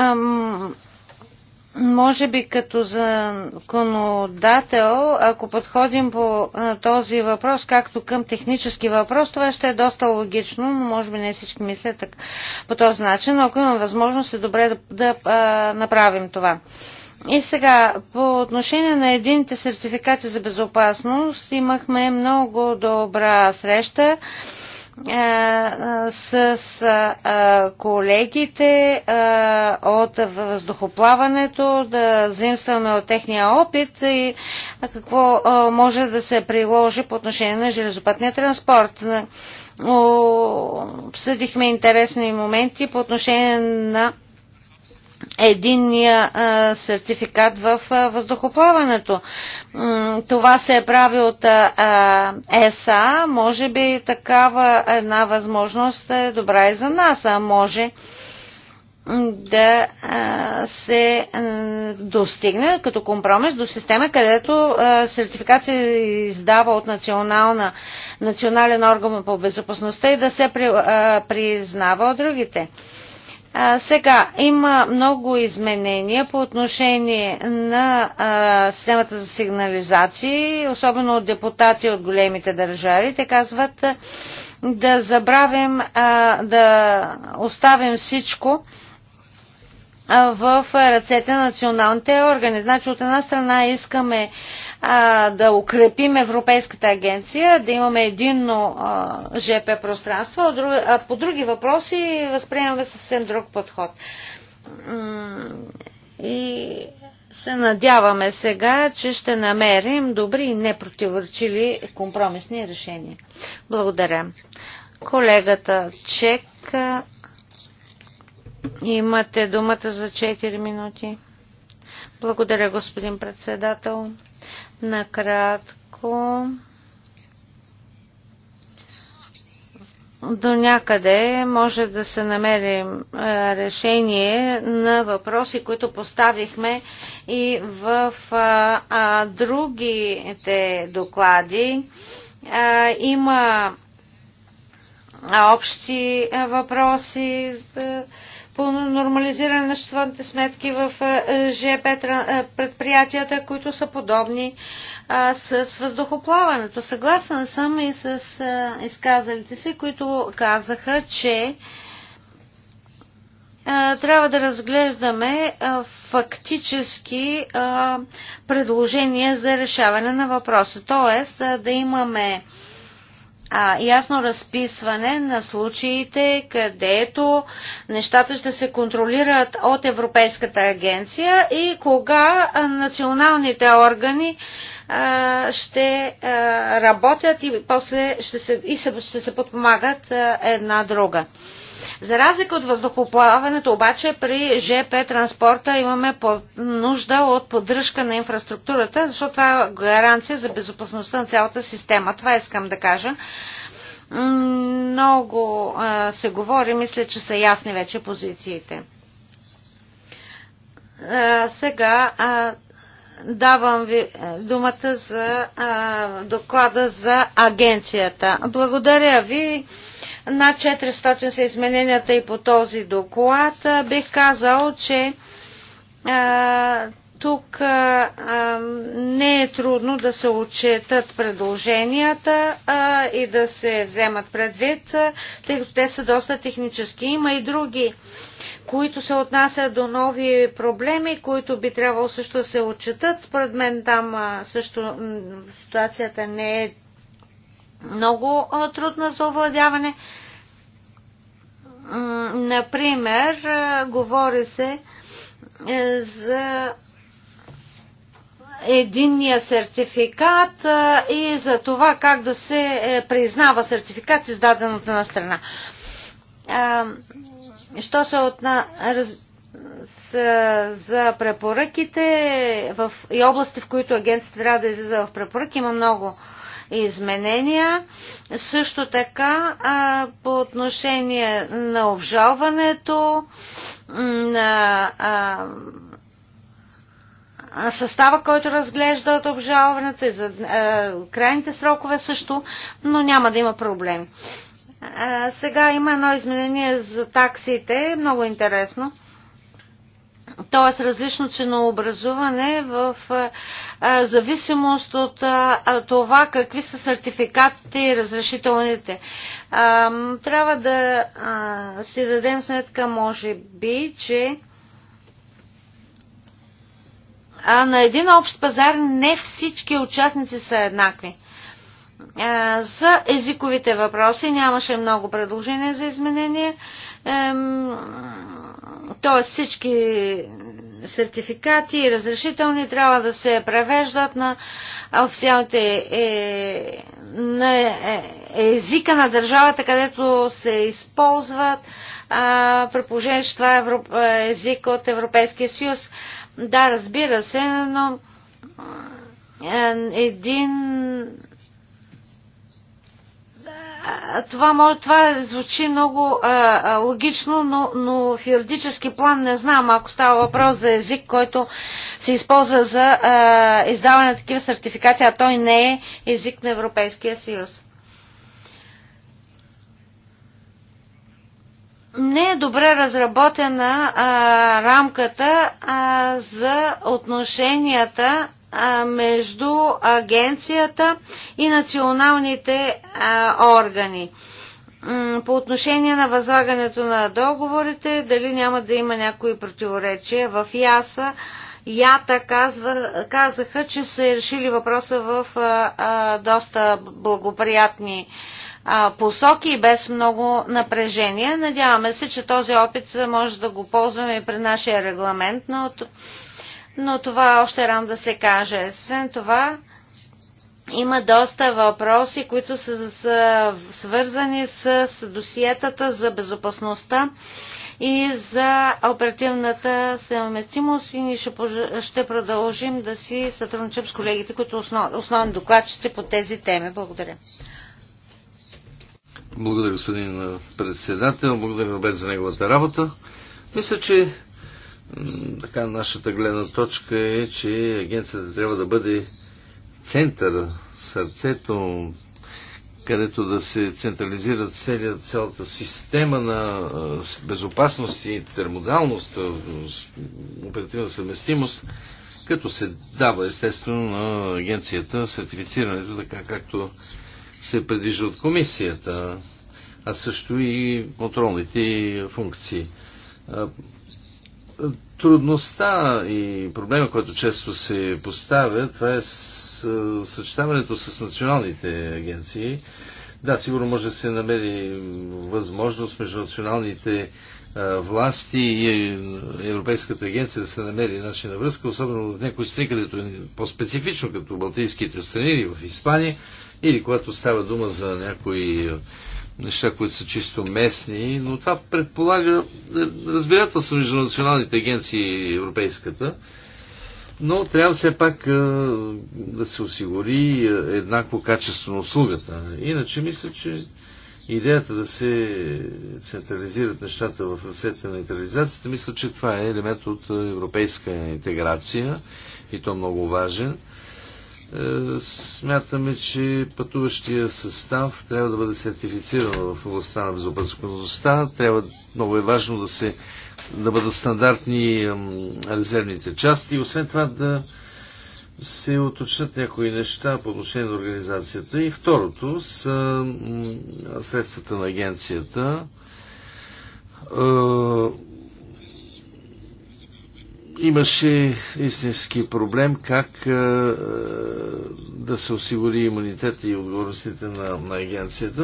Може би като законодател, ако подходим по този въпрос, както към технически въпрос, това ще е доста логично, но може би не всички мислят по този начин, но ако имам възможност е добре да, да а, направим това. И сега, по отношение на едините сертификати за безопасност, имахме много добра среща е, е, с е, колегите от въздухоплаването, да заимстваме от техния опит и какво може да се приложи по отношение на железопътния транспорт. Обсъдихме интересни моменти по отношение на единния сертификат в въздухоплаването. Това се е прави от ЕСА. Може би такава една възможност е добра и за нас, а може да се достигне като компромис до система, където сертификат се издава от национална, национален орган по безопасността и да се признава от другите сега, има много изменения по отношение на системата за сигнализации, особено от депутати от големите държави. Те казват да забравим, да оставим всичко в ръцете на националните органи. Значи, от една страна искаме а, да укрепим Европейската агенция, да имаме единно ЖП пространство, а, а по други въпроси възприемаме съвсем друг подход. И се надяваме сега, че ще намерим добри и непротиворечили компромисни решения. Благодаря. Колегата Чек, имате думата за 4 минути. Благодаря, господин председател накратко до някъде може да се намери е, решение на въпроси, които поставихме и в а, а, другите доклади. А, има общи въпроси. За, по нормализиране на счетоводните сметки в ЖП е предприятията, които са подобни с въздухоплаването. Съгласен съм и с изказалите си, които казаха, че трябва да разглеждаме фактически предложения за решаване на въпроса. Тоест да имаме а, ясно разписване на случаите, където нещата ще се контролират от Европейската агенция и кога националните органи а, ще а, работят и после ще се, и се, ще се подпомагат а, една друга. За разлика от въздухоплаването обаче при ЖП транспорта имаме нужда от поддръжка на инфраструктурата, защото това е гаранция за безопасността на цялата система. Това искам да кажа. Много се говори, мисля, че са ясни вече позициите. сега давам ви думата за доклада за агенцията. Благодаря ви. Над 400 са измененията и по този доклад. Бих казал, че а, тук а, не е трудно да се отчетат предложенията а, и да се вземат предвид, тъй като те са доста технически. Има и други, които се отнасят до нови проблеми, които би трябвало също да се отчетат. Според мен там а, също ситуацията не е много трудна за овладяване. Например, говори се е, за единния сертификат и за това как да се е, признава сертификат издаден от една страна. Що се отна за препоръките в, и области, в които агенцията трябва да излиза в препоръки, има много изменения. Също така а, по отношение на обжалването, на а, състава, който разглежда от обжалването и за крайните срокове също, но няма да има проблеми. Сега има едно изменение за таксите, много интересно т.е. различно ценообразуване в а, зависимост от а, това какви са сертификатите и разрешителните. А, трябва да а, си дадем сметка, може би, че а, на един общ пазар не всички участници са еднакви. За езиковите въпроси нямаше много предложения за изменения т.е. всички сертификати и разрешителни трябва да се превеждат на официалните е, на е, е езика на държавата, където се използват, а, при положение, че това е, е език от Европейския съюз. Да, разбира се, но един това, може, това звучи много а, а, логично, но, но в юридически план не знам, ако става въпрос за език, който се използва за а, издаване на такива сертификати, а той не е език на Европейския съюз. Не е добре разработена а, рамката а, за отношенията между агенцията и националните органи. По отношение на възлагането на договорите, дали няма да има някои противоречия в ЯСА, Ята казва, казаха, че са решили въпроса в а, а, доста благоприятни а, посоки и без много напрежение. Надяваме се, че този опит може да го ползваме и при нашия регламент, но но това още рано да се каже. Освен това, има доста въпроси, които са, свързани с, досиетата за безопасността и за оперативната съвместимост и ние ще, ще продължим да си сътрудничим с колегите, които основ, основни докладчици по тези теми. Благодаря. Благодаря, господин председател. Благодаря, Робет, за неговата работа. Мисля, че така нашата гледна точка е, че агенцията трябва да бъде център, сърцето, където да се централизира целия, цялата система на безопасност и термодалност, оперативна съвместимост, като се дава естествено на агенцията сертифицирането, така както се предвижда от комисията, а също и контролните функции. Трудността и проблема, който често се поставя, това е съчетаването с националните агенции. Да, сигурно може да се намери възможност между националните власти и Европейската агенция да се намери начин на връзка, особено в някои страни, където е по-специфично, като Балтийските страни или в Испания, или когато става дума за някои неща, които са чисто местни, но това предполага е, разбирателство между националните агенции и европейската. Но трябва все пак е, да се осигури е, еднакво качество на услугата. Иначе мисля, че идеята да се централизират нещата в ръцете на централизацията, мисля, че това е елемент от европейска интеграция и то е много важен. Е, смятаме, че пътуващия състав трябва да бъде сертифициран в областта на безопасността. Трябва, много е важно да, се, да бъдат стандартни резервните части. И освен това да се уточнят някои неща по отношение на организацията. И второто са средствата на агенцията е, имаше истински проблем как е, е, да се осигури имунитета и отговорностите на, на агенцията,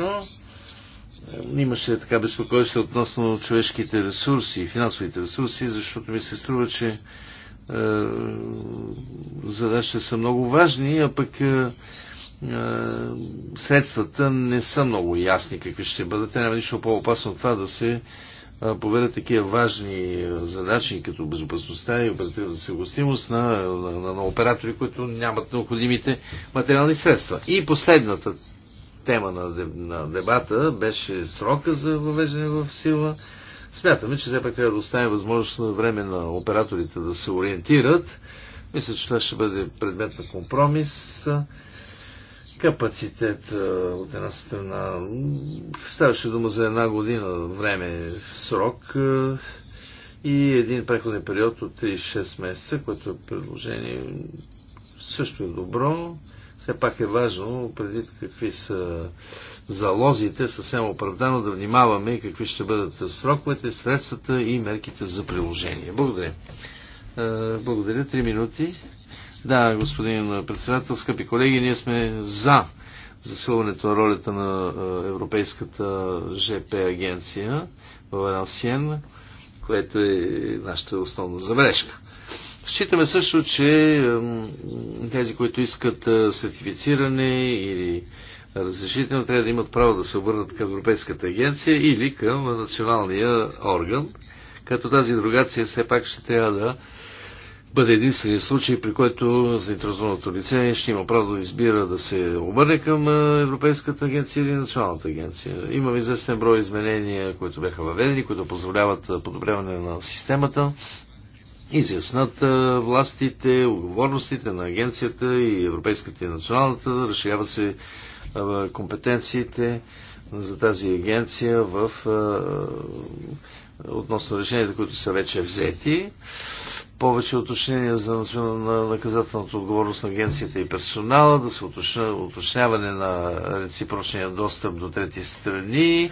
но е, имаше така безпокойство относно човешките ресурси и финансовите ресурси, защото ми се струва, че е, задачите са много важни, а пък е, средствата не са много ясни какви ще бъдат. Те няма нищо по-опасно от това да се Поведа такива важни задачи, като безопасността и оперативната съвместимост на, на, на, на оператори, които нямат необходимите материални средства. И последната тема на, на дебата беше срока за въвеждане в сила. Смятаме, че все пак трябва да оставим възможност на време на операторите да се ориентират. Мисля, че това ще бъде предмет на компромис капацитет от една страна. Ставаше дума за една година време в срок и един преходен период от 36 месеца, което е предложение също е добро. Все пак е важно, преди какви са залозите, съвсем оправдано да внимаваме какви ще бъдат сроковете, средствата и мерките за приложение. Благодаря. Благодаря. Три минути. Да, господин председател, скъпи колеги, ние сме за засилването на ролята на Европейската ЖП агенция в Арансиен, което е нашата основна забележка. Считаме също, че тези, които искат сертифициране или разрешително, трябва да имат право да се обърнат към Европейската агенция или към националния орган, като тази дрогация все пак ще трябва да бъде единствения случай, при който заинтересованото лице ще има право да избира да се обърне към Европейската агенция или Националната агенция. Имам известен брой изменения, които бяха въведени, които позволяват подобряване на системата, изяснат властите, отговорностите на агенцията и Европейската и Националната, разширяват се компетенциите за тази агенция в относно решенията, които са вече взети. Повече уточнения за национална наказателната отговорност на агенцията и персонала, да се уточня, уточняване на реципрочния достъп до трети страни, е,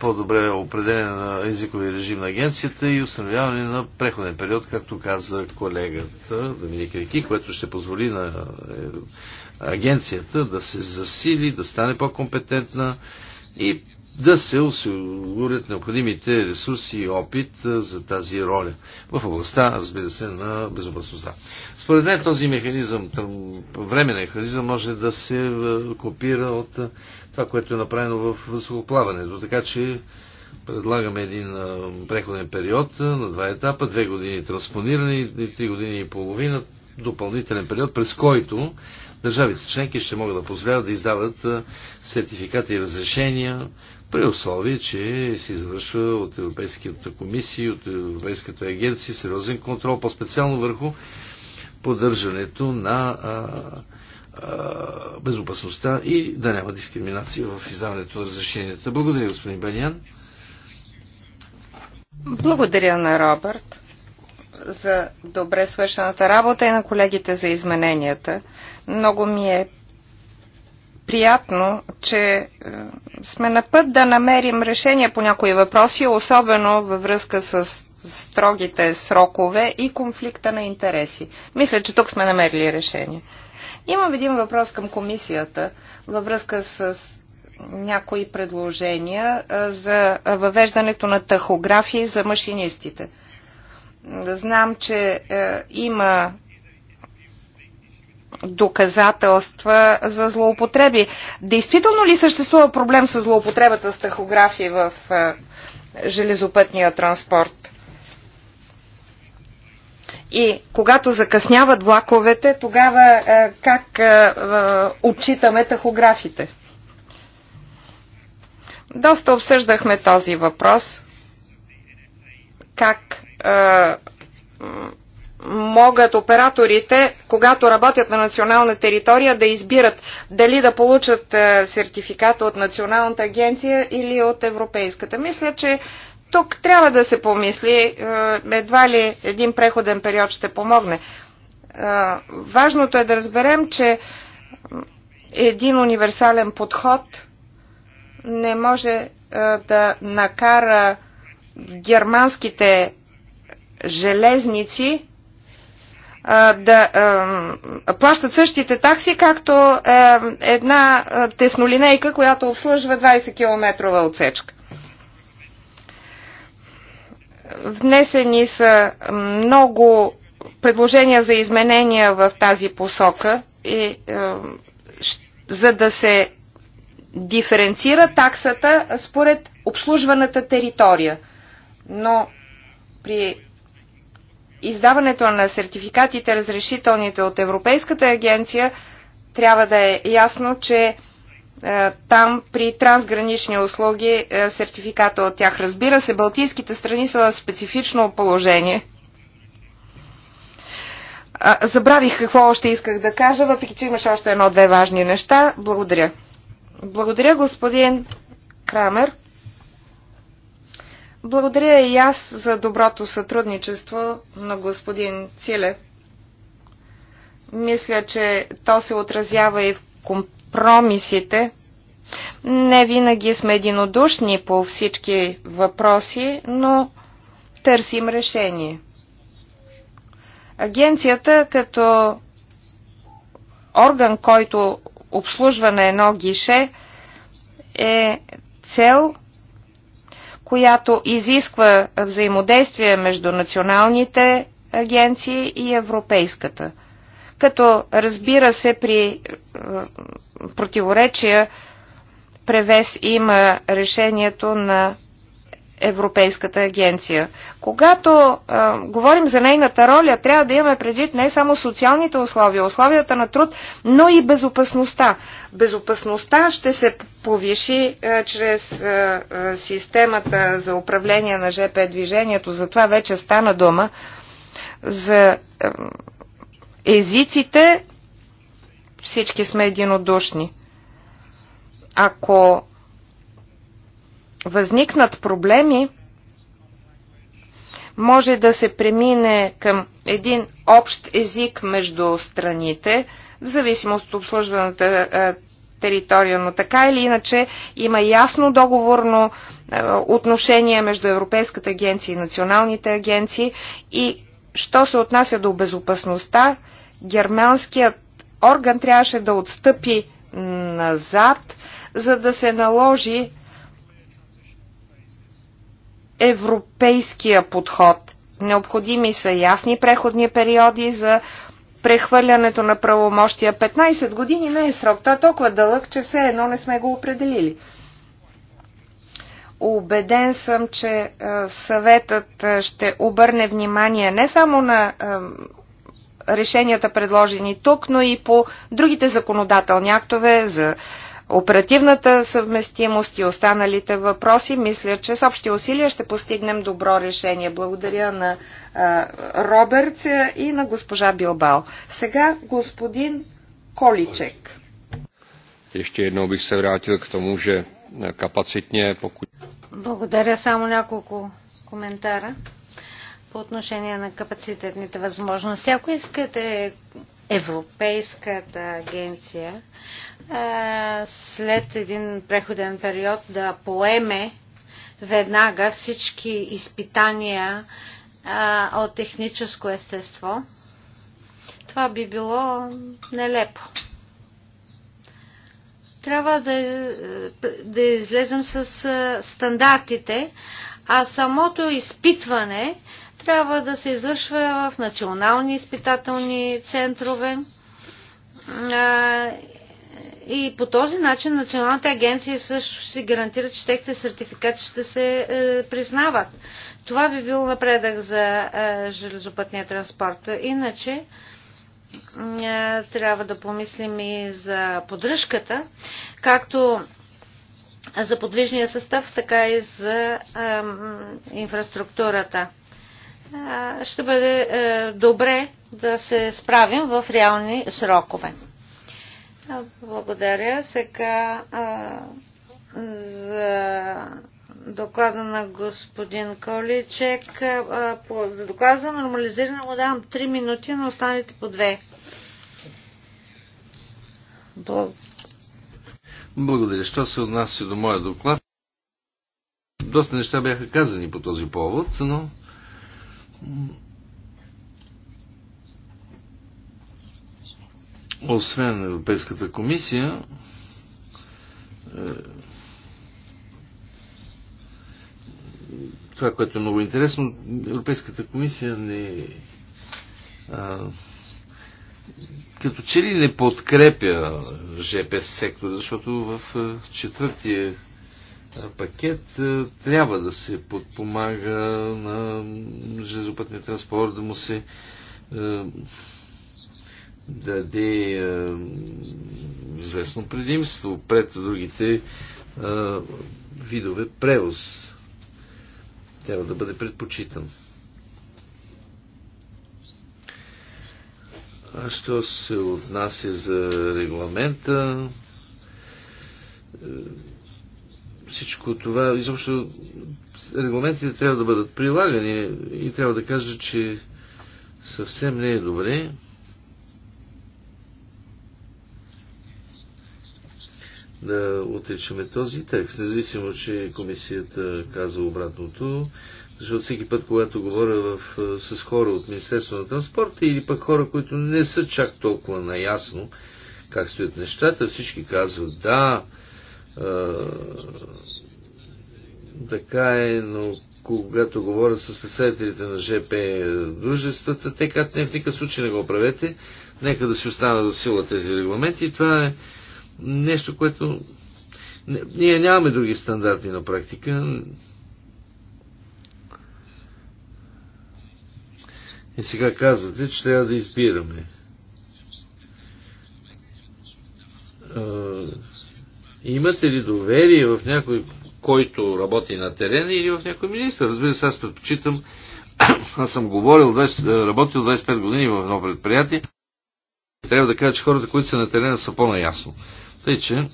по-добре определен на езикови режим на агенцията и установяване на преходен период, както каза колегата Доминик Рики, което ще позволи на е, агенцията да се засили, да стане по-компетентна и да се осигурят необходимите ресурси и опит за тази роля в областта, разбира се, на безопасността. Според мен този механизъм, временен механизъм, може да се копира от това, което е направено в въздухоплаването. Така че предлагаме един преходен период на два етапа, две години транспониране и три години и половина допълнителен период, през който държавите членки ще могат да позволяват да издават сертификати и разрешения при условие, че се извършва от Европейската комисия, от Европейската агенция сериозен контрол, по-специално върху поддържането на а, а, безопасността и да няма дискриминация в издаването на разрешенията. Благодаря, господин Банян. Благодаря на Робърт за добре свършената работа и на колегите за измененията. Много ми е приятно, че е, сме на път да намерим решение по някои въпроси, особено във връзка с строгите срокове и конфликта на интереси. Мисля, че тук сме намерили решение. Имам един въпрос към комисията във връзка с някои предложения е, за въвеждането на тахографии за машинистите. Знам, че е, има доказателства за злоупотреби. Действително ли съществува проблем с злоупотребата с тахографи в е, железопътния транспорт? И когато закъсняват влаковете, тогава е, как е, отчитаме тахографите? Доста обсъждахме този въпрос. Как могат операторите, когато работят на национална територия, да избират дали да получат е, сертификата от Националната агенция или от Европейската. Мисля, че тук трябва да се помисли, е, едва ли един преходен период ще помогне. Е, важното е да разберем, че един универсален подход не може да накара германските железници да плащат същите такси, както е, една теснолинейка, която обслужва 20 км отсечка. Внесени са много предложения за изменения в тази посока, и, е, за да се диференцира таксата според обслужваната територия. Но при издаването на сертификатите, разрешителните от Европейската агенция, трябва да е ясно, че е, там при трансгранични услуги е, сертификата от тях. Разбира се, Балтийските страни са в специфично положение. Забравих какво още исках да кажа, въпреки че имаше още едно-две важни неща. Благодаря. Благодаря, господин Крамер. Благодаря и аз за доброто сътрудничество на господин Цилев. Мисля, че то се отразява и в компромисите. Не винаги сме единодушни по всички въпроси, но търсим решение. Агенцията като орган, който обслужва на едно гише, е цел която изисква взаимодействие между националните агенции и европейската. Като разбира се при е, противоречия превес има решението на Европейската агенция. Когато а, говорим за нейната роля, трябва да имаме предвид не само социалните условия, условията на труд, но и безопасността. Безопасността ще се повиши а, чрез а, системата за управление на ЖП движението. За това вече стана дума за а, езиците. Всички сме единодушни. Ако възникнат проблеми, може да се премине към един общ език между страните, в зависимост от обслужваната е, територия, но така или иначе има ясно договорно е, отношение между Европейската агенция и националните агенции и що се отнася до безопасността, германският орган трябваше да отстъпи назад, за да се наложи европейския подход. Необходими са ясни преходни периоди за прехвърлянето на правомощия. 15 години не е срок. Той е толкова дълъг, че все едно не сме го определили. Обеден съм, че е, съветът е, ще обърне внимание не само на е, решенията предложени тук, но и по другите законодателни актове за оперативната съвместимост и останалите въпроси, мисля, че с общи усилия ще постигнем добро решение. Благодаря на а, Роберт и на госпожа Билбал. Сега господин Количек. Ještě jednou bych se vrátil k tomu, že kapacitně, pokud... Благодаря. Само няколко коментара по отношение на капацитетните възможности. Ако искате Европейската агенция след един преходен период да поеме веднага всички изпитания от техническо естество. Това би било нелепо. Трябва да, да излезем с стандартите, а самото изпитване трябва да се извършва в национални изпитателни центрове и по този начин националните агенции също си гарантират, че техните сертификати ще се е, признават. Това би бил напредък за е, железопътния транспорт. Иначе е, трябва да помислим и за поддръжката, както за подвижния състав, така и за е, инфраструктурата ще бъде е, добре да се справим в реални срокове. Благодаря. Сега за доклада на господин Количек. За доклада за нормализиране му давам 3 минути, но останете по 2. Благодаря. Благодаря. Що се отнася до моя доклад? Доста неща бяха казани по този повод, но освен Европейската комисия, е, това, което е много интересно, Европейската комисия не. като че ли не подкрепя ЖП сектора, защото в е, четвъртия пакет е, трябва да се подпомага на железопътния транспорт, да му се е, даде е, известно предимство пред другите е, видове превоз. Трябва да бъде предпочитан. А що се отнася за регламента, е, всичко това, изобщо регламентите трябва да бъдат прилагани и трябва да кажа, че съвсем не е добре да отричаме този текст, независимо, че комисията каза обратното, защото всеки път, когато говоря в, с хора от Министерство на транспорта или пък хора, които не са чак толкова наясно как стоят нещата, всички казват да, така е, но когато говоря с представителите на ЖП дружествата, те казват, не, в никакъв случай не го правете, нека да си останат за сила тези регламенти. И това е нещо, което... Ние нямаме други стандарти на практика. И сега казвате, че трябва да избираме Имате ли доверие в някой, който работи на терена или в някой министр? Разбира се, аз предпочитам, аз съм говорил, е, работил 25 години в едно предприятие. Трябва да кажа, че хората, които са на терена, са по-наясно. Тъй, че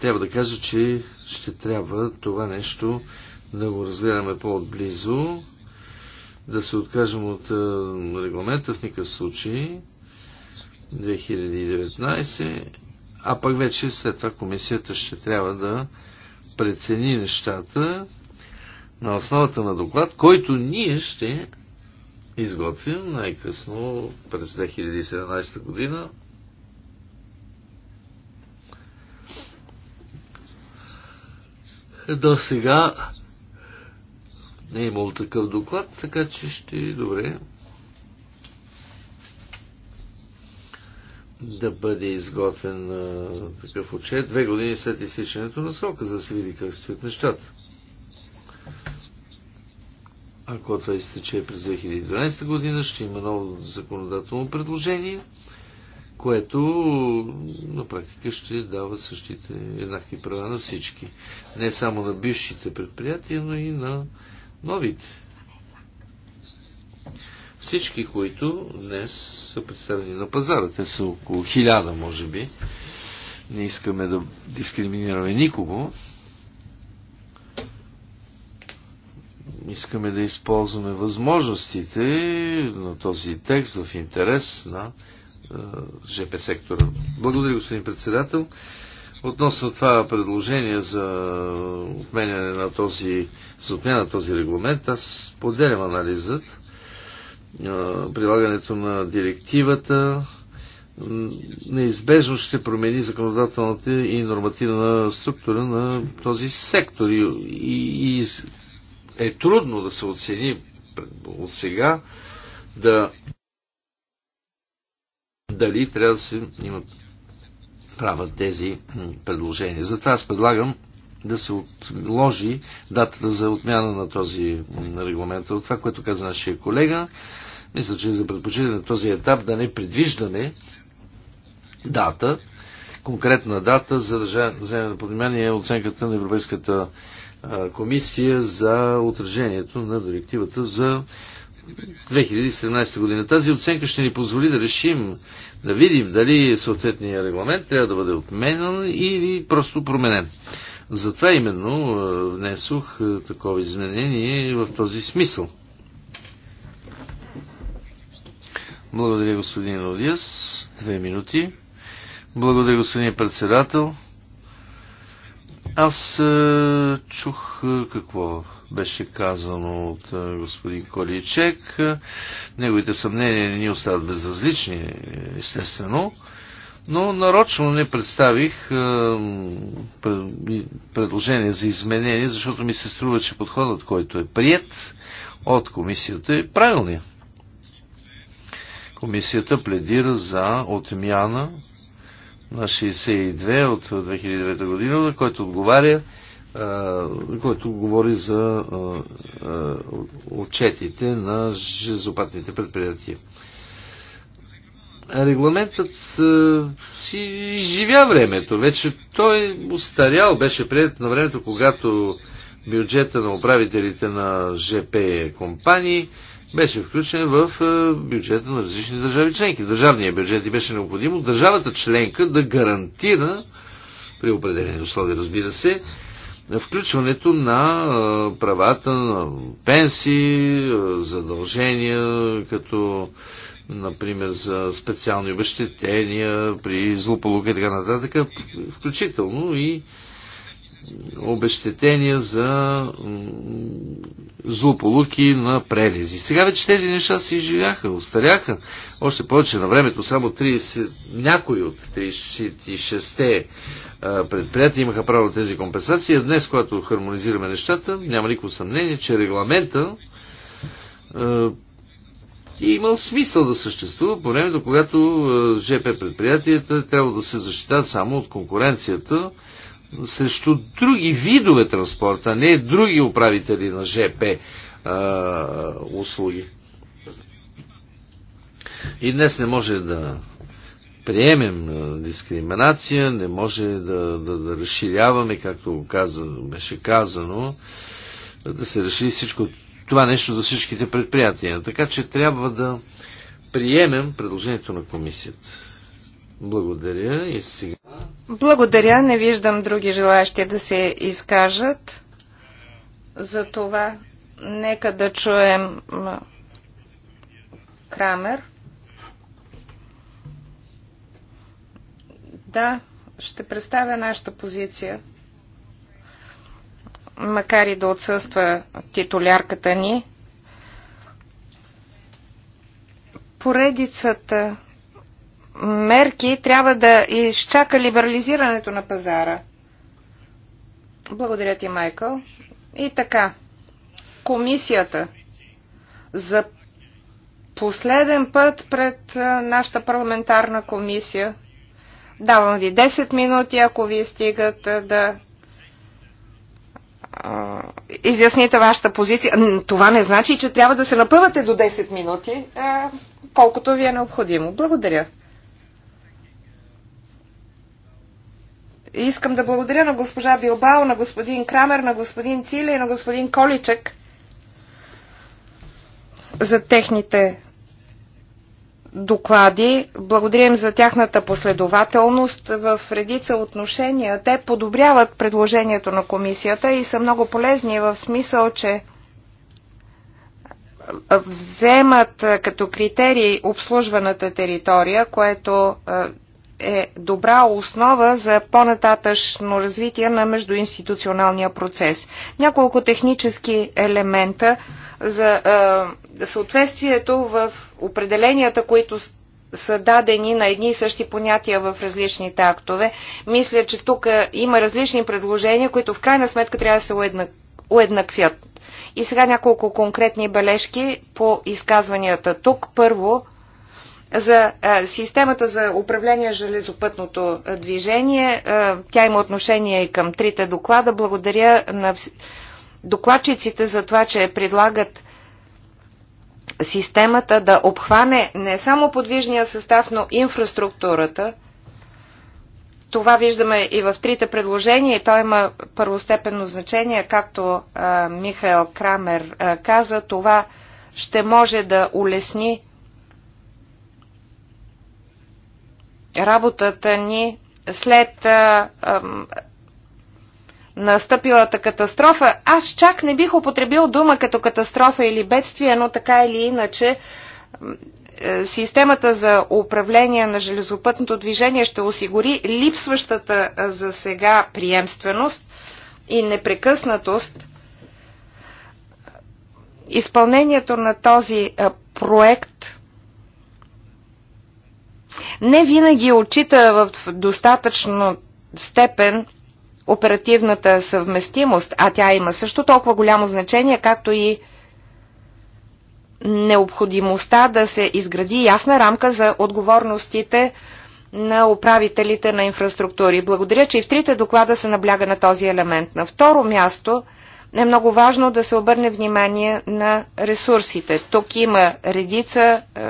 трябва да кажа, че ще трябва това нещо да го разгледаме по-отблизо, да се откажем от е, регламента в никакъв случай. 2019 а пък вече след това комисията ще трябва да прецени нещата на основата на доклад, който ние ще изготвим най-късно през 2017 година. До сега не е имало такъв доклад, така че ще е добре да бъде изготвен а, такъв отчет две години след изтичането на срока, за да се види как стоят нещата. Ако това изтече през 2012 година, ще има ново законодателно предложение, което на практика ще дава същите еднакви права на всички. Не само на бившите предприятия, но и на новите. Всички, които днес са представени на пазара, те са около хиляда, може би. Не искаме да дискриминираме никого. Искаме да използваме възможностите на този текст в интерес на е, ЖП сектора. Благодаря, господин председател. Относно това предложение за отменяне на този, за отмяна на този регламент, аз поделям анализът прилагането на директивата неизбежно ще промени законодателната и нормативна структура на този сектор. И, и е трудно да се оцени от сега да дали трябва да се имат права тези предложения. Затова аз предлагам да се отложи датата за отмяна на този регламент. От това, което каза нашия колега, мисля, че за предпочитане на този етап да не предвиждаме дата, конкретна дата за да вземем под внимание оценката на Европейската комисия за отражението на директивата за 2017 година. Тази оценка ще ни позволи да решим, да видим дали съответния регламент трябва да бъде отменен или просто променен. Затова именно внесох такова изменение в този смисъл. Благодаря, господин Одиас. Две минути. Благодаря, господин председател. Аз е, чух какво беше казано от господин Количек. Неговите съмнения не ни остават безразлични, естествено но нарочно не представих е, предложение за изменение, защото ми се струва, че подходът, който е прият от комисията е правилният. Комисията пледира за отмяна на 62 от 2009 година, който отговаря, е, който говори за е, отчетите на жезопатните предприятия регламентът си изживя времето. Вече той устарял, беше приятен на времето, когато бюджета на управителите на ЖП компании беше включен в бюджета на различни държави членки. Държавния бюджет и беше необходимо държавата членка да гарантира при определени условия, разбира се, включването на правата на пенсии, задължения като например, за специални обещетения при злополука и така нататък, включително и обещетения за злополуки на прелези. Сега вече тези неща се изживяха, устаряха. Още повече на времето само 30, някои от 36-те предприятия имаха право на тези компенсации. Днес, когато хармонизираме нещата, няма никакво съмнение, че регламента и имал смисъл да съществува по времето, когато е, ЖП предприятията трябва да се защитават само от конкуренцията срещу други видове транспорта, а не други управители на ЖП а, е, услуги. И днес не може да приемем е, дискриминация, не може да, да, да разширяваме, както каза, беше казано, да се реши всичко това нещо за всичките предприятия. Така че трябва да приемем предложението на комисията. Благодаря и сега. Благодаря. Не виждам други желаящи да се изкажат. За това нека да чуем Крамер. Да, ще представя нашата позиция макар и да отсъства титулярката ни, поредицата мерки трябва да изчака либерализирането на пазара. Благодаря ти, Майкъл. И така, комисията за последен път пред нашата парламентарна комисия давам ви 10 минути, ако ви е стигат да изясните вашата позиция. Това не значи, че трябва да се напъвате до 10 минути, а, колкото ви е необходимо. Благодаря. Искам да благодаря на госпожа Билбао, на господин Крамер, на господин Циле и на господин Количек за техните доклади. Благодарим за тяхната последователност. В редица отношения те подобряват предложението на комисията и са много полезни в смисъл, че вземат като критерий обслужваната територия, което е добра основа за по-нататъчно развитие на междуинституционалния процес. Няколко технически елемента за съответствието в определенията, които са дадени на едни и същи понятия в различните актове. Мисля, че тук има различни предложения, които в крайна сметка трябва да се уеднак... уеднаквят. И сега няколко конкретни бележки по изказванията тук. Първо, за системата за управление железопътното движение. Тя има отношение и към трите доклада. Благодаря на докладчиците за това, че предлагат системата да обхване не само подвижния състав, но инфраструктурата. Това виждаме и в трите предложения и то има първостепенно значение, както а, Михаил Крамер а, каза, това ще може да улесни работата ни след а, а, настъпилата катастрофа. Аз чак не бих употребил дума като катастрофа или бедствие, но така или иначе е, системата за управление на железопътното движение ще осигури липсващата е, за сега приемственост и непрекъснатост. Изпълнението на този е, проект не винаги отчита в достатъчно степен оперативната съвместимост, а тя има също толкова голямо значение, както и необходимостта да се изгради ясна рамка за отговорностите на управителите на инфраструктури. Благодаря, че и в трите доклада се набляга на този елемент. На второ място е много важно да се обърне внимание на ресурсите. Тук има редица е,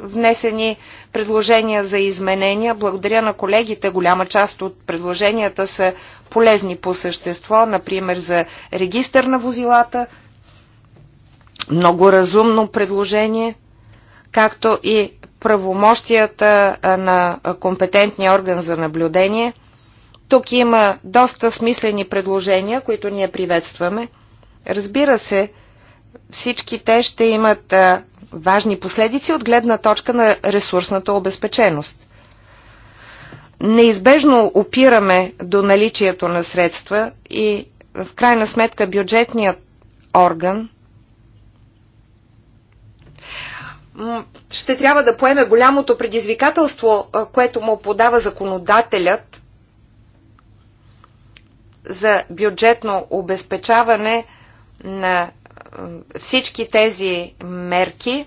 внесени предложения за изменения. Благодаря на колегите. Голяма част от предложенията са полезни по същество, например за регистър на возилата. Много разумно предложение, както и правомощията на компетентния орган за наблюдение. Тук има доста смислени предложения, които ние приветстваме. Разбира се, всички те ще имат важни последици от гледна точка на ресурсната обезпеченост. Неизбежно опираме до наличието на средства и в крайна сметка бюджетният орган ще трябва да поеме голямото предизвикателство, което му подава законодателят за бюджетно обезпечаване на всички тези мерки,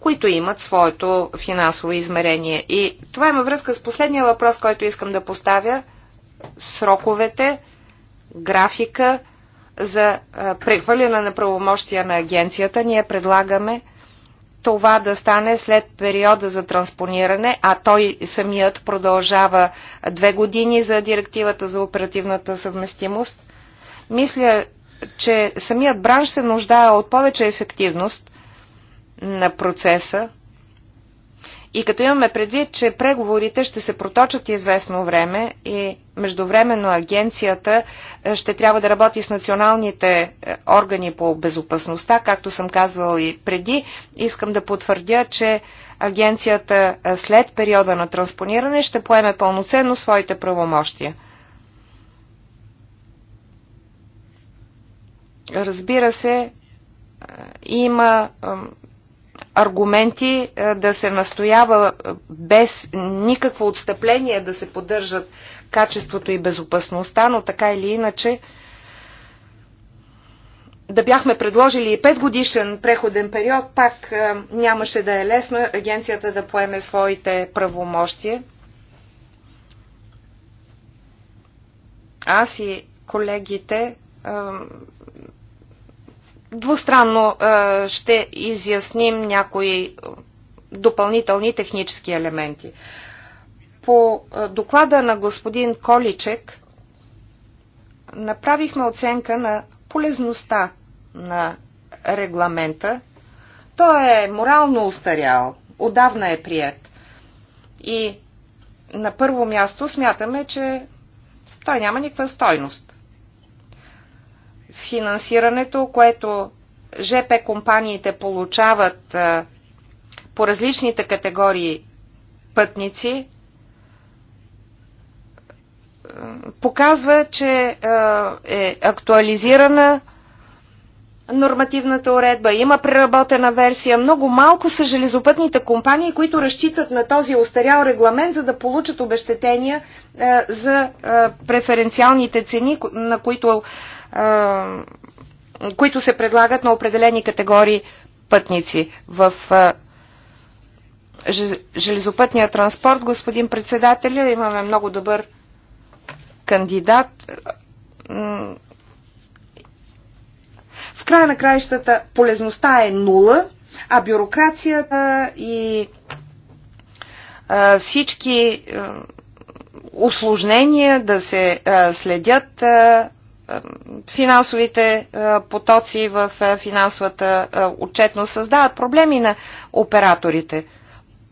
които имат своето финансово измерение. И това има връзка с последния въпрос, който искам да поставя. Сроковете, графика за прехвърляне на правомощия на агенцията. Ние предлагаме това да стане след периода за транспониране, а той самият продължава две години за директивата за оперативната съвместимост. Мисля, че самият бранш се нуждае от повече ефективност на процеса и като имаме предвид, че преговорите ще се проточат известно време и междувременно агенцията е, ще трябва да работи с националните е, органи по безопасността, както съм казвал и преди, искам да потвърдя, че агенцията е, след периода на транспониране ще поеме пълноценно своите правомощия. Разбира се, е, има е, аргументи е, да се настоява без никакво отстъпление да се поддържат качеството и безопасността, но така или иначе да бяхме предложили и 5 годишен преходен период, пак нямаше да е лесно агенцията да поеме своите правомощия. Аз и колегите Двустранно е, ще изясним някои допълнителни технически елементи. По е, доклада на господин Количек направихме оценка на полезността на регламента. Той е морално устарял, отдавна е прият. И на първо място смятаме, че той няма никаква стойност финансирането, което ЖП компаниите получават по различните категории пътници, показва, че е актуализирана нормативната уредба, има преработена версия. Много малко са железопътните компании, които разчитат на този остарял регламент, за да получат обещетения за преференциалните цени, на които които се предлагат на определени категории пътници. В железопътния транспорт, господин председателя, имаме много добър кандидат. В края на краищата полезността е нула, а бюрокрацията и всички осложнения да се следят финансовите потоци в финансовата отчетност създават проблеми на операторите.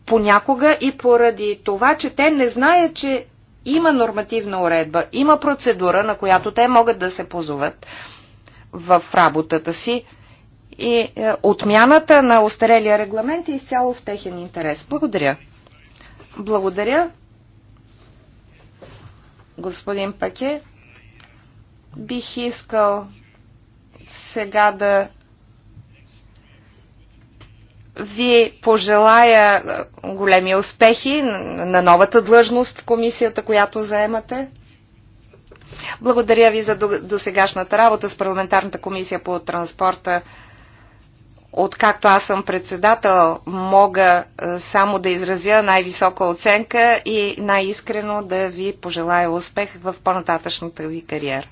Понякога и поради това, че те не знаят, че има нормативна уредба, има процедура, на която те могат да се позоват в работата си и е, отмяната на остарелия регламент е изцяло в техен интерес. Благодаря. Благодаря. Господин Паке. Бих искал сега да ви пожелая е, големи успехи на новата длъжност в комисията, която заемате. Благодаря ви за досегашната работа с парламентарната комисия по транспорта. Откакто аз съм председател, мога е, само да изразя най-висока оценка и най-искрено да ви пожелая успех в по-нататъчната ви кариера.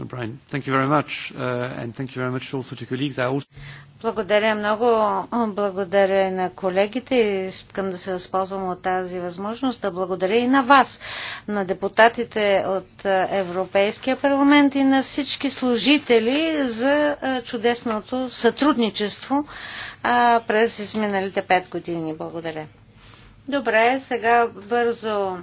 Brian, thank you very much, uh, and thank you very much also to colleagues. I also... Благодаря много. Благодаря на колегите. Искам да се възползвам от тази възможност да благодаря и на вас, на депутатите от е, Европейския парламент и на всички служители за е, чудесното сътрудничество през изминалите пет години. Благодаря. Добре, сега бързо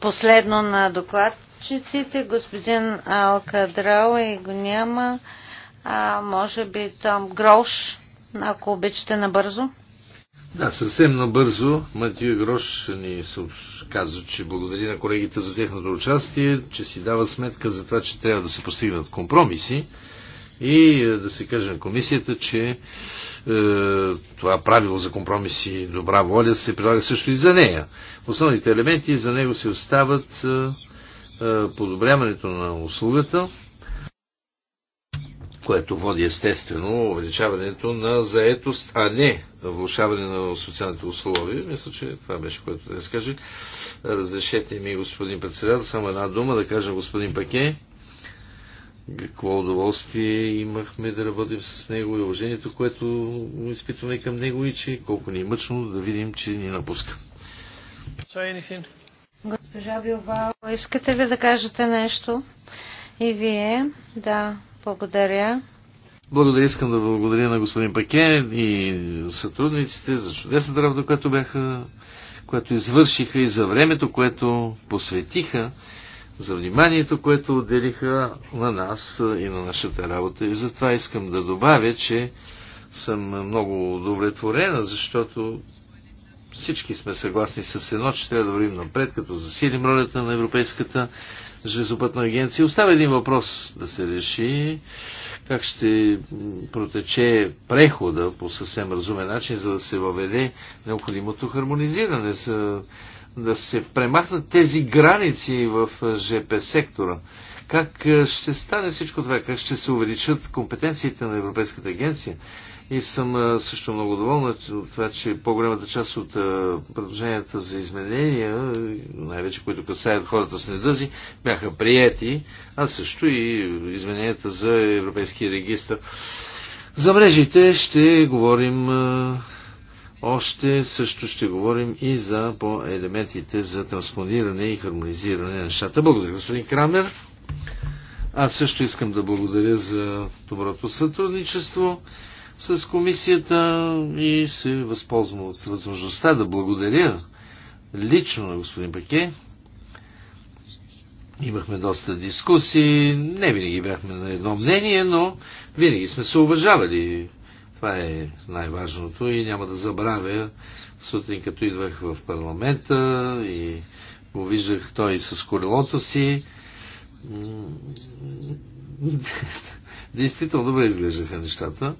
последно на доклад докладчиците, господин Алкадрал и го няма. А, може би там Грош, ако обичате набързо. Да, съвсем набързо Матио Грош ни казва, че благодари на колегите за техното участие, че си дава сметка за това, че трябва да се постигнат компромиси и е, да се каже на комисията, че е, това правило за компромиси и добра воля се прилага също и за нея. Основните елементи за него се остават е, е, подобряването на услугата, което води естествено увеличаването на заетост, а не влушаване на социалните условия. Мисля, че това беше, което да скаже. Разрешете ми, господин председател, само една дума да кажа господин Паке. Какво удоволствие имахме да работим с него и уважението, което изпитваме към него и че колко ни е мъчно да видим, че ни напуска. Sorry, Госпожа Билбао, искате ли да кажете нещо? И вие? Да, благодаря. Благодаря, искам да благодаря на господин Паке и сътрудниците за чудесната работа, която бяха, която извършиха и за времето, което посветиха, за вниманието, което отделиха на нас и на нашата работа. И затова искам да добавя, че съм много удовлетворена, защото всички сме съгласни с едно, че трябва да вървим напред, като засилим ролята на Европейската железопътна агенция. Остава един въпрос да се реши. Как ще протече прехода по съвсем разумен начин, за да се въведе необходимото хармонизиране, за да се премахнат тези граници в ЖП сектора. Как ще стане всичко това? Как ще се увеличат компетенциите на Европейската агенция? И съм също много доволна от това, че по-голямата част от предложенията за изменения, най-вече които касаят хората с недъзи, бяха приети, а също и измененията за Европейския регистр. За мрежите ще говорим още, също ще говорим и за по елементите за транспониране и хармонизиране на нещата. Благодаря, господин Крамер. Аз също искам да благодаря за доброто сътрудничество с комисията и се възползвам от възможността да благодаря лично на господин Паке. Имахме доста дискусии, не винаги бяхме на едно мнение, но винаги сме се уважавали. Това е най-важното и няма да забравя сутрин, като идвах в парламента и го виждах той с колелото си. Действително добре изглеждаха нещата.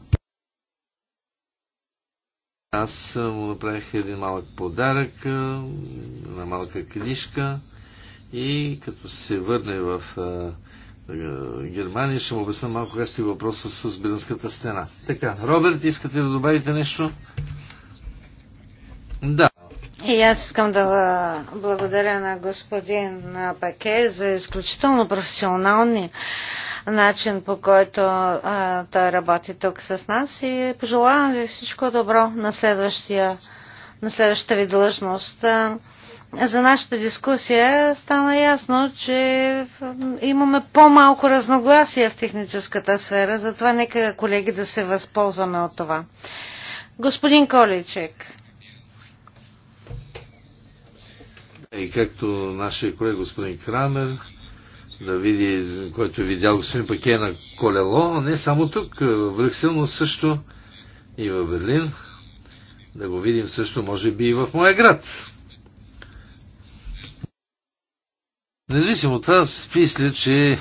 Аз му направих един малък подарък, една малка книжка и като се върне в Германия ще му обясня малко как стои въпроса с Берлинската стена. Така, Роберт, искате да добавите нещо? Да. И аз искам да благодаря на господин Паке за изключително професионални начин, по който а, той работи тук с нас и пожелавам ви всичко добро на, следващия, на следващата ви длъжност. За нашата дискусия стана ясно, че имаме по-малко разногласия в техническата сфера, затова нека колеги да се възползваме от това. Господин Количек. И както нашия колега господин Крамер, да види, който е видял господин Паке на колело, не само тук, в Брюксел, но също и в Берлин. Да го видим също, може би, и в моя град. Независимо от това, мисля, че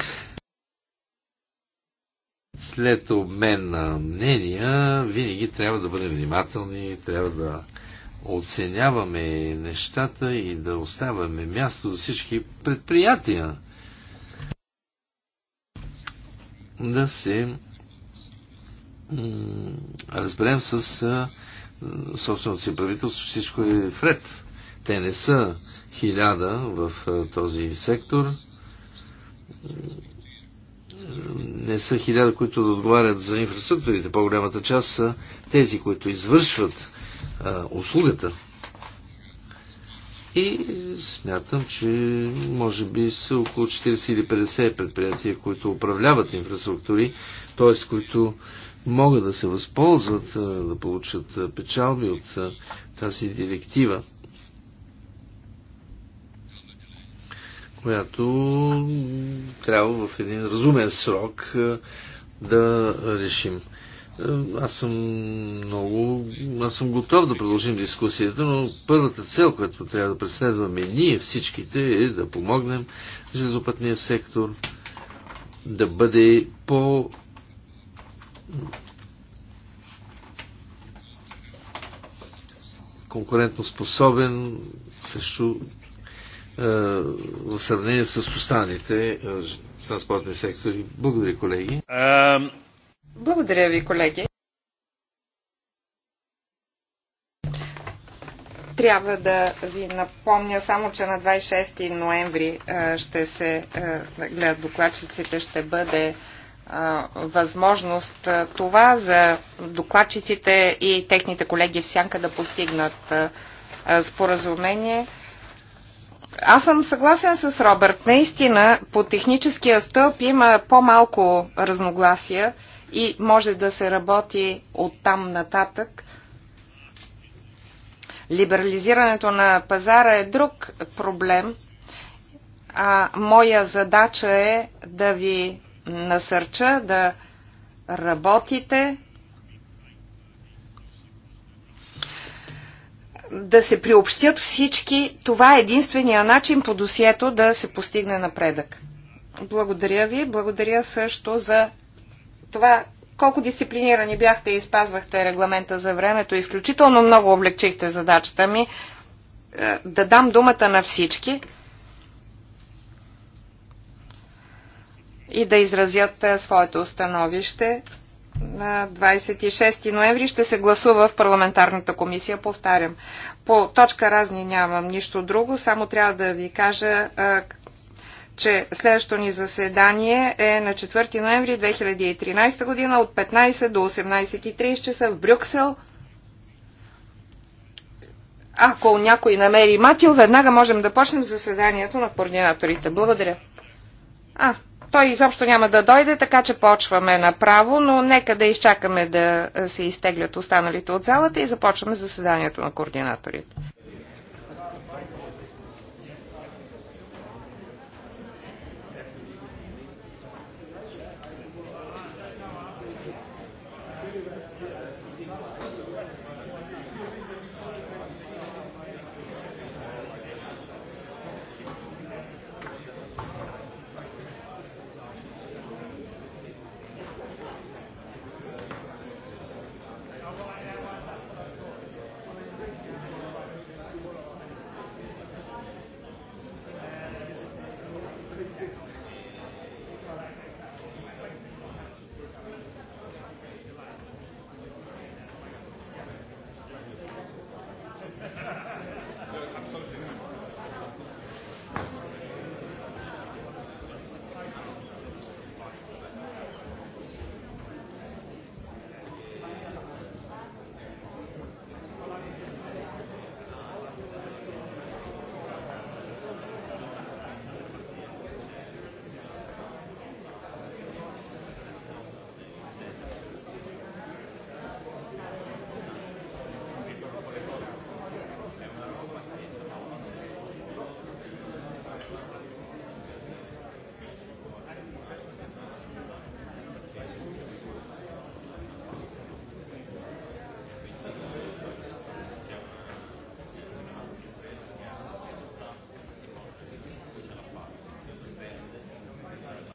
след обмен на мнения, винаги трябва да бъдем внимателни, трябва да оценяваме нещата и да оставаме място за всички предприятия. да се разберем с собственото си правителство, всичко е вред. Те не са хиляда в този сектор. Не са хиляда, които да отговарят за инфраструктурите. По-голямата част са тези, които извършват услугата и смятам, че може би са около 40 или 50 предприятия, които управляват инфраструктури, т.е. които могат да се възползват, да получат печалби от тази директива, която трябва в един разумен срок да решим. Е, аз съм много... Аз съм готов да продължим дискусията, но първата цел, която трябва да преследваме ние всичките е да помогнем железопътния сектор да бъде по конкурентно способен също е, в сравнение с останалите е, транспортни сектори. Благодаря, колеги. Благодаря ви, колеги. Трябва да ви напомня само, че на 26 ноември ще се гледат докладчиците, ще бъде възможност това за докладчиците и техните колеги в сянка да постигнат споразумение. Аз съм съгласен с Робърт. Наистина, по техническия стълб има по-малко разногласия и може да се работи от там нататък. Либерализирането на пазара е друг проблем. А моя задача е да ви насърча да работите, да се приобщят всички. Това е единствения начин по досието да се постигне напредък. Благодаря ви. Благодаря също за това колко дисциплинирани бяхте и спазвахте регламента за времето. Изключително много облегчихте задачата ми е, да дам думата на всички и да изразят е, своето установище На 26 ноември ще се гласува в парламентарната комисия, повтарям. По точка разни нямам нищо друго, само трябва да ви кажа е, че следващото ни заседание е на 4 ноември 2013 година от 15 до 18.30 часа в Брюксел. Ако някой намери Матио, веднага можем да почнем заседанието на координаторите. Благодаря. А, той изобщо няма да дойде, така че почваме направо, но нека да изчакаме да се изтеглят останалите от залата и започваме заседанието на координаторите.